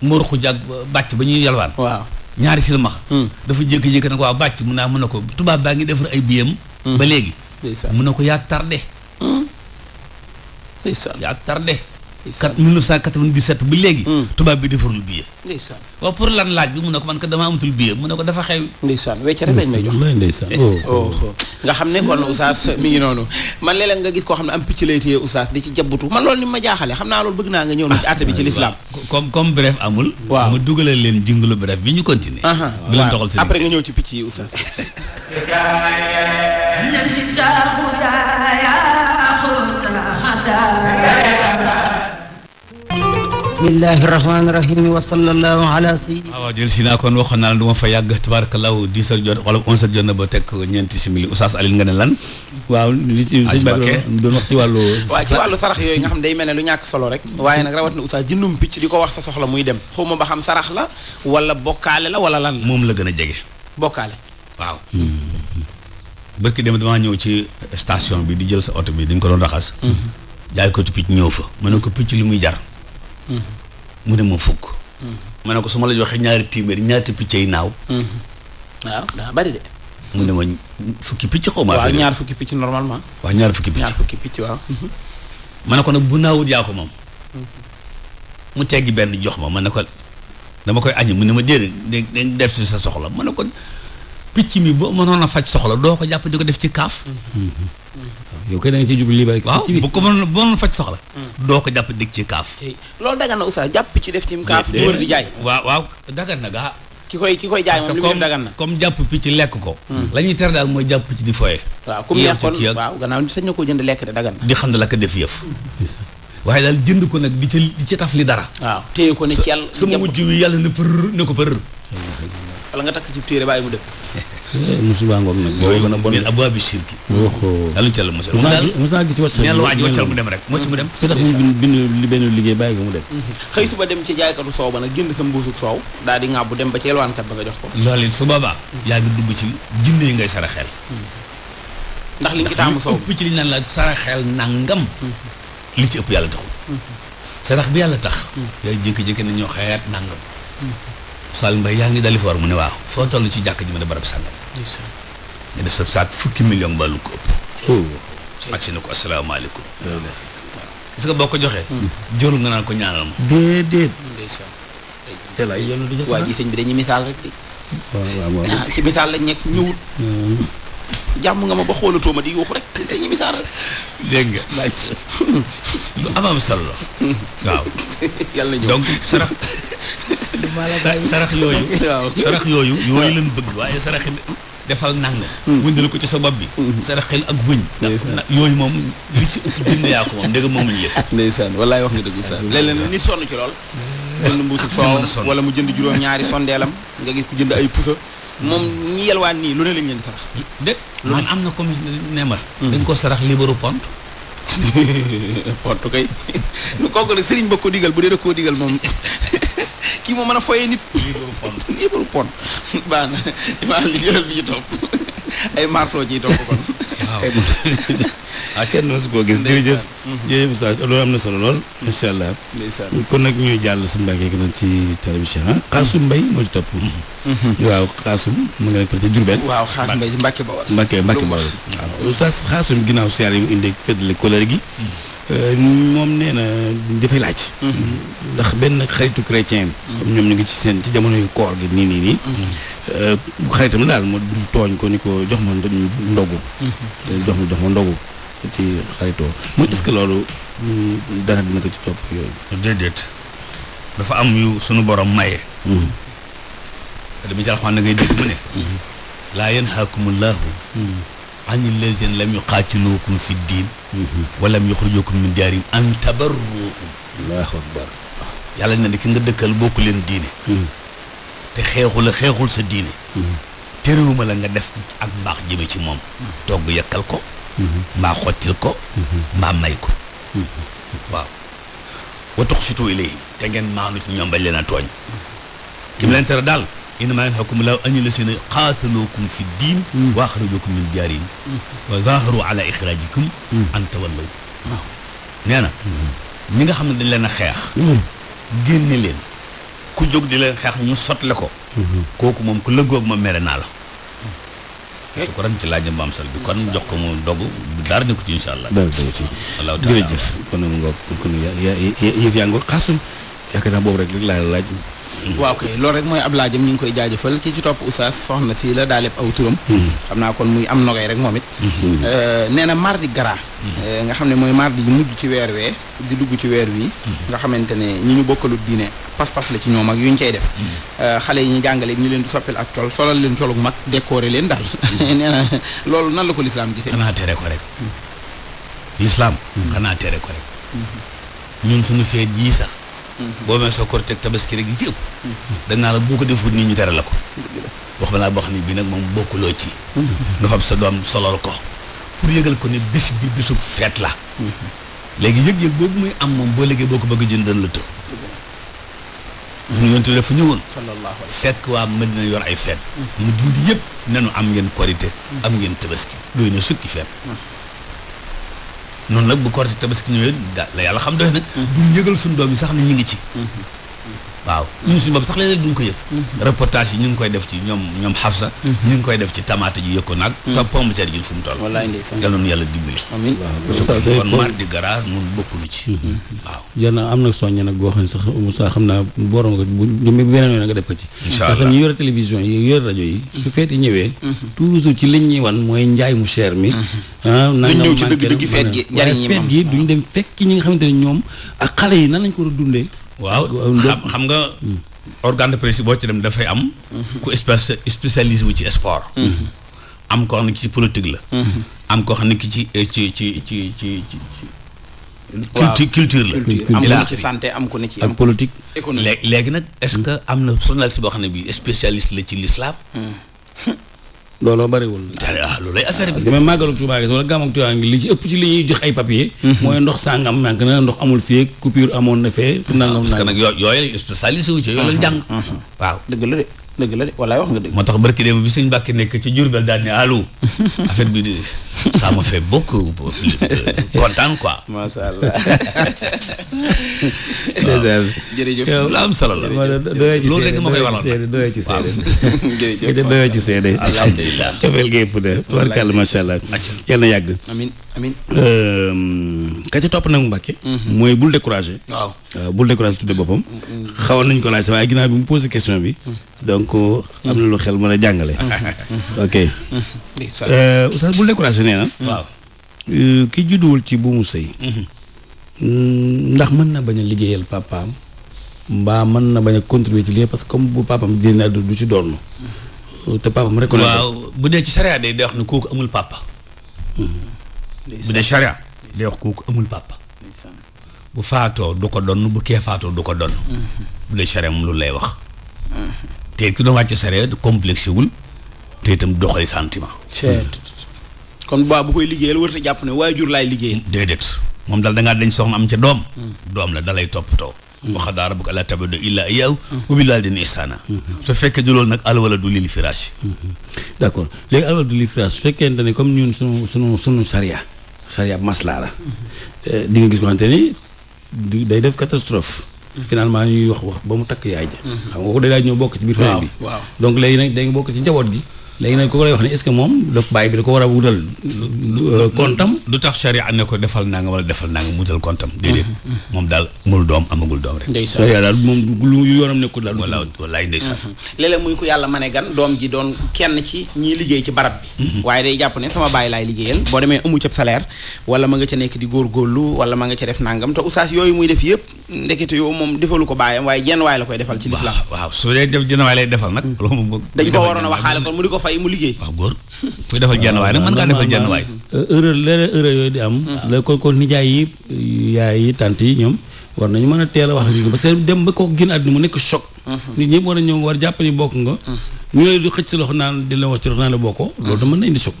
Mor Khoudia ba bàcc ba ñuy yalwaan. waaw ñaari silmax hmm. dafa jékki-jékki nag waaw bàcc mun naa mun na ko tubaab baa ngi defar ay biyam. Hmm. ba léegi. mun na ko yaa tardé. Hmm. tardé. 1997 ba léegi hmm. tubaab bi defarul billet ndeysaan waaw pour lan laaj bi mu ne ko man ko dama amatul billet mu ne ko dafa xew ndeysaan weccare lañ may jox ndeysaan oh, oh. Oh, nga xam ne kon oustaz mi ngi noonu man léeg-léeg nga gis koo xam ne am picc lay téye oustaz di ci jabbutu man loolu ni ma jaaxale xam naa loolu bëgg naa nga ñëw na ci àtte bi ci l'islam ah, comme comme bref amul waaw mu dugalal leen jinglu bref bi ñu continuer bi leen doxal si après nga ñëw ci picc yi oustaz bismillahi rahmaani rahim wa sallallahu ala sayyidina waaw si naa kon waxoon naa la fa yàgg tabaarakallaahu dix heures jot wala onze heures jot na ba teg ñeenti simili Oustaz Alioune nga ne lan waaw li ci sëñ Mbacke doon wax ci wàllu yooyu nga xam day mel ne lu ñàkk solo rek waaye nag rawat na Oustaz jëndum picc di ko wax sa soxla muy dem xaw ma ba xam sarax la wala bokkaale la wala lan moom la gën a jege bokkaale waaw bërki dem damaa ñëw ci station bi di jël sa oto bi dañ ko doon raxas mhm. jaay ko ci picc ñëw fa ma ne ko picc li muy jar mhm. mu ne ma fukk. Mm-hmm. ma ne ko suma la joxee ñaari téeméer ñaati picc yi naaw. Mm-hmm. waaw bari de. mu ne ma fukki picc xaw ma. waaw ñaar fukki picc normalement. waaw ñaar fukki picc ñaar fukki picc waaw. Mm-hmm. ko nag bu naawut yaa ko moom. mu teggi benn jox ma ma ne ko dama koy añi mu ne ma déedéet dañ def ci sa soxla ma ne ko picc mi boo mënoon a faj soxla doo ko jàpp di ko def ci kaaf. yow kay da nga ciy jublu libéré. ci biir waaw bu ko mënoon bu mënoon faj soxla. Hmm. doo ko jàpp dig ci kaaf. loolu dagan na oustaz jàpp ci def ci kaaf. di wër di jaay waaw waaw dagan na gaa. ki koy ki koy jaay moom li muy dagan comme jàpp picc lekk ko. Hmm. la ñuy ter daal mooy jàpp picc di foye. waaw ku nekkoon waaw gannaaw sañ na koo jënd lekk de dagan na. di xam ne la ko def yëf. waaye daal jënd ko nag di ca di taf li dara. téye ko ne ci yàlla. sa mujj wi yàlla na përër ne ko përër. wala nga takk ci téere bàyyi mu def Eh, musiba ngoog nag. yooyu min abwaabi shirki. yàlla ci yàlla musal. mos naa gis wàccal neel waa ji wàccal mu dem rek moo ci mu dem. fi tax mu bind benn liggéey bàyyi ko mu dem. Mhm. xëy suba dem ci jaaykatu soow ba nag jënd sa mbuusug soow daal di ŋàbbu dem ba ci ba nga jox ko. loolu it su boobaa. yaa ci jinne yi ngay saraxeel. Mhm. ndax li ñu ci taamu soow ndax li ëpp ci li ñu naan la saraxeel nangam. Mhm. li ci ëpp yàlla taxul. sarax bi yàlla tax. yaa jékki-jékki ne ñoo xeet nangam Sall mbay yaa ngi dali foor mu ne waaw foo toll ci jàkk ji ma ne barab sàngam nga def sa saak fukki million ba lu ko ëpp oh. ak si ko asalaamaaleykum parce que boo ko joxee hmm. jërul nga naan ko ñaanal ma déedéet te lay yoon waa ji bi dañuy misaal rek di misaal lañ nekk ñëwut hmm. jàmm nga ma ba xoolatoo ma di yuuxu rek dañuy misaaral. dégg nga laaj lu am solo la. waaw. yàlla na ñëw donc sarax. sarax yooyu. waaw sarax yooyu. yooyu leen bëgg waaye sarax yi defal nang. Hmm. wëndeel ko ci sa bopp bi. Hmm. saraxel ak buñ. ndeysaan yooyu moom li ci ëpp jënd yaa ko moom ndege moomuñu yëpp. ndeysaan wallaay wax nga dëgg Oustaz léeg-léeg nit sonn ci lool. jënd mbuusu soowam wala mu jënd juróom ñaari sondeelam nga gis ku jënd ay pusa moom ñi yelwaan nii lu ne lañ leen di sarax. dé man am na commission ne ma. Hmm. dañ ko sarax libaru pont. pont kay. kooku nag sëriñ ba ko digal bu dee da koo digal moom. kii moo mën a foyee nit. yëbalu pon baax na imaam li gëral ñu topp ay marto ciy topp kon. waaw ah gis. jërëjëf mhm. jërëjëf Oustaz na solo lool. Mhm. incha allah. kon nag ñuy jàll suñu mbàkk yeeg nañ ci télévision ah. Mhm. Xaasum Mbay moo ci topp. waaw Xaasum mu ngi nekk fële ca Diourbel. waaw Xaasum Mbay ci Mbàkke Bawol. Mbàkke Mbàkke Bawol waaw Oustaz Xaasum ginnaaw siyaar yi mu indi fële colère gi. Euh, moom nee na dafay laaj. Mhm. ndax benn xaritu chrétien mhm. comme ñoom ñu ngi ci seen ci jamono yu koor gi nii nii nii. ma mhm. euh, daal mu tooñ ko ni ko jox ma ndogu. jox ma jox ma ci xaritoo. mu est que loolu mm, dara dina ko ci topp yooyu. dafa am yu sunu borom maye. dama ci alxuraan da ngay dégg mu ne. laa yanhaakumullahu an illazina lam yuqaatiluukum fi diin walla mhm. wa lam yuxrijukum min diyaarihim an tabarruuhum allahu akbar yàlla ne ki nga dëkkal bokku leen diine hmm. te xeexu la xeexul sa diine hmm. terewuma la nga def ak mbaax jëme ci moom hmm. togg yàkkal ko mbaa xottil ko mbaa may ko waaw wa tuqsitu ilayhim te ngeen maanu ci ñoom bañ leen a tooñ kim tere daal innama yanhakum laahu ani lazina qaataluukum fi diin wa axrajukum min diyaarikum wa zaaharu ala ixraajikum an tawallaw nee na nga xam ne dañ leen a xeex génne leen ku jóg di leen xeex ñu sotle ko kooku moom ku lëngoog ma mere naa la su ko ran ci laaj mbaam sal bi kon jox ko mu dogg daara ni ko ci insha allah daara ci wallaahu taala jërëjëf kon mu ngoog kon yëf yaa ngoog xaasum yaakaar naa boobu rek rek laa laaj waaw kay loolu rek mooy ab laajam ñu ngi koy jaajëfal ki ci topp oustaz soxna fii la daaleeb aw turam xam naa kon muy am nogay rek moom it euh, nee na mardi gras euh, nga xam ne mooy mardi ju mujj ci weer wee di dugg ci weer wi nga xamante ne ñi ñu bokkalu diine pas-pas la ci ñoo ak yu ñu cay def euh, xale yi ñu jàngale ñu leen di soppil ak col solal leen colug mag décorer leen daal nee na loolu nan la ko lislaam gisee xanaa tere ko rek xanaa tere ko rek ñun feet yii sax boo mee soo koriteeg tabaski rek yi ci ëpp dañ naa la boo ko defut nii ñu tere la ko wax ma naa boo xam ne bii nag moom bokkuloo ci nga fab sa doom solol ko pour yëgal ko ne bis bi bisub feet la léegi yëg-yëg boobu muy am moom boo léegi boo ko bëgg jënd dañ la të ñun yontu dafa ñëwoon fekk waa Madina yor ay feet mu dindi yëpp nanu am ngeen korité am ngeen tabaski doy na sukki feet noonu nag bu korite tabaski ñëwee la yàlla xam doy nag. Mm-hmm. du njëgal suñu doom yi sax ni ñu ngi ci. Mm-hmm. waaw ñun suñu bopp sax léeg-léeg ko yëg mhm. reportage yi ñu ngi koy def ci ñoom ñoom Hafsa mhm. ñu ngi koy def ci tamaate ji yëkko naag pa pomme de fu mu toll yal na nu yàlla dimbali kon mardi gras mun bokk mhm. am na soññe nag goo xam ne sax xam naa borom ko bu beneen nga def ko ci ndax tam ñu yore télévision yi yore rajo yi su feet yi ñëwee toujours ci liñ ñuy wan mooy njaay mu cher mi ah ñëw ci dëgg dëgg feet gi feet gi duñ dem fekk ñi nga xamante ne ñoom ak yi nan lañ ko dundee waaw xam nga hmm. organe de presse boo ci dem dafay am hmm. ku spéc spécialisé wu ci sport am koo xam ne ci politique la am koo xam ne ki ci hmm. eh, ci ci ci ci culture culture la. am ci santé am ku ne ci. am politique léegi nag est-ce que am na journaliste boo xam ne bii spécialiste la ci l'islam looloo bëriwul ah loolu lay affaire bi parce que même màggalu Tuubaa gi wala gàmmu Tuubaa gi li ci ëpp ci li jox ay papier mhm. mooy ndox sàngam manque na ndox amul fii coupure amoon na fee ah, nangam parce que nag yooyu yooyu spécialisé wu ci yooyu lañ jàng mhm. waaw dëgg la de dëgg la de walaay wax nga dëgg. moo tax barki démb bi suñu mbàkk nekk ci Diourbel daal ne allo affaire bi de ça m'a fait beaucoup kontaan euh, quoi. macha am solo la. loolu ma koy waral doyoo ci seede doyoo ci seede. alhamdulilah cofeel gi yëpp de. macha allah yal na yàgg. amiin euh, ka ca topp nag Mbacke. Mhm. mooy bul découragé. waaw euh, bul découragé tudde boppam. Mm, mm, mm. xawoon nañ ko laaj waaye ginnaaw bi mu posé question bi. donc am na lu xel mën a jàngale. Mm-hmm. ok. Mm-hmm. Euh, oustaz bul découragé nee waaw ki judduwul ci bu mu sëy. ndax mën na bañ a liggéeyal papaam. mbaa mën na bañ a contribuer ci lii parce que comme bu papaam génn àdduna du ci doon. Mm-hmm. te papaam rek. waaw bu dee ci sariya day wax ne kooku amul papa. bu dee charia day wax kooku amul papa bu faatoo du ko donn bu kee faatoo du ko donn mm-hmm. bu dee charia moom loolu lay wax mm-hmm. te ki doon wàcc charia complexe wul te itam doxali sentiment mm. kon baa bu koy liggéeyal wërta jàpp ne jur laay liggéeyal déedéet moom daal da ngaa soxna am ca doom mm. doom la dalay toppatoo mm. wa qadaa rabbuka allaa ta'budu illaa iyyaahu wa bil waalidayni ihsaana mm-hmm. su fekkee du loolu nag alwaladu lil firaash d'accord léegi alwaladu lil su fekkee ne comme ñun sunu sunu sunu sariya sariya maslaa la euh, di nga gis ko xamante ni day def catastrophe finalement ñuy wax wax ba mu takk yaay ja mm-hmm. xam nga ko day daaj ñoo bokk ci biir famille bi donc léegi nag day nga bokk ci njaboot gi léegi nag ku ko lay ko war a wutal. Euh, kontam du tax ko defal naa nga wala defal naa nga mu wutal kontam. déedéet mm-hmm, mm-hmm. moom daal mënul doom amagul doom rek. ndeysaan charia daal moom lu yoonam nekkul daal. wala walaay ndeysaan. Mm-hmm. léeg-léeg muy ko yàlla ma ne gan doom ji doon kenn ci ñiy liggéey ci barab bi. waaye day jàpp ne sama bàyyi laay liggéeyal boo demee amu ca salaire wala ma nga ca nekk di góorgóorlu wala ma nga ca def nangam te oustaz yooyu muy def yëpp ndekete yoo moom defalu ko bàyyam waaye jenn waay la koy defal ci lislam waaw su dee jenn waay lay defal nag dañ ko waroon a waxaale kon mu di ko fay mu liggéey. waaw góor kuy defal jenn waay nag mën ngaa defal jenn waay. Euh, erreur léeg-léeg erreur yooyu di am. la kon kon nijaay yi yaay yi tante yi ñoom war nañu mën a teel a wax ak parce dem ba kooku génn àdduna mu nekk choc. Uh-huh. nit ñëpp a ñëw war nga. Uh-huh. ñu lay di xëcc sa loxo naan di la wax ci loxo naan ko bokkoo. Uh-huh. loolu da mën na indi choc.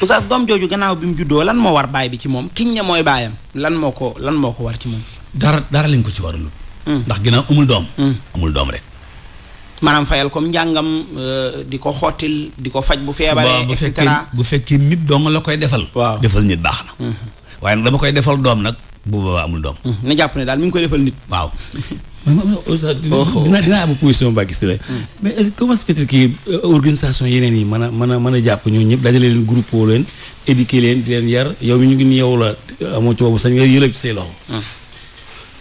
oustaz doom jooju gannaaw bi mu juddoo lan moo war baay bi ci moom kiñ ne mooy baayam lan moo ko lan moo ko war ci moom. dara dara lañ ko ci waralul. Mm. ndax ginnaaw amul doom. Mm. amul doom rek maanaam fayal comme njàngam euh, di ko xottil di ko faj bu feebaree et cetera bu fekkee nit dong la koy defal waaw defal nit baax na mhm. waaye dama koy defal doom nag bu boobaa amul doom mhm. na jàpp ne daal mi ngi koy defal nit waaw dina dina am position ba gis la mhm. mais est-ce comment se fait-il euh, organisation yeneen yi mën a mën a mën a jàpp ñoo ñëpp dajale leen groupe leen éduquer leen di leen yar yow mi ñu ngi ni yow la amoo ci sañ nga yëlëb say loxo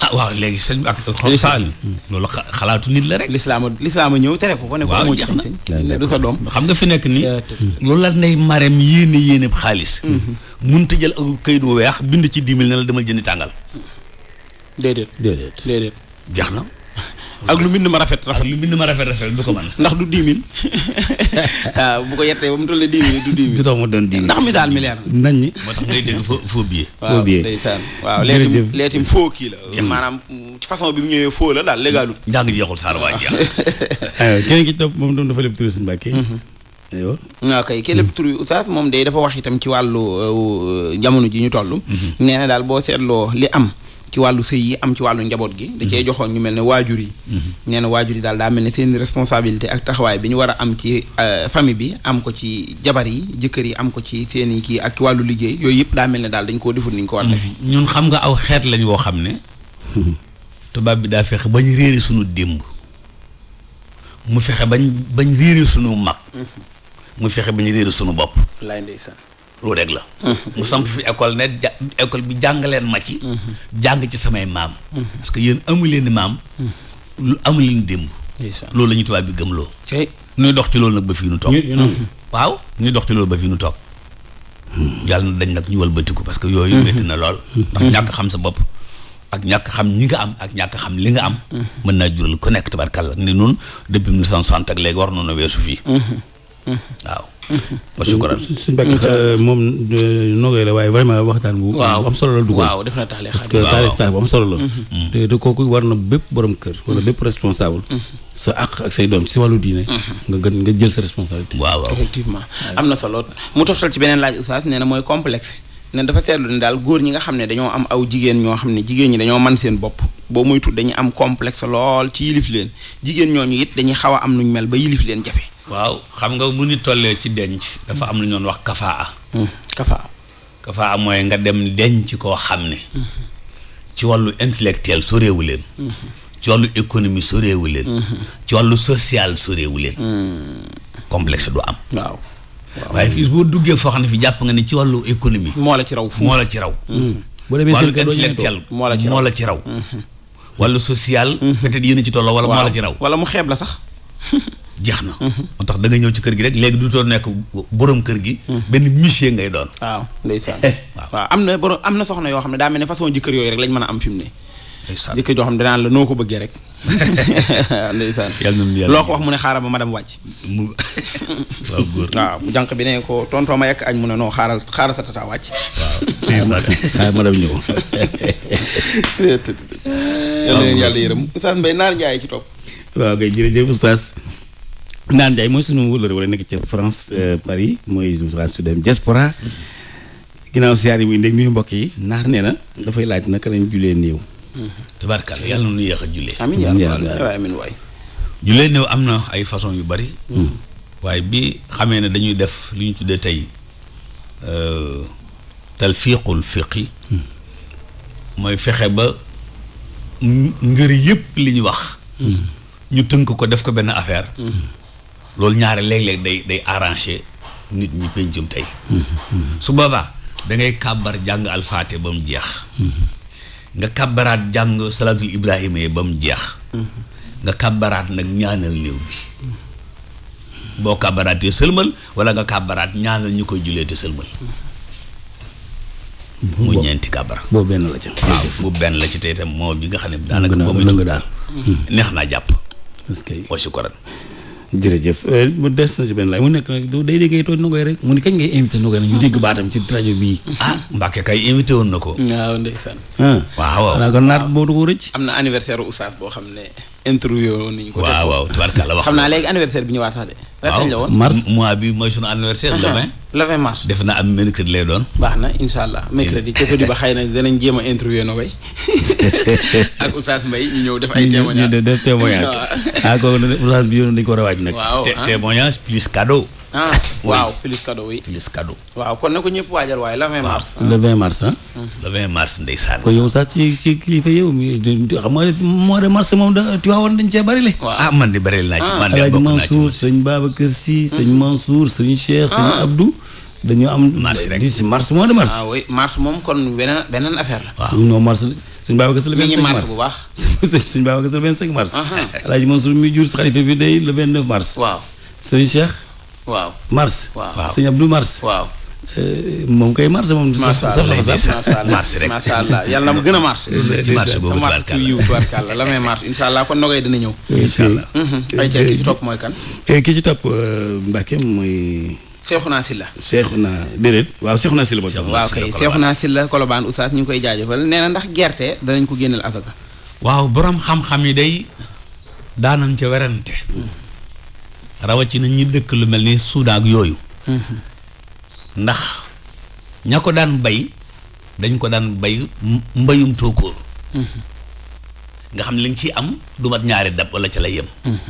ah waaw léegi sëñ bi ak xaw saal mm. loolu xalaatu nit la rek lislaama lislaama ñëw tere ko ko ne ko amoo ci sañ-sañ du sa doom xam nga fi nekk nii mm. loolu la nday marem yéene yéene xaalis mm-hmm. munta jël ak këyit wu weex bind ci dix mille ne la demal jëndi tàngal déedéet déedéet déedéet jeex na ak lu mbind ma rafet rafet lu mbind ma rafet rafet du ko mën ndax du dix mille waaw ah, bu ko yettee ba mu tollee dix mille du dix mille du tax mu doon dix mille ndax misaal mi leer nañ ni moo tax ngay dégg faux faux billet faux billet ndeysaan waaw leetim leetim faux kii la mm. maanaam ci façon bi mu ñëwee faux la daal légalu njàng jeexul saar waa jeex keneen ki topp moom doom dafa lépp turist Mbàkke mm-hmm. aywa waaw kay kii lépp turu oustaz moom day dafa wax itam ci wàllu euh, jamono ji ñu toll mm-hmm. nee na daal boo seetloo li am ci wàllu sëy yi am ci wàllu njaboot gi da cee mhm. joxoon ñu mel ne waajur yi mhm. nee waajur yi daal daa mel ne seeni responsabilité ak taxawaay bi ñu war a am ci euh, famille bi am ko ci jabar yi jëkkër yi am ko ci seen kii ak wàllu liggéey yooyu yëpp daa mel ne daal dañ koo deful ni ñu ko war a defi mhm. ñun xam nga aw xeet lañ woo xam ne tubaab bi daa fexe bañ réere sunu démb mu fexe bañ bañ réere sunu mag mu fexe bañ réere sunu bopp. wallaay lu rek la. Mm-hmm. mu samp fi école ne ja école bi jàng leen ma ci. Mm-hmm. jàng ci samay maam. Mm-hmm. parce que yéen amu leen maam. lu amu leen démb. loolu la ñu bi gëm loo tey ñuy dox ci loolu nag ba fii nu toog. waaw ñuy dox ci loolu ba fii nu toog. yàlla dañ nag ñu wëlbatiku parce que yooyu. métti na lool. ndax ñàkk xam sa bopp. ak ñàkk xam ñi nga am ak ñàkk xam li nga am. mën naa jural ku nekk tabarkàlla ne nun depuis 1960 ak léegi war noonu weesu fii. waaw. wa shukran suñ bekk moom euh, nogay la waaye vraiment waxtaan bu am solo la dugal waaw def na taale parce que taale bu am solo la mm-hmm. Mm-hmm. te kooku war na bépp borom kër wala bépp responsable mm-hmm. sa àq ak say doom si wàllu diine nga gën nga jël sa responsabilité waaw waaw effectivement am na solo mu toftal ci beneen laaj oustaz nee na mooy complexe ne dafa seetlu ne daal góor ñi nga xam ne dañoo am aw jigéen ñoo xam ne jigéen ñi dañoo man seen bopp boo moytu dañu am complexe lool ci yilif leen jigéen ñooñu it dañuy xaw a am nuñ mel ba yilif leen jafe waaw xam nga mu ñu tollee ci denc dafa am lu ñu wax kafaa hmm, kafaa kafaa mooy nga dem deñ ci koo xam ne ci wàllu intellectuel so réewu leen hmm. ci wàllu économie so réewu leen hmm. ci wàllu social so réewu leen complexe du am waaw waaye fii boo duggee foo xam ne fi jàpp nga ne ci wàllu économie moo la ci raw moo la ci raw wàllu intellectuel moo la ci raw wàllu social peut-être yéen ci tolloo wala moo la ci raw wala mu xeeb la sax jeex na. Mhm. moo tax da ñëw ci kër gi rek léegi du too nekk boroom kër gi. Mhm. benn monsieur ngay doon. waaw ndeysaan. Eh, waaw am na borom am na soxna yoo xam ne daa mel ne façon jikkër yooyu rek lañ mën a am fi mu ne. ndeysaan jëkkër joo xam la noo ko bëggee rek. ndeysaan yàlla na yàlla loo ko wax mu ne xaaral ba madame wàcc. mu waaw mu jànq bi ne ko tontoo ma yekk añ mu ne noo xaaral xaaral sa tata wàcc. waaw ndeysaan xaaral madame ñëw. yàlla na yàlla yërëm Oustaz Naar Ndiaye ci topp waaw kay jërëjëf naan Ndiaye mooy sunu wëllëre wala nekk ca France euh, Paris mooy oustaz dem diaspora ginnaaw siyaar yi mbokk yi naar nee na dafay laaj naka lañ julee néew. tabarkalla yàlla na yéex a julee. amiin yàlla amiin waay. julee néew am na ay façon yu bari. Hmm. waaye bi xamee ne dañuy def li ñu tuddee tey euh, talfiqul fiqi hmm. mooy fexe ba ngër yëpp li ñu wax. Hmm. ñu tënk ko def ko benn affaire loolu ñaare léeg-léeg day day nit ñi pencum tey su boobaa da ngay jàng alfaate ba mu jeex nga kàbbaraat jàng salaatul ibrahima yi ba mu jeex nga kàbbaraat nag ñaanal néew boo kàbbaraatee sëlmal wala nga kàbbaraat ñaanal ñu koy julee te sëlmal mu ñeenti kàbbara boo benn la ci waaw bu benn la ci tey tam moo bi nga xam ne daanaka boobu neex naa jàpp est-ce que. wa shukran. jërëjëf euh, mu des na ci benn laaj mu nekk nag day dégg ngay tooñ Ndogoy rek mu ni kañ ngay invité Ndogoy nag ñu dégg baatam ci rajo bii. ah Mbacke kay invité woon na ko. waaw ah, ndeysaan. Ah. waaw waaw kon naat boo du ko rëcc. am na anniversaire oustaz boo xam ne. interview woon nañu ko. waaw waaw wax. xam naa léegi anniversaire bi ñëwaat sax mars mois bi mooy sunu anniversaire. le ah, vingt mars. def naa am mercredi lay doon. baax na incha allah mercredi cofodi ba xëy na danañ jéem a interview na koy ak Oustaz Mbaye ñu ñëw def ay. témoignage ñu def témoignage ah bi yoon nañu ko war a nag. waaw ah. plus cadeau. ah waaw plus cadeau yi. plus cadeau. waaw kon na ko ñëpp waajal waaye la 20 mars. le 20 ah. mars ah. Hmm. le 20 yow sax ci kilifa yow mi xam nga de mars moom da Tiwaawan dañ cee bari le. ah man di bari naa ci man de ah. bokk naa ci Mansour sëñ Babacar Sy. Hmm. sëñ Mansour sëñ ah. am. mars rek di mars mois de mars. ah mars moom kon beneen beneen affaire la. waaw non mars. suñ Babacar Sy le 25 mars bu baax. suñ Babacar Sy le 25 mars. El Hadj Mansour mi xalifa bi day le 29 mars. waaw sëñ waaw mars. waaw sëñ Abdou mars. waaw. Eh, moom kay marché moom. macha allah marché rek macha allah yàlla na mu gën a marché. ci marché boobu tubaarkàlla la may marché incha allah kon nogay dina ñëw. Eh, incha allah mhm. ay ca ki ci topp mooy kan. Eh, ki ci topp Mbacke mooy. Cheikhouna Sylla. Cheikhouna déedéet. waaw Cheikhouna Sylla mooy. waaw kay ñu ngi koy jaajëfal nee na ndax gerte danañ ko génneel asaka. waaw borom xam-xam yi day daanañ ca werante. Mm. rawatina ñi dëkk lu mel ni Soudan ak yooyu. ndax ña ko daan bay dañ ko daan bay mbayum tóokóor. nga xam li nga ciy am du mat ñaari dab wala ca lay yem.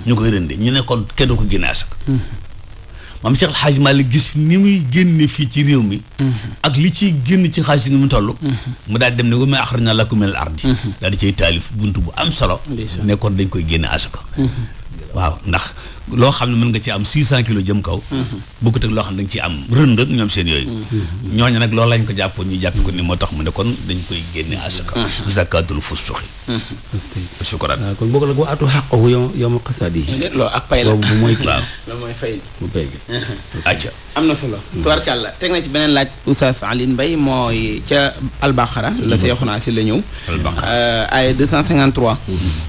ñu koy rëndi ñu nekkoon kon kenn du ko génne asaka. maam Cheikh El gis ni muy génne fii ci réew mi. ak ciy génn ci xaalis ni mu toll. mu daal dem ne wa mimmaa axrajnaa lakum minal ardi. daal di cay taalif buntu bu am solo. nekkoon dañ koy génne asaka. waaw ndax. loo xam ne mën nga ci am 600 kilos jëm kaw. Mhm. bokkut ak loo xam ne da nga am rënd ñoom seen yooyu. Mhm. Mhm. ñooñu nag loolu lañ ko jàppoon ñu jàpp ko ni moo tax mu ne kon dañ koy génne asaka. zakatul fusuxi. shukran. waaw kon boog nag waatu xaqahu yow yow la boobu mooy. waaw loolu mooy fay. bu pay bi. teg na ci beneen laaj. Oustaz Alioune Mbaye mooy ca Albaqara. la Seexuna si la ñëw. Albaqara euh, ay 253.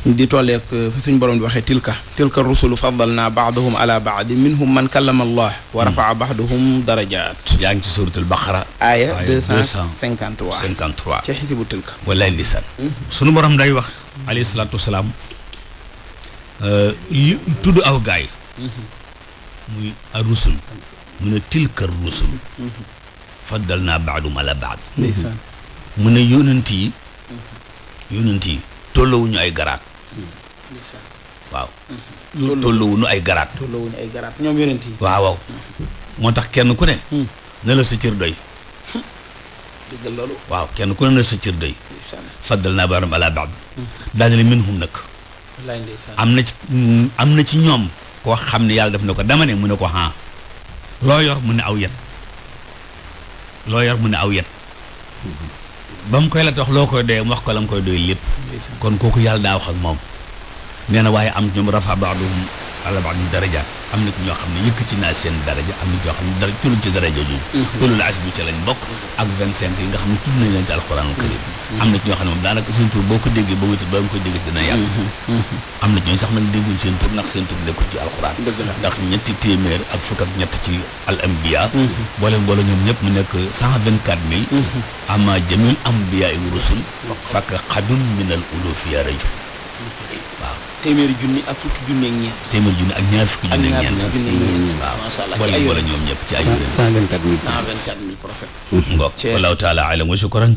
di tolleeg euh, fa suñu borom di waxee tilka tilka rusulu faddalna fatahna baaduhum ala baadi minhum man kallama allah wa rafaa hmm. baaduhum darajat yaa ngi ci suratul baqara aaya 253 53 ci xisibu tilka walaay lisan hmm. sunu borom day wax alayhi salaatu wasalaam euh, li tudd aw gaay hmm. muy a rusul mu ne tilka rusul faddal naa baadum ala baad mu ne yónent yi yónent yi tolloowuñu ay garaat waaw. ñu tolluwuñu ay garaat. tolluwuñu ay garaat ñoom moo tax hmm. hmm. kenn ku ne. ne la sa cër doy. dëgg waaw kenn ku ne na sa cër doy. faddal naa ba ala baad. Hmm. daanaka minhum nag. wallaay ndeysaan am na ci am na ci ñoom. koo xam ne yàlla def na ko dama ne mu ne ko ah. loo yor mu ne aw yet. loo yor mu ne aw yet. ba mu koy la tax loo koy doyee mu wax ko la mu koy doy lépp. kon kooku yàlla daa wax ak moom. nee na waaye am ñoom rafa baaduhum ala baadin daraja am na ki ñoo xam ne yëkkati naa seen daraja am na ñoo xam ne dara tulul ci daraja jooju ulul mhm. ak vingt cinq yi nga xam ne tudd nañ leen ci alxuraanul karim mhm. am na ci ñoo xam ne moom daanaka seen tur boo ko déggee ba wétu ba nga koy dégg dina yàgg mhm. am na ci ñooñu sax nag dégguñ seen tur ndax seen tur nekkul ci alxuraan ndax ñetti téeméer ak fukk ak ñett ci al ambiya boole boole ñoom ñëpp mu nekk cent vingt quatre mille ama jamil ambiya i rusul fakk xadun min al ulufiya raju waaw téeméeri junni ak fukki junni ak ñeent. téeméeri junni ak ñaar fukki junni ak ñeent ak ñaar fukki junni ak ñeent. waaw macha allah ci ay wala ñoom ñëpp ci ay. 124000 124000 prophète. ngoog wallahu taala alam wa shukran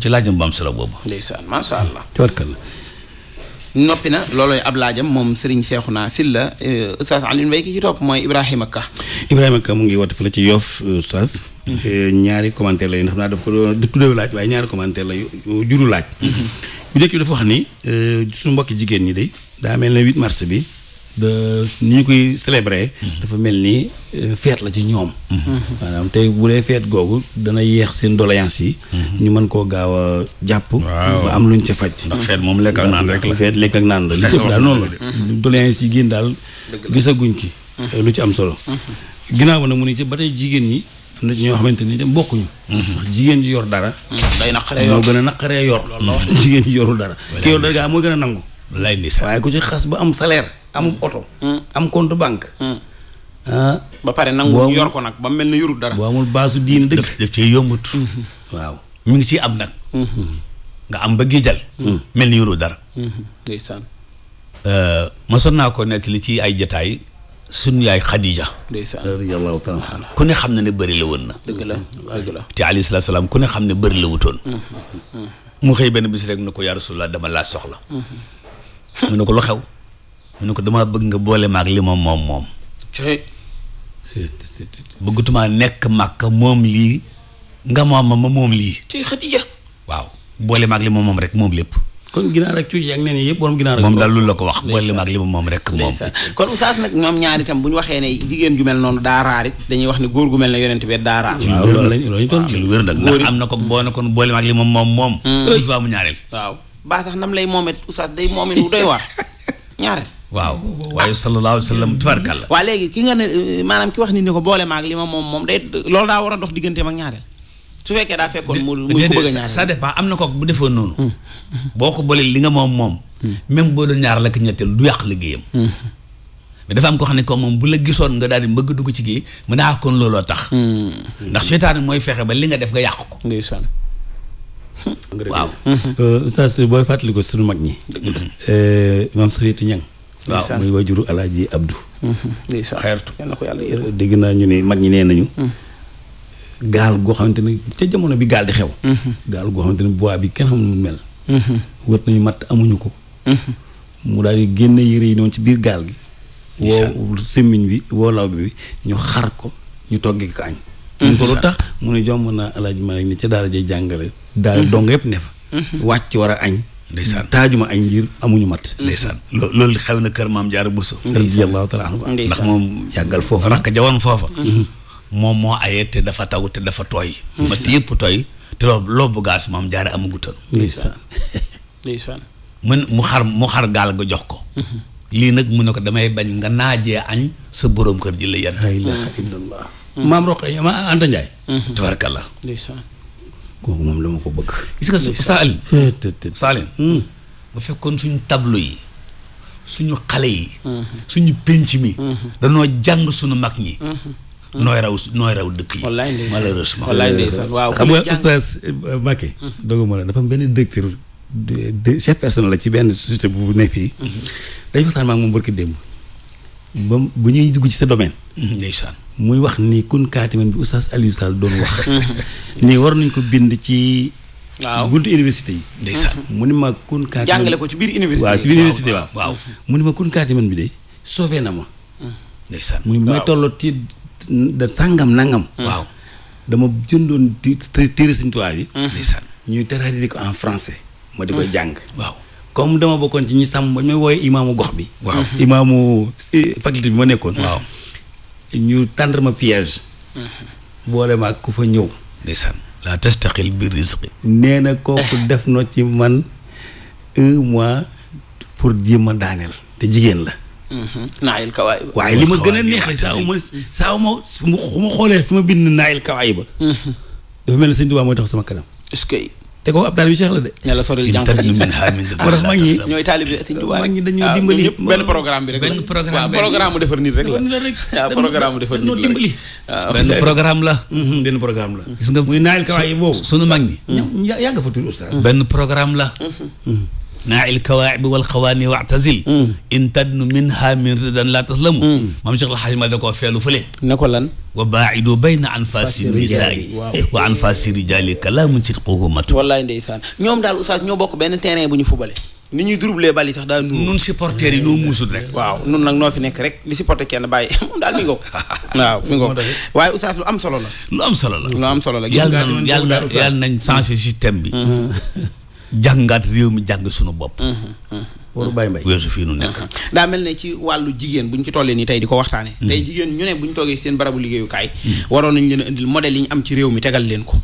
ab laajam moom Serigne Cheikhouna Sylla euh, Oustaz Alioune Mbaye ki ci mooy Ibrahima Ka. Ibrahima Ka mu ngi woote fële ci Yoff euh, Oustaz. Hmm. Euh, ñaari commentaire la yu xam naa daf ko doon tuddee laaj waaye ñaari commentaire la yu juru laaj. Hmm. bu njëkk bi dafa wax ni euh, su mbokki jigéen ñi de daa mel ne 8 mars bi de ni ñu koy célébrer. dafa mel ni euh, feet la ci ñoom. te tey bu dee feet googu dana yeex seen doléance yi. ñu mën koo gaaw a jàpp. ba am luñ ca faj. ndax feet moom lekk ak naan rek la feet lekk ak naan la li ci ëpp génn daal gisaguñ ci. lu ci am solo. ginnaaw nag mu ne ci ba tey jigéen ñi. na ci ñoo xamante ni dem bokkuñu. jigéen ji yor dara. Hmm, day naqaree yor moo gën a naqaree yor. jigéen ji yorul dara. ki yor dara moo gën a nangu. lay ni xas ba am salaire. amub hmm. oto. Hmm. am compte banque. Ah. pare nangu yor ko nag ba mel ni yorul dara. boo amul baasu diin dëgg. daf daf yombut. waaw mi ngi ciy am nag. nga am ba géejal. mel ni yorul dara. ndeysaan. Euh, mosoon naa ko nettali ci ay jataay. suñu yaay Khadija. ndeysaan radiyallahu ku ne xam na ne bari la woon na. dëgg la dëgg la salaam ku ne xam ne bëri la wutoon. Mm, mm, mm. mu xëy benn bis rek ne ko yaa Rasulullah dama laa soxla. mu na ko lu xew. mu ne ko damaa bëgg nga boole maak li ma moom moom. bëggatuma nekk màkk moom lii nga moom ma moom lii. ci Khadija. waaw boole maag li ma moom rek moom lépp. kon ginaar ak cuuj ak nen yëpp borom ginaar ak moom daal lu la ko wax boole ma ak li ma bu ñu waxee ne jigéen ju mel noonu daa raar wax ne góor gu mel ne yonent bi daa raar ci lu wér lañ loolu ci lu wér nag ndax am na ko boo ne kon ak li ma moom moom mm. sax nam lay moomet oustaz day moomet wu doy waar ñaareel waaw waaye sallallahu alayhi wa sallam tubarkalla waaw ki nga ne maanaam ki wax ni ni ko boole ma li ma moom moom day loolu daa war a dox digganteem ak ñaareel su fekkee daa fekkoon mu mu bëgg a ñaar am na kooku bu defoon noonu. boo ko boolee li nga moom moom. même boo doon ñaar la ko du yàq liggéeyam. mais dafa am ko xam ne comme moom bu la gisoon nga daal di bëgg dugg ci kii mu ne ah kon looloo tax. ndax seytaane mooy fexe ba li nga def nga yàq ko. ndeysaan. waaw. Euh, oustaz booy fàttali ko sunu mag ñi. Euh, maam Safiyatu Ñang waaw muy wajuru Alaaji Abdu. ndeysaan xeertu. dégg naa ñu mag ñi nee nañu. Hmm. gaal goo xamante ne ca jamono bi gaal di xew. Mhm. gaal goo xamante ne bois bi kenn xamul mel. Mhm. wër nañu matt amuñu ko. Mhm. mu daal di génne yére yi noonu ci biir gaal gi. woo semmiñ bi woo law bi ñu xar ko ñu toggee ko añ. mun ko lu tax mu ne jomb naa alaaj Malik ni ca daara jay jàngale. daal dong yëpp ne fa. wàcc war a añ. taajuma añ ngir amuñu mat. loolu xew na kër maam Jaara Buso. ndax moom yàggal foofa rakk jawoon foofa. moom moo aye te dafa taw te dafa tooy. mat yëpp tooy te loo loo bu gaas maam jaare amagutal. ndeysaan mun mu xar mu xar gaal ga jox ko. Mhm. lii nag mu ne ko damay bañ nga naajee añ sa borom kër ji la yan. la ilaha illallah. Mhm. maam Roqe ma Anta Ndiaye. Mhm. tubarkalla. ndeysaan. kooku moom la ko bëgg. gis nga Saalin. Saalin. bu fekkoon suñu tableau yi. suñu xale yi. suñu penc mi. danoo jàng suñu mag ñi. nooy raw dëkk yi. wallaay ndeysaan malheureusement. wallaay waaw xam nga oustaz Mbacké. dogu ma la dafa am benn directeur de chef personnel la ci benn société bu nekk fii. Mhm. dañu waxtaan ma moom barki démb. ba bu ñuy dugg ci sa domaine. Mhm, ndeysaan muy wax ni kun kaatiman bi oustaz Aliou Sall doon wax. nii war nañ ko bind ci. waaw buntu université yi. ndeysaan mu ni ma kun kaatiman jàngale ko ci biir université waaw ci biir bi de sauvé na ma. ndeysaan da sàngam nangam. Mmh. waaw dama jëndoon téere Sëñ Tuubaa bi. Mmh. ndeysaan ñuy traduire ko en français. ma di koy mmh. jàng. waaw comme dama bokkoon ci ñu sàmm ba ñu wooyee imaamu gox bi. waaw imaamu faculté bi ma nekkoon. waaw ñu tendre ma piège. boole ak ku fa ñëw. ndeysaan la tastaqil bi risqi. nee na kooku def na ci man un mois pour jéem a daaneel te jigéen la. Mhm. naayil kawaay ba waaye li ma gën a neexee saa ma saa ma ma xoolee fu ma bind naayil kawaay ba mhm. dafa mel ne sëñ que te ko ab taalibi Cheikh la de ah, bi rek benn programme waaw programme mu defar ah, la rek waaw ah, programme mu mhm, la gis nga muy naayil kawaay boobu sunu mag ñi yàgg fa tudd oustaz benn programme la naail kawaabi wal xawaani wa'tazil in tadnu minha min ridan laa taslamu maam Cheikh Alhaji Mal da koo feelu fële ne ko lan wa baa'idu bayna anfaasi nisaa'i wa anfaasi rijaali kalaamun sidquhu matu wallaay ndeysaan ñoom daal oustaz ñoo bokk benn terrain bu ñu fubale ni ñuy durublee bal yi sax daa nuru nun supporters yi noo muusul rek waaw nun nag noo fi nekk rek di supporter kenn bàyyi moom daal mi ngoog waaw mi ngoog waaye oustaz lu am solo la lu am solo la lu am solo la yàlla nañ yàlla nañ changé système bi jàngaat réew mi jàng suñu bopp. waru bàyyi mbay weesu fii nu nekk. daa mel ne ci wàllu jigéen bu ñu ci tollee nii tey di ko waxtaanee. tey jigéen ñu ne bu ñu toogee seen barabu liggéeyukaay. waroon nañ leen a indil modèle yi ci réew mi tegal leen ko.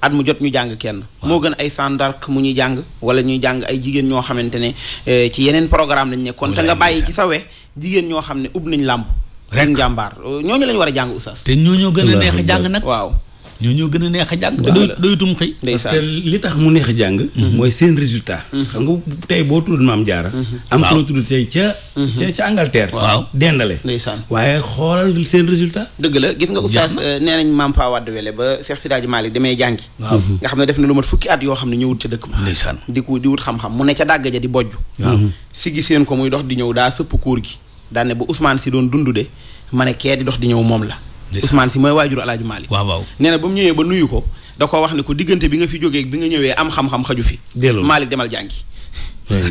at mu jot ñu jàng kenn. moo gën ay sandark mu ñuy jàng wala ñuy jàng ay jigéen ñoo xamante ne eh, ci yeneen programme lañ nekkoon. te nga bàyyi ci sawee jigéen ñoo xam ne ub nañ làmb. rek njàmbaar ñooñu lañ war a jàng oustaz. te ñoo gën a neex jàng nag waaw ñoo ñoo gën a neex a jàng te doyutum xëy parce que li tax mu neex a jàng mhm. mooy seen résultat mhm. xam nga tey boo tudd maam jaara mhm. am ku la tudd tey ca ca ca Angleterre waaw dendale ndeysaan waaye xoolal seen résultat dëgg la gis nga oustaz euh, nee nañ maam faa wàdd wele ba si Cheikh Sidaaji Malick demee jàngi waaw nga xam ne def na lu mat fukki at yoo xam ne ñëwut ca dëkk ma ndeysaan di ko di wut xam-xam mu ne ca dàgg ja di bojj si gi seen ko muy dox di ñëw daa sëpp kuur gi daane ba Ousmane si doon dund de ma ne kee dox di ñëw moom la Ousmane si mooy waajuru Alaaji Maalik waaw waaw nee na ba mu ñëwee ba nuyu ko da ko wax ne ko diggante bi nga fi jógee bi nga ñëwee am xam-xam xaju fi Maalik demal jàngi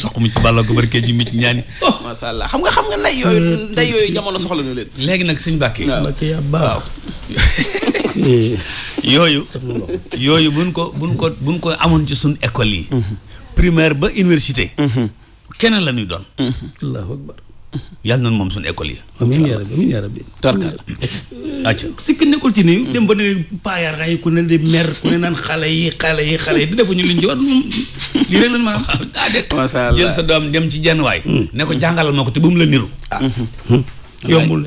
soq mi ci bàlla ko barke mi ci ñaani oh, masha Allah xam nga xam nga nday yooyu nday yooyu jamono soxla na leen léegi nag sëñ Mbàkke waaw yooyu yooyu buñ ko buñ ko buñ ko amoon ci suñ école yi mm-hmm. primaire ba université mm-hmm. keneen la ñuy doon mm-hmm. yàlla nañu moom suñu école yi. amiin yaa rabbi amiin yaa rabbi. tarkaal acca si ki nekkul ci nii. dem ba ne paayaar ay ku ne di mer ku ne naan xale yi xale yi xale yi di ñu liñ ci war lii rek lañ mën a. ah déet jël sa doom dem ci jenn waay. Hmm. ne ko jàngalal ma ko te bu mu la niru. Ah. Hmm. Hmm. yombul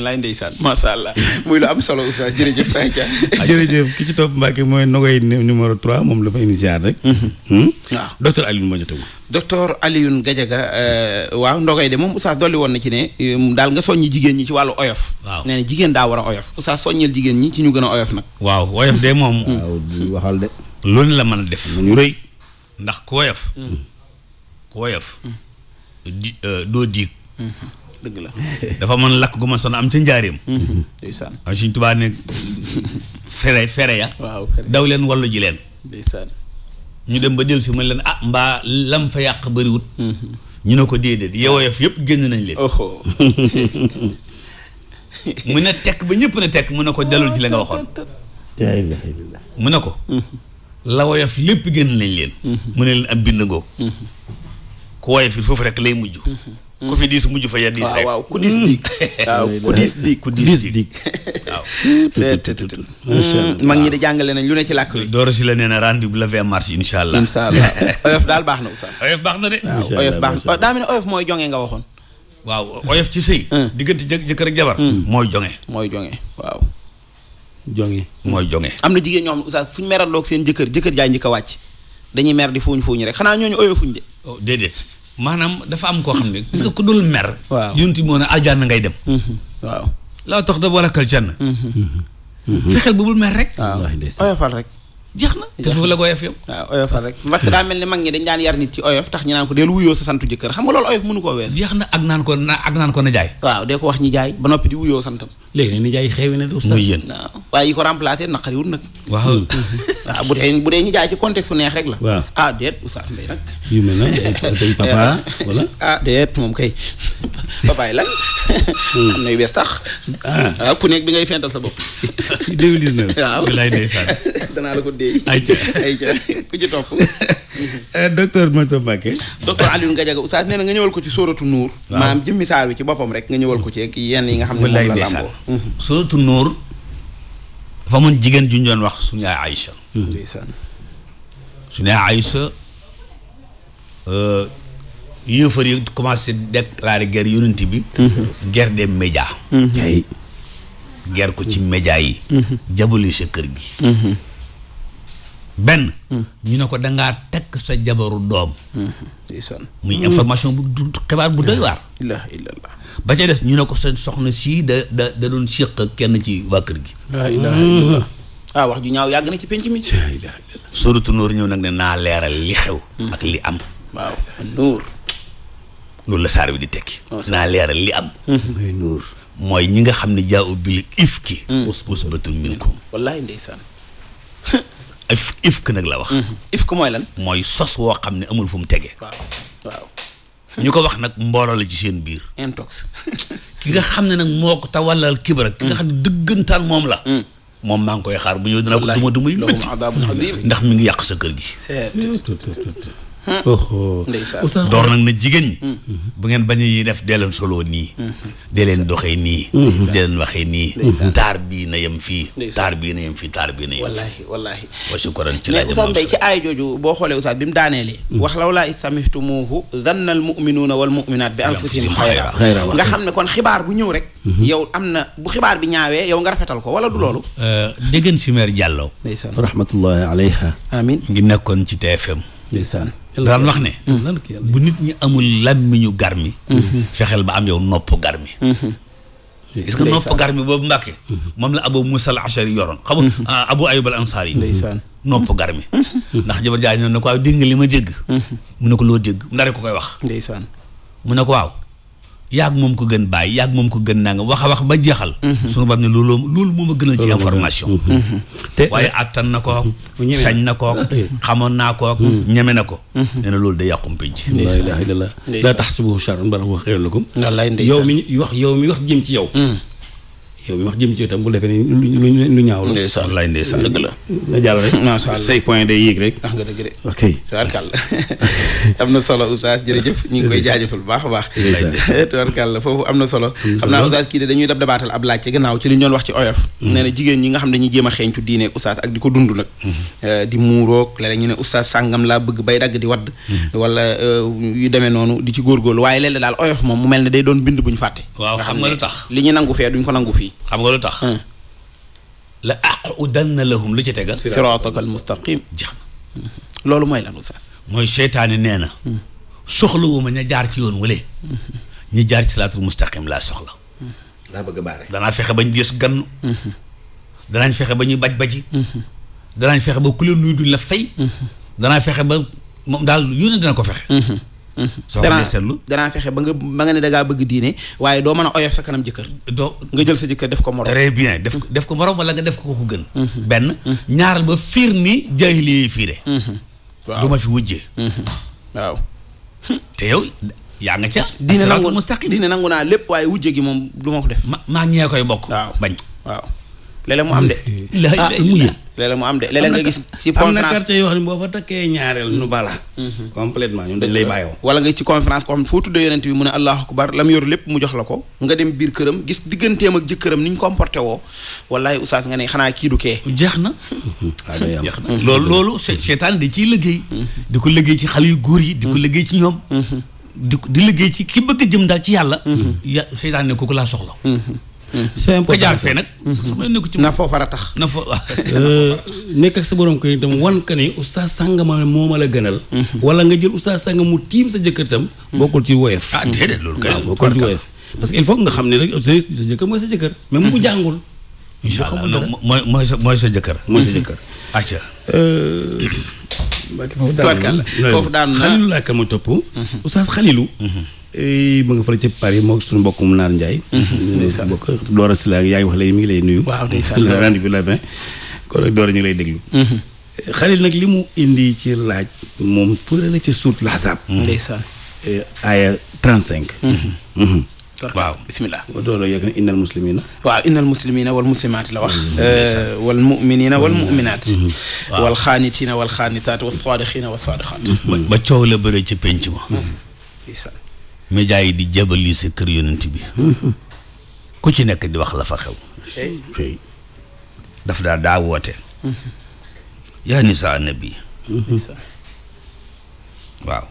laay ndeysaan macha allah muy lu am solo Oustaz jërëjëf Sa Thiam. jërëjëf ki ci topp Mbacke mooy Nogoy numéro 3 moom la fa indi ziar rek. Mhm. Hmm? waaw docteur Alioune moo jotagul. docteur Alioune Gadiaga euh, waaw Ndogoy de moom Oustaz dolli woon na ci ne euh, daal nga soññi jigéen ñi ci wàllu oyof. waaw jigéen daa war a oyof Oustaz soññeel jigéen ñi ci ñu gën a oyof nag. waaw oyof de moom. Hmm. waaw du waxal loolu la mën a def. ñu ndax ku oyof. Hmm. di euh, doo diig. dëgg la dafa mën lakk gu ma son am ca njaareem. ndeysaan waaw suñ tubaa ne fere fere ya. daw leen wallu ji leen. ñu dem ba jël si mu leen a ah, mbaa lam fa yàq bëriwut. Mm-hmm. ñu ne ko déedéet yewoyof yëpp génn nañ leen. mu tekk ba ñëpp tekk mu ne ko dellul ci la nga waxoon. mu mm-hmm. woyof lépp génn nañ leen. Mm-hmm. mu ne leen am bind ngoo. ku woyof it foofu rek lay mujj. ku fi diis mujj fa ya diis rek waaw ku diis diig waaw ku diis diig mm, mag ñi de jàngale nañ lu ne ci làkk bi dooro si la nee na rendez-vous le 20 mars incha allah incha allah oyof daal baax na oustaz oyof baax na de waaw oyof baax na daa mel oyof mooy jonge nga waxoon waaw oyof ci sëy mm. diggante jëkkër ak jabar mm. mooy jonge mooy jonge waaw jonge mooy am na jigéen ñoo xam fu ñu meral loog seen jëkkër jëkkër jaay njëkk a wàcc dañuy mer di fuuñ fuuñ rek xanaa ñooñu oyofuñ de oh, déedéet maanaam dafa am koo xam ne. parce que ku dul mer. waaw yonti moo ne aljanna ngay dem. Mhm. waaw laa tax da war a kal janna mhm. fexeel bu bul mer rek. waaw oyofal rek. jeex na te foofu la ko oyof yow waaw oyofal rek parce que daa mel ni mag ñi dañ daan yar nit ci oyof tax ñu naan ko deel wuyoo sa santu jëkkër xam nga loolu oyof mënu koo wees jeex na ak naan ko na waaw dee ko wax ñi ba noppi di wuyoo santam léegi waaw hmm. waaw bu dee bu dee ñi ci contexte neex rek la waaw ah déet oustaz mbay nag na papa wala ah déet moom kay papa yi lan hmm. am ah. Ah, danaa la ko dee liggéey. ayca ayca ku ci topp. Eh, docteur Mato Mbacké. docteur Alioune Gadiaga oustaz nee na nga ñëwal ko ci sóoratu nuur. waaw maanaam jëmmi saa wi ci boppam rek nga ñëwal ko ci ak yenn yi nga xam ne moom la lamboo. Mhm. sóoratu nuur dafa amoon jigéen juñ ñu doon wax suñu yaay Aïcha. Mhm. ndeysaan. suñu yaay Aïcha euh, yëfar yi commencé déclarer guerre yonent bi. Mhm. guerre des médias. ay guerre ko ci médias yi. jaboli kër gi. benn. Hmm. ñu ne ko da ngaa tekk sa jabaru doom. Hmm. muy hmm. information bu xibaar bu doy waar. ilaha ba ca des ñu ne ko sa soxna sii da da doon séq kenn ci waa kër gi. la ilaha illallah ah, wax ju ñaaw yàgg na ci penc mi. suratu Nuur ñëw nag ne naa leeral li xew. ak li am. waaw Nuur. loolu la saar bi di tekki. Oh, naa leeral li am. mooy Nuur. ñi nga xam ne jaaw bil ifki. usbatun minkum. wallaahi ndeysaan. if ifk nag la wax. Mhm. ifk mooy lan. mooy sos woo xam ne amul fu mu tege. waaw ñu ko wax nag mbooloo la ci seen biir. intox. ki nga xam ne nag moo ko tawalal kibra. ki nga mm. xam ne dëggantaan moom la. Mm. moom maa ngi koy xaar bu ñëw dina ko duma duma yu métti. ndax mi ngi yàq sa kër gi. door nag na jigéen ñi bu ngeen bañ yi def dee leen soloo nii dee leen doxee nii dee leen nii taar bii na yem fii taar bii na yem fii taar bii na yem fii wallaahi wallaahi ci laaj Oustaz ci aay jooju boo xoolee Oustaz bi mu daaneelee mm. wax law laa istamihtumuuhu zanna al muminuuna wal muminaat bi anfusihim xayra nga xam ne kon xibaar bu ñëw rek mm-hmm. yow am na bu xibaar bi ñaawee yow nga rafetal ko wala du loolu euh, déggan si mère Diallo ndeysaan rahmatullahi alayha amin ngi nekkoon ci TFM ndeysaan daan wax ne hmm. bu nit ñi amul làmmiñu garmi hmm. fexeel ba am yow nopp garmi hmm. gis nga nopp garmi boobu Mbàkke moom la Abu Musa al Ashari yoroon xamu ah, Abu Ayub al Ansari yi nopp garmi ndax jabar jaay na ne ko waaw dégg li ma jégg mu ne ko loo jégg ndare ko koy wax ndeysaan mu ne ko waaw yaag moom ko gën bàyyi yaag moom ko gën naa nga wax a wax ba jeexal. Mhm. sunu bam ne loolu loolu moom a gënal ci information. Mhm. Mhm. te waaye attan na ko. sañ na ko xamoon naa ko. ñeme na ko. nee na loolu day yàqum penc. la ilaha illallah laa tahsabuhu sharran bal huwa khayrun lakum. yow mi wax yow mi wax jëm ci yow. yow mi wax jëm ci itam bu defee nii lu ñaaw la. ndeysaan laay ndeysaan dëgg la. nga jàll rek macha allah say point day yéeg rek. wax nga dëgg de. am na solo Oustaz jërëjëf ñu ngi koy jaajëfal bu baax a baax. tubarkàlla foofu am na solo. xam naa kii dañuy dab dabaatal ab laaj ci gannaaw ci li ñu doon wax ci oyof. Mm-hmm. nee na jigéen ñi nga xam dañuy jéem a xeeñcu diine Oustaz ak di ko dund nag. Mm-hmm. Eh, di muuroog léeg-léeg ñu ne Oustaz sàngam laa bëgg bay dagg di wadd. Mm-hmm. wala eh, yu demee noonu di ci góorgóorlu waaye léeg daal oyof moom mu mel ne day doon bind bu ñu fàtte. waaw xam nga lu tax li ñu nangu fee duñ ko nangu fii xam nga lu tax. la aqudanna lahum lu ci tegal. siraatakal mustaqim jeex na. Mmh. loolu mooy lan mooy seytaane nee na. Mmh. soxlawuma ña jaar ci yoon wële. Mmh. ñi jaar ci siraatul mustaqim laa soxla. laa bëgg a danaa fexe ba ñu gis gannu. danaañ fexe ba ñu baj baji. danaañ fexe ba ku leen nuyu duñ la fay. danaa fexe ba moom daal yu ne dina ko fexe. soo ko seetlu danaa fexe ba nga ba nga ne da ngaa bëgg diine waaye doo mën a oyof sa kanam jëkkër doo nga jël sa jëkkër def ko morom très bien def def ko morom wala nga def ko ko gën mhm. benn mhm. ñaaral ba fiir ni jaahili fiire mhm. waaw ma fi wujjee waaw te yow yaa nga ca diine nangu mustaqim diine nangu naa lépp waaye wujje gi moom lu ma ko def ma maa ñee koy bokk bañ waaw Ah, léeg-léeg mu am de. léeg-léeg mu nga gis. ci conférence am na quartier yoo xam ne boo fa takkee ñaareel nu bala. Mhm. complètement ñun dañ lay bàyyoo. wala nga ci conférence ko xam foo tuddee yonent bi mu ne allahu akbar lam yor lépp mu jox la ko. nga dem biir këram gis digganteem ak jëkkëram ni ñu comporté woo wallahi oustaz nga ne xanaa kii du kee. jeex na. jeex na mhm. loolu loolu seetaan mhm. di ciy liggéey. di ko liggéey ci xale yu góor yi. di ko liggéey ci ñoom. di di liggéey ci ki bëgg jëm daal ci yàlla. ya seytaan ne kooku laa soxla c'est important ka jaar fee nag. Mhm. sama nekk ci na foofa la tax. na euh, foofa nekk ak sa borom kër itam wan ka ne oustaz sangama moo ma la gënal. Mhm. wala nga jël oustaz sangam mu tiim sa jëkkër itam. Mhm. bokkul ci woyof. ah déedéet loolu kay bokkul ci woyof. parce que il faut nga xam ne rek sa jëkkër mooy sa jëkkër. même bu jàngul. incha mooy sa jëkkër. mooy sa euh, foofu daanu xalilu laa ka ma topp. oustaz xalilu. ma nga fële ca Paris moo suñu mbokkum naar Ndiaye. Mhm. ndeysaan mbokk Dora Sylla yaay wax léegi mi ngi lay nuyu. waaw ndeysaan la rendez-vous la fin kon nag Dora ñu ngi lay déglu. Mhm. Xalil nag li mu indi ci laaj moom tuure la ci suut laxasaab. Mhm. ndeysaan. Eh, aaya 35. waaw bisimilah doolo yegg na innal muslimina waaw innal muslimina wal muslimaati la wax eh, wal muminina wal muminaat wal xaanitina wal xaanitaat wa saadiqina wa saadiqaat ba coow la bëre ci penc ma média yi di jabali sa kër yonent bi ku ci nekk di wax la fa xew eh. daf daa woote yaa nisaa nabi waaw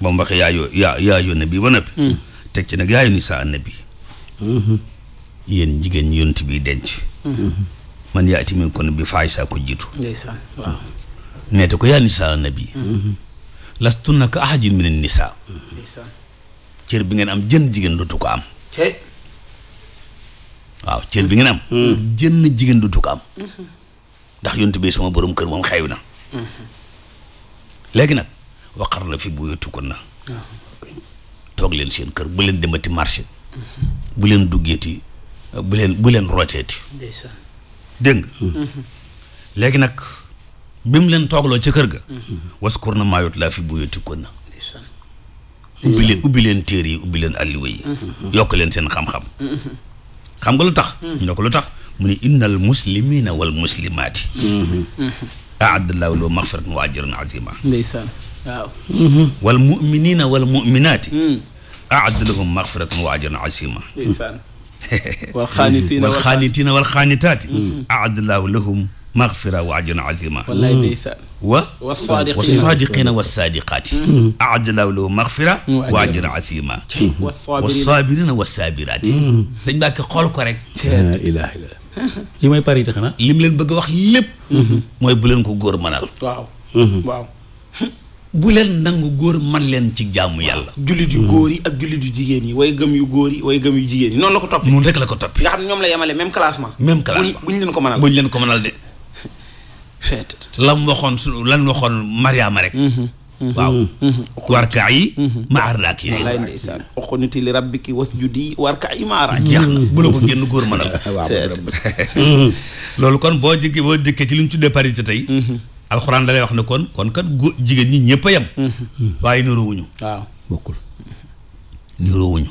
ba mu waxee yaa yoo yaa yoo ba noppi teg ci nag yaayu nisaa nabi yéen jigéen ñi yonent bi denc man yaati min kon bi faay saa ko jiitu ndeysaan ko yaa nisaa nabi mm-hmm. lastunna ka ahadin min an nisaa cër bi ngeen am jën jigéen dootu ko am. waaw cër bi ngeen am. Hmm. jën jigéen dootu ko am. ndax yonent bi sama boroom kër moom xew na. léegi nag waqar la fi na toog leen seen kër bu leen demati marché. bu leen duggeeti bu leen bu leen rooteeti. dégg nga. léegi nag bi mu leen toogloo ca kër ga. Hmm. waskur na maayut laa fi na ubbi leen ubbi leen téere yi ubbi leen alliwa yi yokk leen seen xam-xam xam nga lu tax ñu ne ko lu tax mu ne innal muslimina wal muslimaati aadallahu loo maxfiratan wa ajran azima ndeysaan waaw wal muminina wal muminaati hmm. aadalahum maxfiratan wa ajran azima ndeysaan wal xaanitina wal xaanitina wal xaanitaati hmm. aadallahu lahum maxfira wa ajran azima wallaay ndeysaan wa wasaadiqina wasaadiqaati mm-hmm. aadalaaw lahu maxfira mm-hmm. wa ajra mm-hmm. athima wasaabirina wasaabiraati sëñ Mbàkke xool ko rek ilaha illa li may pari xanaa li mu leen bëgg a wax lépp mooy bu leen ko góor manal waaw waaw bu leen nangu góor man leen ci jaamu yàlla jullit yu góor yi ak jullit yu jigéen yi way gëm yu góor yi way gëm yu jigéen yi noonu la ko toppi noonu rek la ko toppi nga xam ne ñoom la yemale même classement même classement buñ leen ko mënal buñ leen ko mënal de lam waxoon su lan waxoon Mariama rek. Mhm. Mhm. waaw. Mhm. warka'i ma'a raaki'iin. wallaahi ndeysaan uqnuti li rabbiki wasjudi warka'i ma'a raaki'iin. jeex bu la ko génn góor mën a. waaw loolu kon boo jëkkee boo jëkkee ci li ñu tuddee parité tey. alxuraan da wax ne kon kon kan góor jigéen ñi ñëpp a waaye niroowuñu. waaw niroowuñu.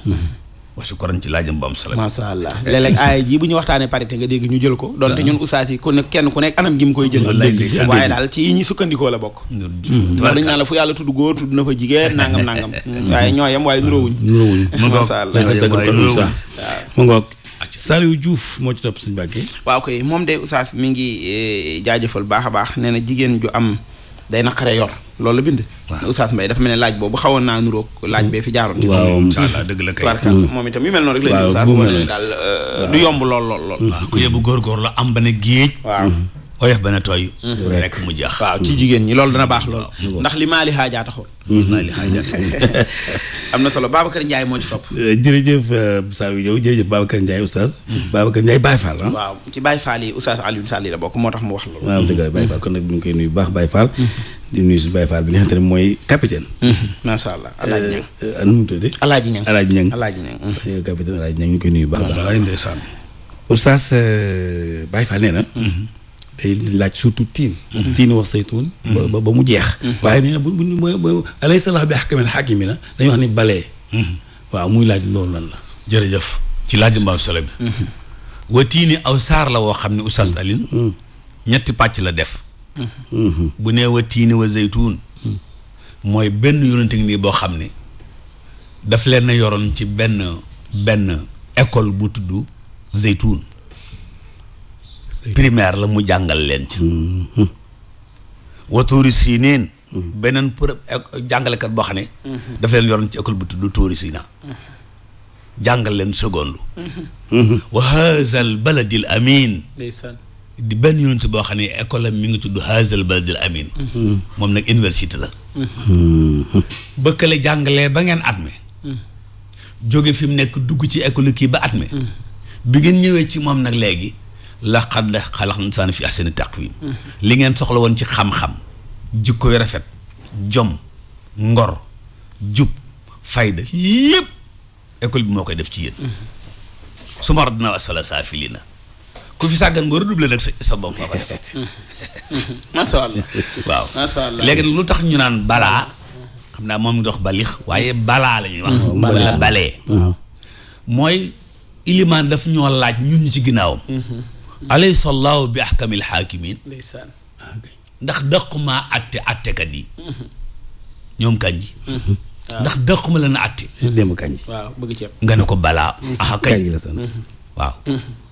wa sukran ci laajam bu am solo. macha allah léeg aaya ji bu ñu waxtaanee parité nga dégg ñu jël ko. waaw ah. donte ñun oustaz yi ku ne ku nekk anam gi mu koy jël. loolu waaye daal ci yi ñi sukkandikoo la bokk. waaw hmm. dañu naan la fu yàlla tudd góor tudd na fa jigéen nangam nangam. Hmm. waaye ñoo yem waaye nuróowuñ. nuróowuñ macha saal mu ngoog moo ci topp suñu bàggee. waaw koy moom de oustaz mi ngi eh, jaajëfal baax a baax nee na jigéen ju am day naqare yor loolu la bind. waaw Oustaz Mbaye dafa mel ne laaj boobu xawoon naa nuroog laaj bee fi jaaroon. waaw incha allah la kay mm. moom itam yu mel noonu euh, yomb lool lool lool. waaw ku la am ba ne géej. Mm-hmm. ba ne tooy. Mm-hmm. mu jeex. waaw ci jigéen ñi loolu dana baax lool. Mm-hmm. ndax li maali xaajaa taxoon. maali xaajaa am na solo Babacar Ndiaye moo ci topp. Euh, jërëjëf euh, Saliou Diop jërëjëf Babacar Ndiaye Oustaz. Babacar Ndiaye Baye Fall ah. waaw ci yi Oustaz Alioune Sall bokk moo tax mu wax loolu. waaw dëgg la Baye Fall kon nag ñu ngi koy nuyu baax Baye Fall di nuyu suñu bi nga xamante ne mooy capitaine. Mm-hmm. macha allah alaaji ñang. Eh, eh, nu mu tuddee. alaaji ñang alaaji ñang alaaji ñang. Mm. ñu koy nuyu baax a baax. waaw ndeysaan. oustaz euh, na. Mm-hmm. day laaj surtout tiin. Mm-hmm. tiin wax saytuun. ba ba mu jeex. waaye nee na bu bu bu alay salaah bi ahkamil hakimina dañuy wax ni balee. waaw muy laaj lool lan la. jërëjëf ci laaj mbaamu solo bi. wa tiini aw saar la woo xam ne oustaz Alioune. ñetti pàcc la def. bu nee wa tiini wa zeytuun mooy benn yonent ngi nii boo xam ne daf leen yoroon ci benn benn école bu tuddu zeytuun primaire la mu jàngal leen ci wa tuuri siiniin beneen pour jàngalekat boo xam ne daf leen yoroon ci école bu tudd tuuri siina jàngal leen seconde mm-hmm. wa baladil amiin di benn yonent boo xam ne école am mi ngi tudd Hazal Baladil Amin. moom nag université la. bëkkale jàngalee ba ngeen at mi. jóge fi mu nekk dugg ci école kii ba at mi. bi ngeen ñëwee ci moom nag léegi. laqad xalaqnal insaana fi ahsani taqwiim li ngeen soxla woon ci xam-xam. jikko rafet. jom. ngor. jub. fayda lépp. école bi moo koy def ci yéen. su ma radnaa asfala saafiliina ku fi sàggan nga redoublé nag sa bopp nga ko def. macha allah. waaw macha allah lu tax ñu naan balaa. xam naa moom dox balix waaye balaa la ñuy wax. wala mm-hmm. balee. mooy ilimaan daf ñoo laaj ñun ñu ci ginnaawam. Mm-hmm. alaysa allahu bi ahkamil haakimiin. ndeysaan ah, ndax dëquma atte attekat yi. Mm-hmm. ñoom kañ. ndax dëquma la na atte. si démb kañ. nga ne ko balaa. ah waaw.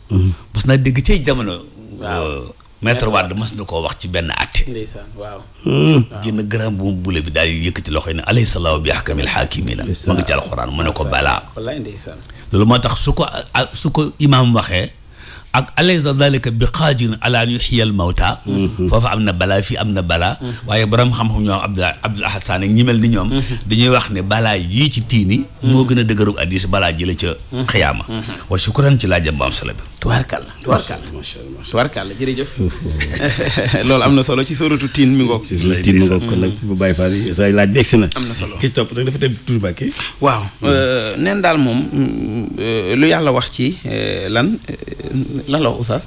mas mm-hmm. naa dégg cee jamono. waaw maître Wade mas na koo wax ci benn àtte. ndeysaan mm-hmm. waaw. génn grand bu bule bi daal yëkk yëkkati loxo yi ne alayhi salaahu bi ahkamil haakimiina. ma nga ci alxuraan mu ne ko balaa. wallaay loolu moo tax su ko su ko imaam waxee. ak alaysa dalika bi xaajin ala yu xiyal mawta mhm. foofa am na balaa fi am na balaa waaye borom xam-xam ñoom Abdul Abdul Ahad Sane ñi mel ni ñoom mhm. dañuy wax ne balaa yii ci tiini mhm. moo gën a dëgërub addis balaa ji la ca xiyaama wa shukran ci laajam bu am solo bi tubaarkàlla tubaarkàlla tubaarkàlla jërëjëf loolu am na solo ci soratu tiin mi ngoog tiin mi ngoog kon nag bu bàyyi faal yi laaj bi egsi na am na solo ki topp nag dafa dem tur bàkke waaw euh, neen daal moom euh, lu yàlla wax ci euh, lan lan la wax oustaz.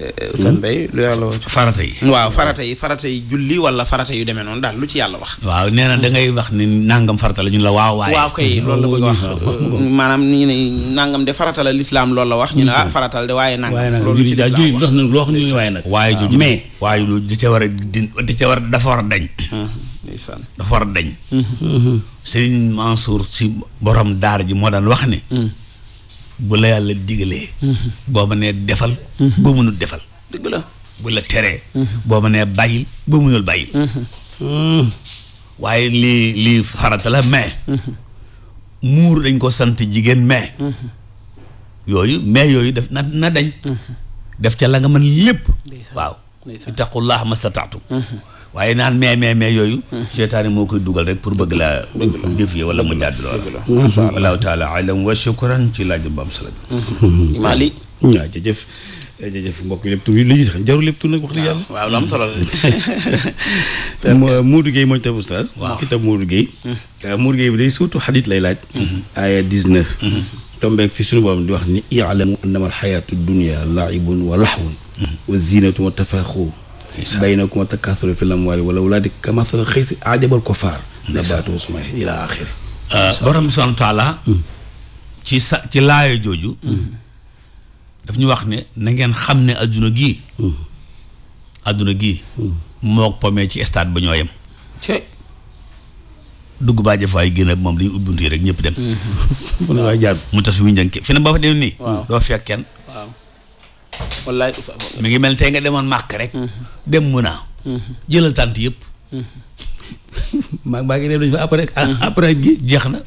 Eh, oustaz hmm? Mbaye lu yàlla wax. farata yi waaw farata yi farata yi julli wala farata yu demee noonu daal lu ci yàlla wax. waaw nee na da ngay wax ni nangam farata la ñun la waaw waaye. waaw loolu la bëgg wax hmm. euh, maanaam ñu ne nangam de farata la lislaam loolu la wax ñu ne ah hmm. faratal de waaye nangam. loolu ci lislaam wax loo xam ne waaye nag. waaye jooju mais waaye lu di ca war a di ca war dafa war a dañ. incha dafa a dañ. Serigne Mansour si borom daar ji moo daan wax ne. bu la yàlla digalee. Mm-hmm. boo ma nee defal. Mm-hmm. boo mënul defal. bu la teree. Mm-hmm. boo ma nee bàyyil boo mënul bàyyil. Mm. waaye lii lii farata mais. muur dañ ko sant jigéen mais. yooyu mais yooyu def na na dañ. def ca la nga mën lépp. waaw ittaqullaha mastataatum waaye naan mais mais mais yooyu seytaane moo koy dugal rek pour bëgg laa défier wala mu jàdd loola wallahu taala alam wa shukran ci laaj bu am solo bi Mali mm-hmm. mm-hmm. waaw jërëjëf jërëjëf mbokk yi lépp tur yi li ñuy sax jarul lépp tur nag wax dëgg yàlla waaw lu am solo la Modou Guèye mooy tab oustaz waaw kitab Modou Guèye mm-hmm. Modou Guèye bi day surtout xadit lay laaj aaya 19 tombeek fi suñu borom di wax ni i'lamu annama alxayaatu dunia wa bay na kuma takkaasuru fi lam waali wala walaa di kamasala xëy si aajabal ko faar na baatu sumay ila axiri euh, borom bi subhaanahu taala hmm. ci sa ci laaya jooju hmm. daf ñu wax ne na ngeen xam ne adduna gii hmm. adduna gii mook pomee ci stade ba ñoo yem dugg baa jëfaay génn ak moom dañuy ubbuntu yi rek ñëpp dem mu tas wi njënk fi ba fa dem nii doo fekk kenn wallaay mi ngi mel tey nga demoon màkk rek. Mhm. dem mun a. Mhm. jëlal tànt yëpp. Mhm. maa maa ngi dem dañu fa après. Ah, après jeex na.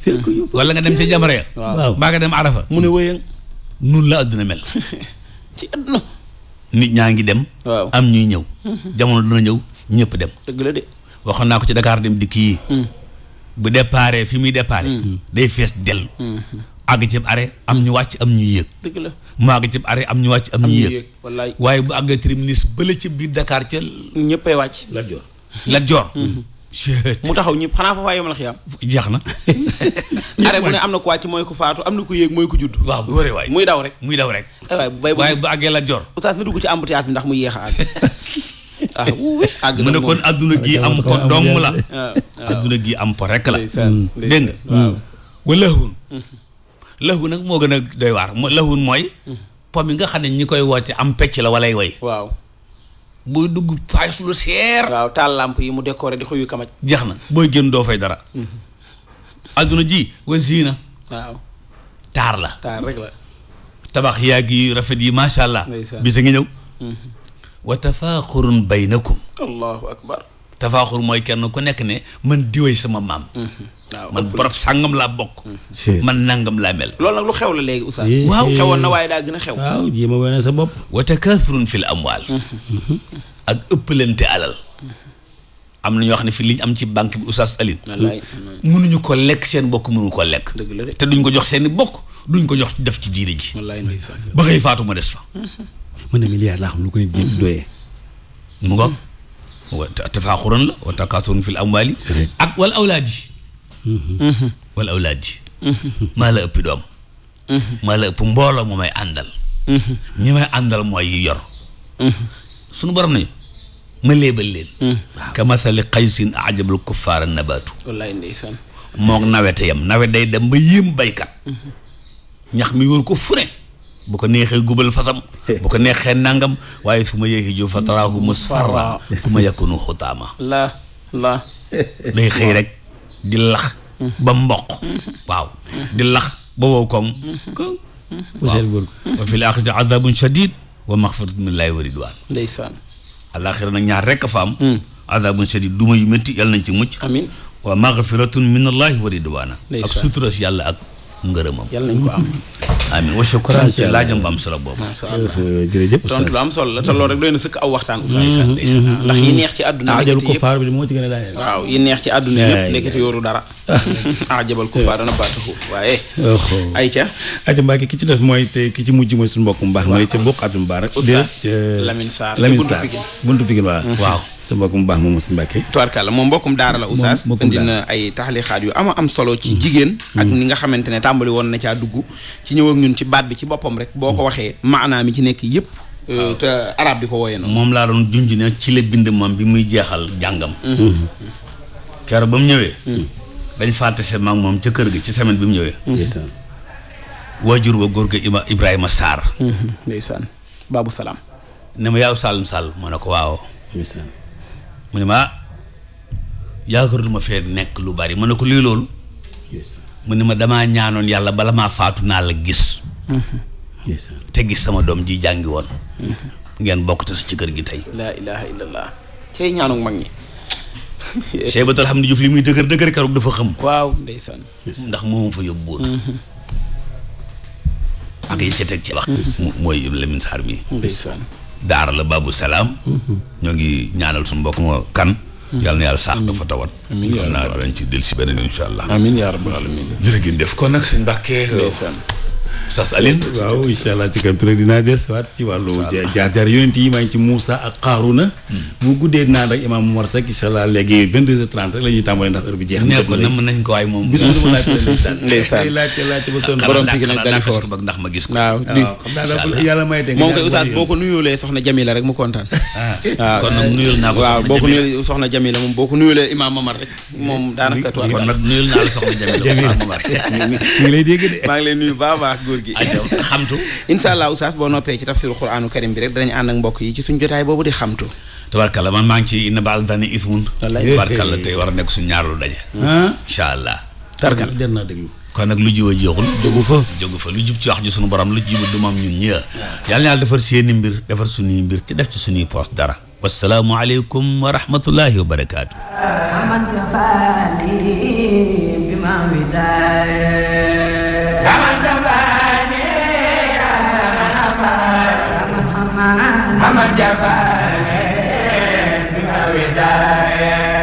wala nga dem ca jamra ya. waaw maa nga dem arafa. mu ne wëyëng. nun la àdduna mel. ci àdduna. nit ñaa ngi dem. waaw am ñuy ñëw. jamono dina ñëw ñëpp dem. dëgg la naa ko ci Dakar dem dikk yii. bu déparé fi muy déparé. day fees dell. àgg ci arrêt am ñu wàcc am ñu yéeg. la mu àgg ci arrêt am ñu wàcc am ñu yéeg. wallaay waaye bu àggee tribunal bële ci biir dakaar ca. ñëppay wàcc. Lat Joor Lat Joor. Mm-hmm. mu taxaw ñëpp xanaa fa waaye ma la xiyaam jeex na are bu ne am na ku wàcc mooy ko faatu am na ku yéeg mooy ko judd waaw wóore waay muy daw rek muy daw rek eh waay waaye la jor oustaz na dugg ci embouteillage bi ndax mu yéex a àgg ah mu ne kon adduna gi am po dong la ah, adduna gi am po rek la dégg nga walahun lëhu nag moo gën a doy waar lëhun mooy po mi nga xam ne ñi koy woote am pecc la walay way waaw booy dugg paas lu seer waaw yi mu décoré di xuyu kamaj jeex na booy génn doo fay dara mhm. adduna ji wa ziina waaw taar la taar rek tabax yaa gi rafet yi macha allah bisa ngi ñëw mhm. wa tafaaxurun baynakum allahu akbar tafaaxur mooy kenn ku nekk ne man diwee sama maam. Mm-hmm. Ah, man borom sàngam laa bokk. Mm-hmm. man nangam laa mel. loolu nag lu xew la léegi oustaz. Eh, waaw eh. xewoon na waaye daa gën a xew. waaw jéema a sa bopp. wa takaasurun fil amwaal. Mm-hmm. ak ëppalante alal. am na ñoo xam ne fii li am ci banque bi oustaz Alioune. wallaay mënuñu ko lekk seen bokk mënu ko lekk. dëgg la te duñ ko jox seen i bokk duñ ko jox def ci diine ji. wallaay ba xëy faatu ma des fa. mën na milliard laa xam lu ko nit jéem doyee. mu ngoog. wa tafaaxuran la wa takaasurun fil amwaali ak wal awlaad wal awlaad maa la ëpp doom maa la ëpp mbooloo mu may àndal ñi may àndal mooy yi yor sunu borom nañu ma léebal leen ka masali xaysin ajabal kuffaara nabaatu moog nawete yam nawet day dem ba yéem baykat mhm. ñax mi wër ko fu bu ko neexee gubal fasam ko neexee nangam waaye su ma yahiju fa taraahu musfarra su ma yakunu xutaama la la day xëy rek di lax ba mboq waaw di lax ba wow koŋ wa fil axirati azabun shadid wa maxfiratun min laahi wa ridwaan ndeysaan alaxira nag ñaar rekk fa am hmm. azabun shadid duma yu métti yàlla nañ ci mucc amin wa maxfiratun min allaahi wa ridwaana ak suturas yàlla ak ngërëmam. yàlla nañ ko am. amiin wa shukran ci laajam bu am solo boobu. macha allah jërëjëf tontu lu am solo la te loolu rek doy na sëkk aw waxtaan. Mm-hmm, mm-hmm, ndax yi mm-hmm. neex ci adduna ajabal kufaar bi moo ci gën a daaneel. waaw yi neex ci àdduna yëpp nekkati yooru dara. ajabal kufaar dana baatuhu waaye. ayca. ayca Mbacke ki ci def mooy te ki ci mujj mooy suñu mbokk mu baax. waaw mooy a bokk atum baarak. Oustaz Lamine Sarr Lamine Sarr buntu Pikine waaw. sa mbokk mu baax moom sëñ Mbàkke tubaarkàlla moom mbokkum daara la oustaz indi na ay taxalixaat yu ama am solo ci mm-hmm. jigéen ak mm-hmm. ni nga xamante ne tàmbali woon na caa dugg ci ñëw ak ñun ci baat bi ci boppam rek boo ko mm-hmm. waxee maanaam mi ci nekk yépp euh, te arab di ko wooyee noonu moom laa doon junj ne ci la bind moom bi muy jeexal njàngam keroog ba mu ñëwee dañ fàtte se maag moom ca kër gi ci semaine bi mu ñëwee waajur wa góor ga Ibrahima Sarr ndeysaan Babou Salam ne ma yaaw Saalum Sall ma ne ko waaw mu ne ma yaakaarul ma fee nekk lu bari mën ne ko lii loolu mu ne ma damaa ñaanoon yàlla bala maa faatu naa la gis mm-hmm. te gis sama doom ji jàngi woon ngeen bokk te su ci kër gi tey laa ilaha illallah cey ñaanu mag muy dëgër dëgër keroog dafa xam waaw ndax moom fa yóbbuwoon mm-hmm. ak yi ca teg ci wax mooy Lamine Sarr mi daara la Babou Salaam. ñoo ngi ñaanal suñu mbokk ma kan. yàlla na yàlla saax dafa tawat. amiin yaa rabbal aalamiin naa danañ ci dellu si beneen incha allah. amiin yaa rabbal aalamiin. jërë ngeen def kon nag sëñ Mbàkke. Euh, Oustaz Alioune waaw incha allah ci kanam rek dinaa desewaat ci wàllu jaar jaar yonent yi maa ci Moussa ak Xaaruna hmm. bu guddee dinaa ak imaam Mor Seck incha allah léegi vingt deux heures rek la ñuy tàmbalee ndax heure bi jeex na ko nam nañ ko waaye moom bis mu laaj ndeysaan laajte laajte ba ma waaw ah, boo ko nuyoolee soxna Jamila rek mu kontaan waaw ah. ah. kon nag ko waaw boo ko nuyoolee soxna boo ko nuyoolee imaam Mamar rek moom daanaka kon nag nuyool naa la soxna Jamila Mamar mi ngi lay dégg de góor gi xamtu incha allah oustaz boo noppee ci tafsiru quraanu karim bi rek danañ ànd ak mbokk yi ci suñ jotaay boobu di xamtu tabarkalla man maa ci inna baal dani ismun tabarkalla tey war a nekk suñ ñaarlu daje incha allah nag lu jiw a jeexul fa jógu fa lu jub ci wax ji suñu borom lu jiw du moom ñun ñëa yàlla na yàlla defar seeni mbir defar suñuy mbir ci def ci suñuy poos dara wassalaamu aleykum wa wa barakaatu أما الجبال بما ودايه